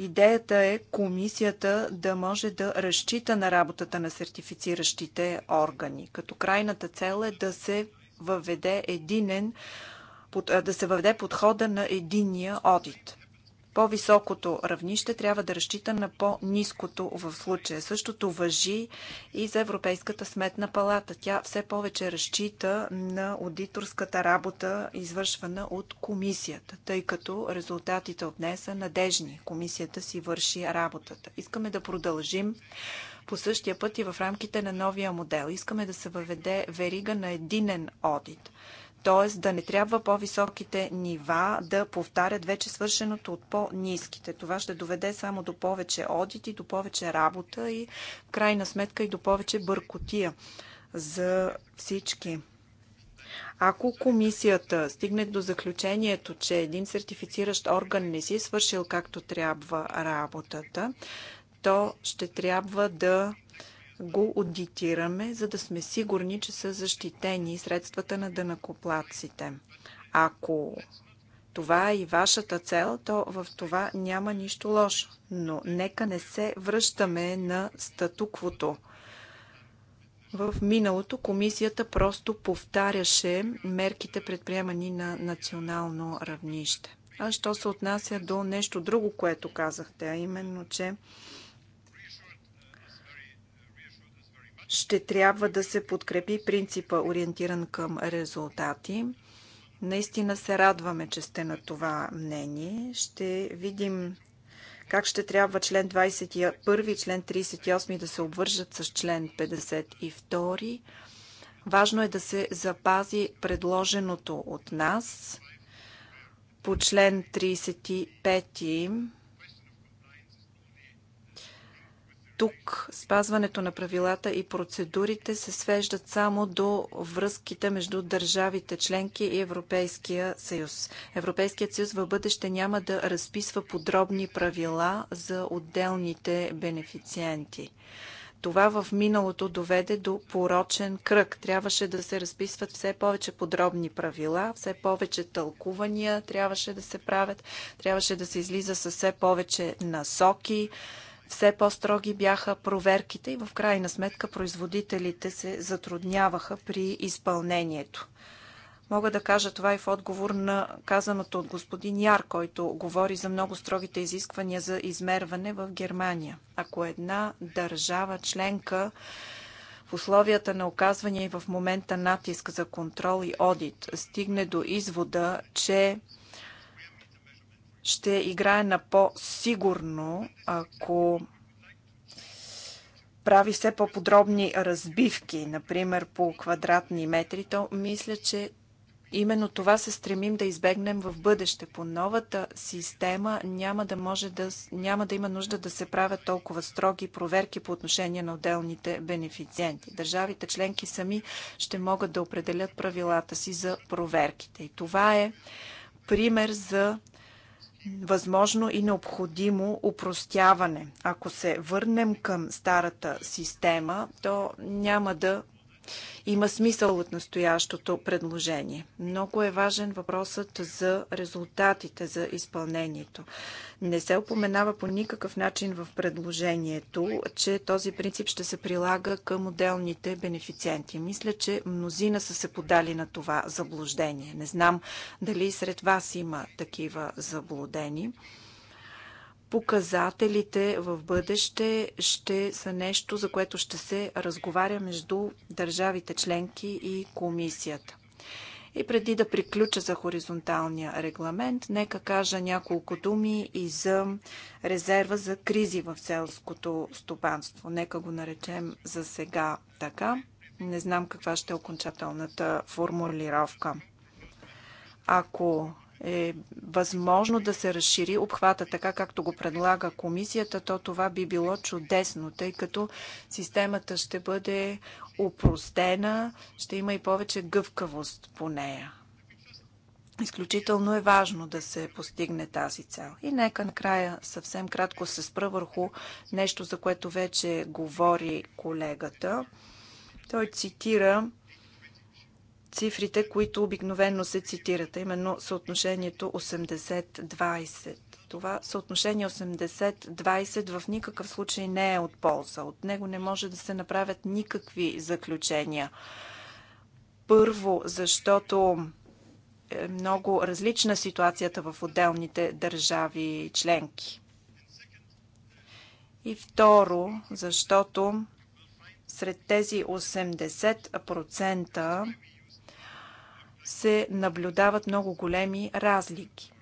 Идеята е комисията да може да разчита на работата на сертифициращите органи, като крайната цел е да се въведе единен, да се въведе подхода на единния одит по-високото равнище трябва да разчита на по-низкото в случая. Същото въжи и за Европейската сметна палата. Тя все повече разчита на аудиторската работа, извършвана от комисията, тъй като резултатите от нея са надежни. Комисията си върши работата. Искаме да продължим по същия път и в рамките на новия модел. Искаме да се въведе верига на единен одит – т.е. да не трябва по-високите нива да повтарят вече свършеното от по-низките. Това ще доведе само до повече одити, до повече работа и в крайна сметка и до повече бъркотия за всички. Ако комисията стигне до заключението, че един сертифициращ орган не си е свършил както трябва работата, то ще трябва да го аудитираме, за да сме сигурни, че са защитени средствата на дънакоплаците. Ако това е и вашата цел, то в това няма нищо лошо. Но нека не се връщаме на статуквото. В миналото комисията просто повтаряше мерките предприемани на национално равнище. А що се отнася до нещо друго, което казахте, а именно, че ще трябва да се подкрепи принципа ориентиран към резултати. Наистина се радваме, че сте на това мнение. Ще видим как ще трябва член 21 и член 38 да се обвържат с член 52. Важно е да се запази предложеното от нас по член 35 тук спазването на правилата и процедурите се свеждат само до връзките между държавите членки и Европейския съюз. Европейският съюз в бъдеще няма да разписва подробни правила за отделните бенефициенти. Това в миналото доведе до порочен кръг. Трябваше да се разписват все повече подробни правила, все повече тълкувания трябваше да се правят, трябваше да се излиза с все повече насоки, все по-строги бяха проверките и в крайна сметка производителите се затрудняваха при изпълнението. Мога да кажа това и в отговор на казаното от господин Яр, който говори за много строгите изисквания за измерване в Германия. Ако една държава членка в условията на оказване и в момента натиск за контрол и одит стигне до извода, че ще играе на по-сигурно, ако прави все по-подробни разбивки, например по квадратни метри, то мисля, че именно това се стремим да избегнем в бъдеще. По новата система няма да, може да, няма да има нужда да се правят толкова строги проверки по отношение на отделните бенефициенти. Държавите членки сами ще могат да определят правилата си за проверките. И това е пример за възможно и необходимо опростяване. Ако се върнем към старата система, то няма да има смисъл от настоящото предложение. Много е важен въпросът за резултатите, за изпълнението. Не се упоменава по никакъв начин в предложението, че този принцип ще се прилага към отделните бенефициенти. Мисля, че мнозина са се подали на това заблуждение. Не знам дали сред вас има такива заблудени показателите в бъдеще ще са нещо, за което ще се разговаря между държавите членки и комисията. И преди да приключа за хоризонталния регламент, нека кажа няколко думи и за резерва за кризи в селското стопанство. Нека го наречем за сега така. Не знам каква ще е окончателната формулировка. Ако е възможно да се разшири обхвата така, както го предлага комисията, то това би било чудесно, тъй като системата ще бъде упростена, ще има и повече гъвкавост по нея. Изключително е важно да се постигне тази цел. И нека накрая съвсем кратко се спра върху нещо, за което вече говори колегата. Той цитира цифрите, които обикновено се цитират, именно съотношението 80-20. Това съотношение 80-20 в никакъв случай не е от полза. От него не може да се направят никакви заключения. Първо, защото е много различна ситуацията в отделните държави членки. И второ, защото сред тези 80% се наблюдават много големи разлики.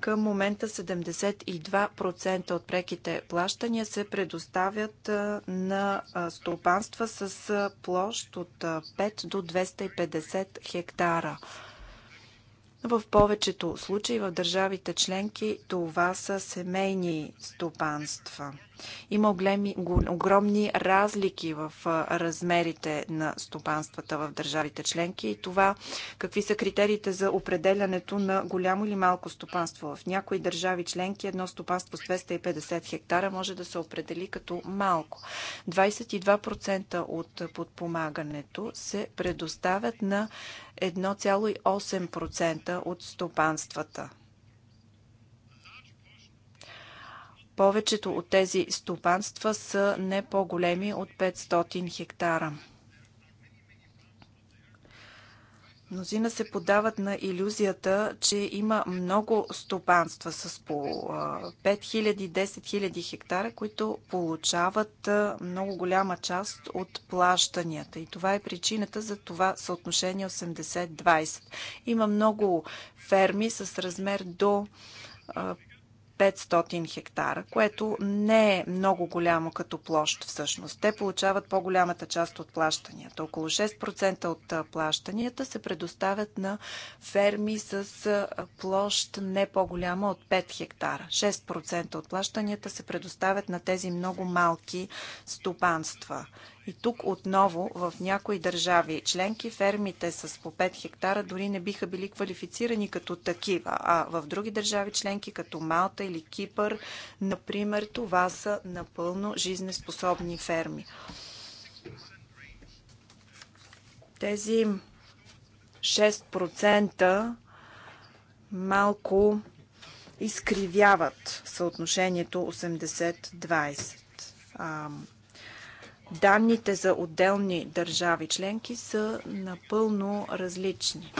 Към момента 72% от преките плащания се предоставят на стопанства с площ от 5 до 250 хектара. В повечето случаи в държавите членки това са семейни стопанства. Има оглеми, огромни разлики в размерите на стопанствата в държавите членки и това какви са критериите за определянето на голямо или малко стопанство. В някои държави членки едно стопанство с 250 хектара може да се определи като малко. 22% от подпомагането се предоставят на 1,8% от стопанствата. Повечето от тези стопанства са не по-големи от 500 хектара. Мнозина се подават на иллюзията, че има много стопанства с по 5000-10 000 хектара, които получават много голяма част от плащанията. И това е причината за това съотношение 80-20. Има много ферми с размер до 500 хектара, което не е много голямо като площ всъщност. Те получават по-голямата част от плащанията. Около 6% от плащанията се предоставят на ферми с площ не по-голяма от 5 хектара. 6% от плащанията се предоставят на тези много малки стопанства. И тук отново в някои държави членки фермите с по 5 хектара дори не биха били квалифицирани като такива, а в други държави членки като Малта или Кипър, например, това са напълно жизнеспособни ферми. Тези 6% малко изкривяват съотношението 80-20 данните за отделни държави членки са напълно различни.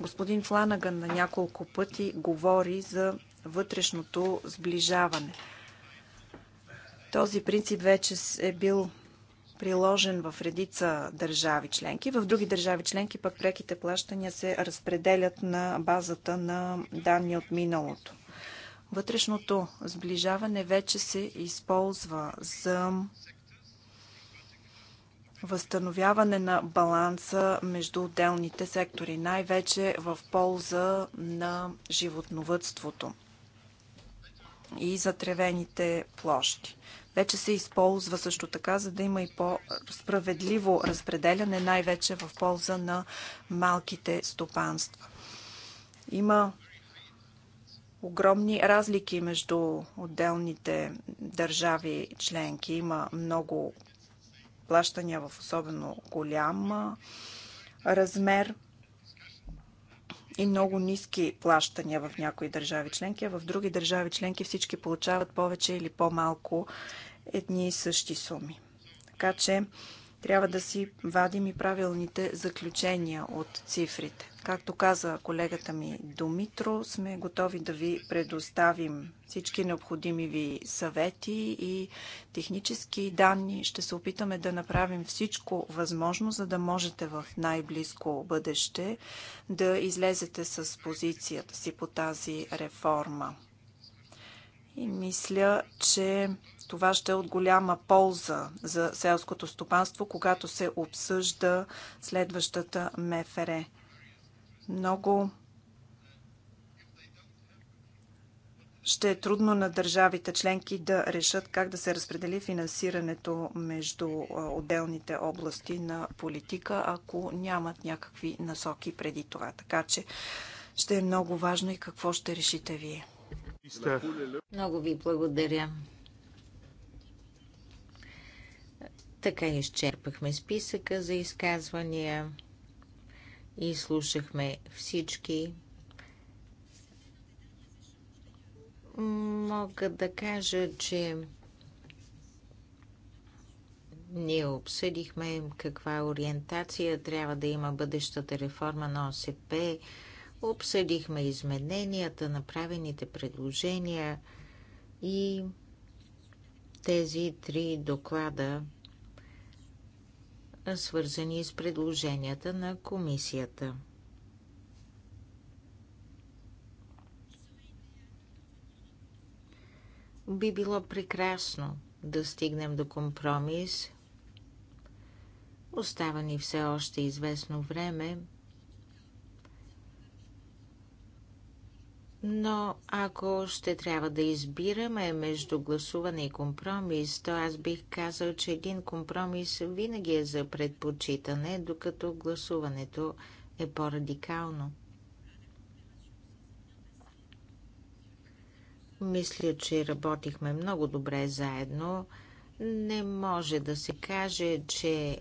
Господин Фланаган на няколко пъти говори за вътрешното сближаване. Този принцип вече е бил приложен в редица държави членки. В други държави членки пък преките плащания се разпределят на базата на данни от миналото. Вътрешното сближаване вече се използва за възстановяване на баланса между отделните сектори, най-вече в полза на животновътството и затревените площи. Вече се използва също така, за да има и по-справедливо разпределяне, най-вече в полза на малките стопанства. Има огромни разлики между отделните държави членки. Има много плащания в особено голям размер и много ниски плащания в някои държави членки, а в други държави членки всички получават повече или по-малко едни и същи суми. Така че трябва да си вадим и правилните заключения от цифрите. Както каза колегата ми Думитро, сме готови да ви предоставим всички необходими ви съвети и технически данни. Ще се опитаме да направим всичко възможно, за да можете в най-близко бъдеще да излезете с позицията си по тази реформа. И мисля, че това ще е от голяма полза за селското стопанство, когато се обсъжда следващата МФР. Много ще е трудно на държавите членки да решат как да се разпредели финансирането между отделните области на политика, ако нямат някакви насоки преди това. Така че ще е много важно и какво ще решите вие. Много ви благодаря. Така изчерпахме списъка за изказвания и слушахме всички. Мога да кажа, че ние обсъдихме каква ориентация трябва да има бъдещата реформа на ОСП, Обсъдихме измененията, направените предложения и тези три доклада, свързани с предложенията на комисията. Би било прекрасно да стигнем до компромис. Остава ни все още известно време, Но ако ще трябва да избираме между гласуване и компромис, то аз бих казал, че един компромис винаги е за предпочитане, докато гласуването е по-радикално. Мисля, че работихме много добре заедно. Не може да се каже, че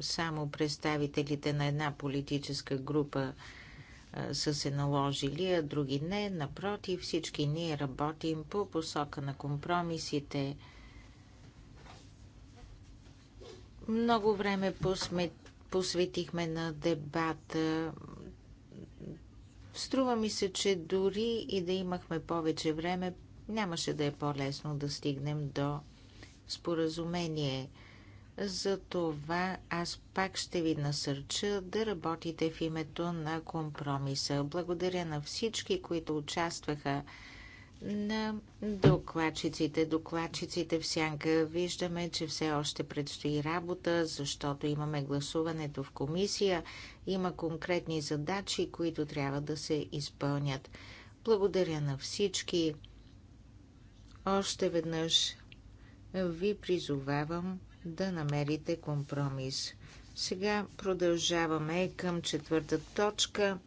само представителите на една политическа група са се наложили, а други не. Напротив, всички ние работим по посока на компромисите. Много време посветихме на дебата. Струва ми се, че дори и да имахме повече време, нямаше да е по-лесно да стигнем до споразумение – за това аз пак ще ви насърча да работите в името на компромиса. Благодаря на всички, които участваха на докладчиците, докладчиците в сянка. Виждаме, че все още предстои работа, защото имаме гласуването в комисия. Има конкретни задачи, които трябва да се изпълнят. Благодаря на всички. Още веднъж ви призовавам да намерите компромис. Сега продължаваме към четвърта точка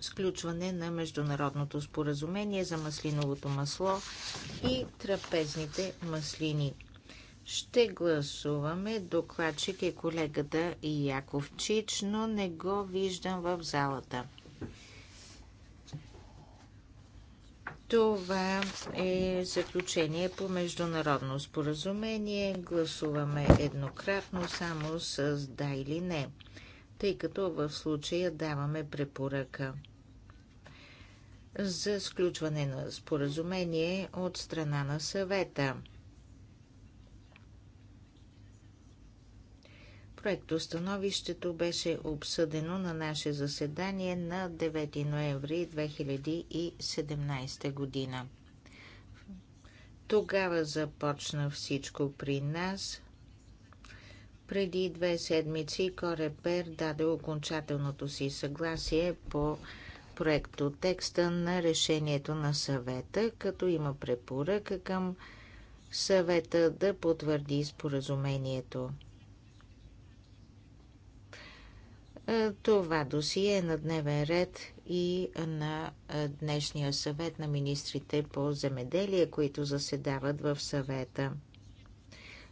сключване на международното споразумение за маслиновото масло и трапезните маслини. Ще гласуваме докладчик е колегата Чич, но не го виждам в залата. Това е заключение по международно споразумение. Гласуваме еднократно само с да или не, тъй като в случая даваме препоръка за сключване на споразумение от страна на съвета. Проектостановището беше обсъдено на наше заседание на 9 ноември 2017 година. Тогава започна всичко при нас. Преди две седмици Корепер даде окончателното си съгласие по проекто текста на решението на съвета, като има препоръка към съвета да потвърди споразумението. Е, това досие е на дневен ред и на е, днешния съвет на министрите по земеделие, които заседават в съвета.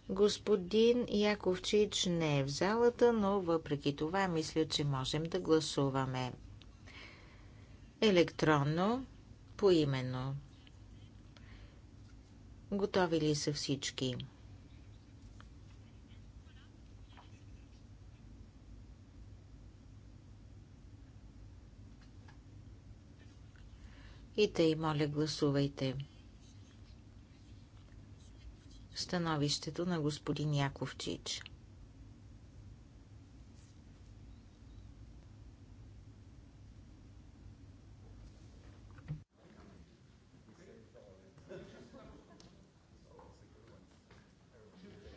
Господин Яковчич не е в залата, но въпреки това мисля, че можем да гласуваме. Електронно, поименно. Готови ли са всички? И тъй, моля, гласувайте. Становището на господин Яковчич.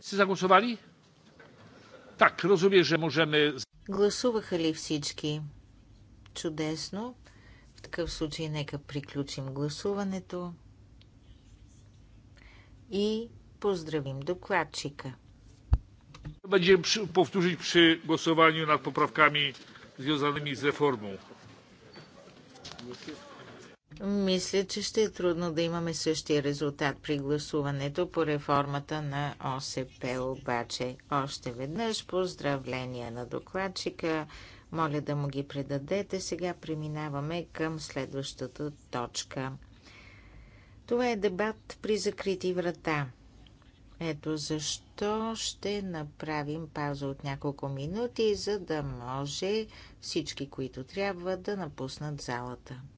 Си загласували? Так, разумееш, че можем... Гласуваха ли всички? Чудесно такъв случай нека приключим гласуването и поздравим докладчика. Będziemy повторить при гласуване над поправками, związanymi с реформу. Мисля, че ще е трудно да имаме същия резултат при гласуването по реформата на ОСП, обаче още веднъж поздравления на докладчика. Моля да му ги предадете. Сега преминаваме към следващата точка. Това е дебат при закрити врата. Ето защо ще направим пауза от няколко минути, за да може всички, които трябва, да напуснат залата.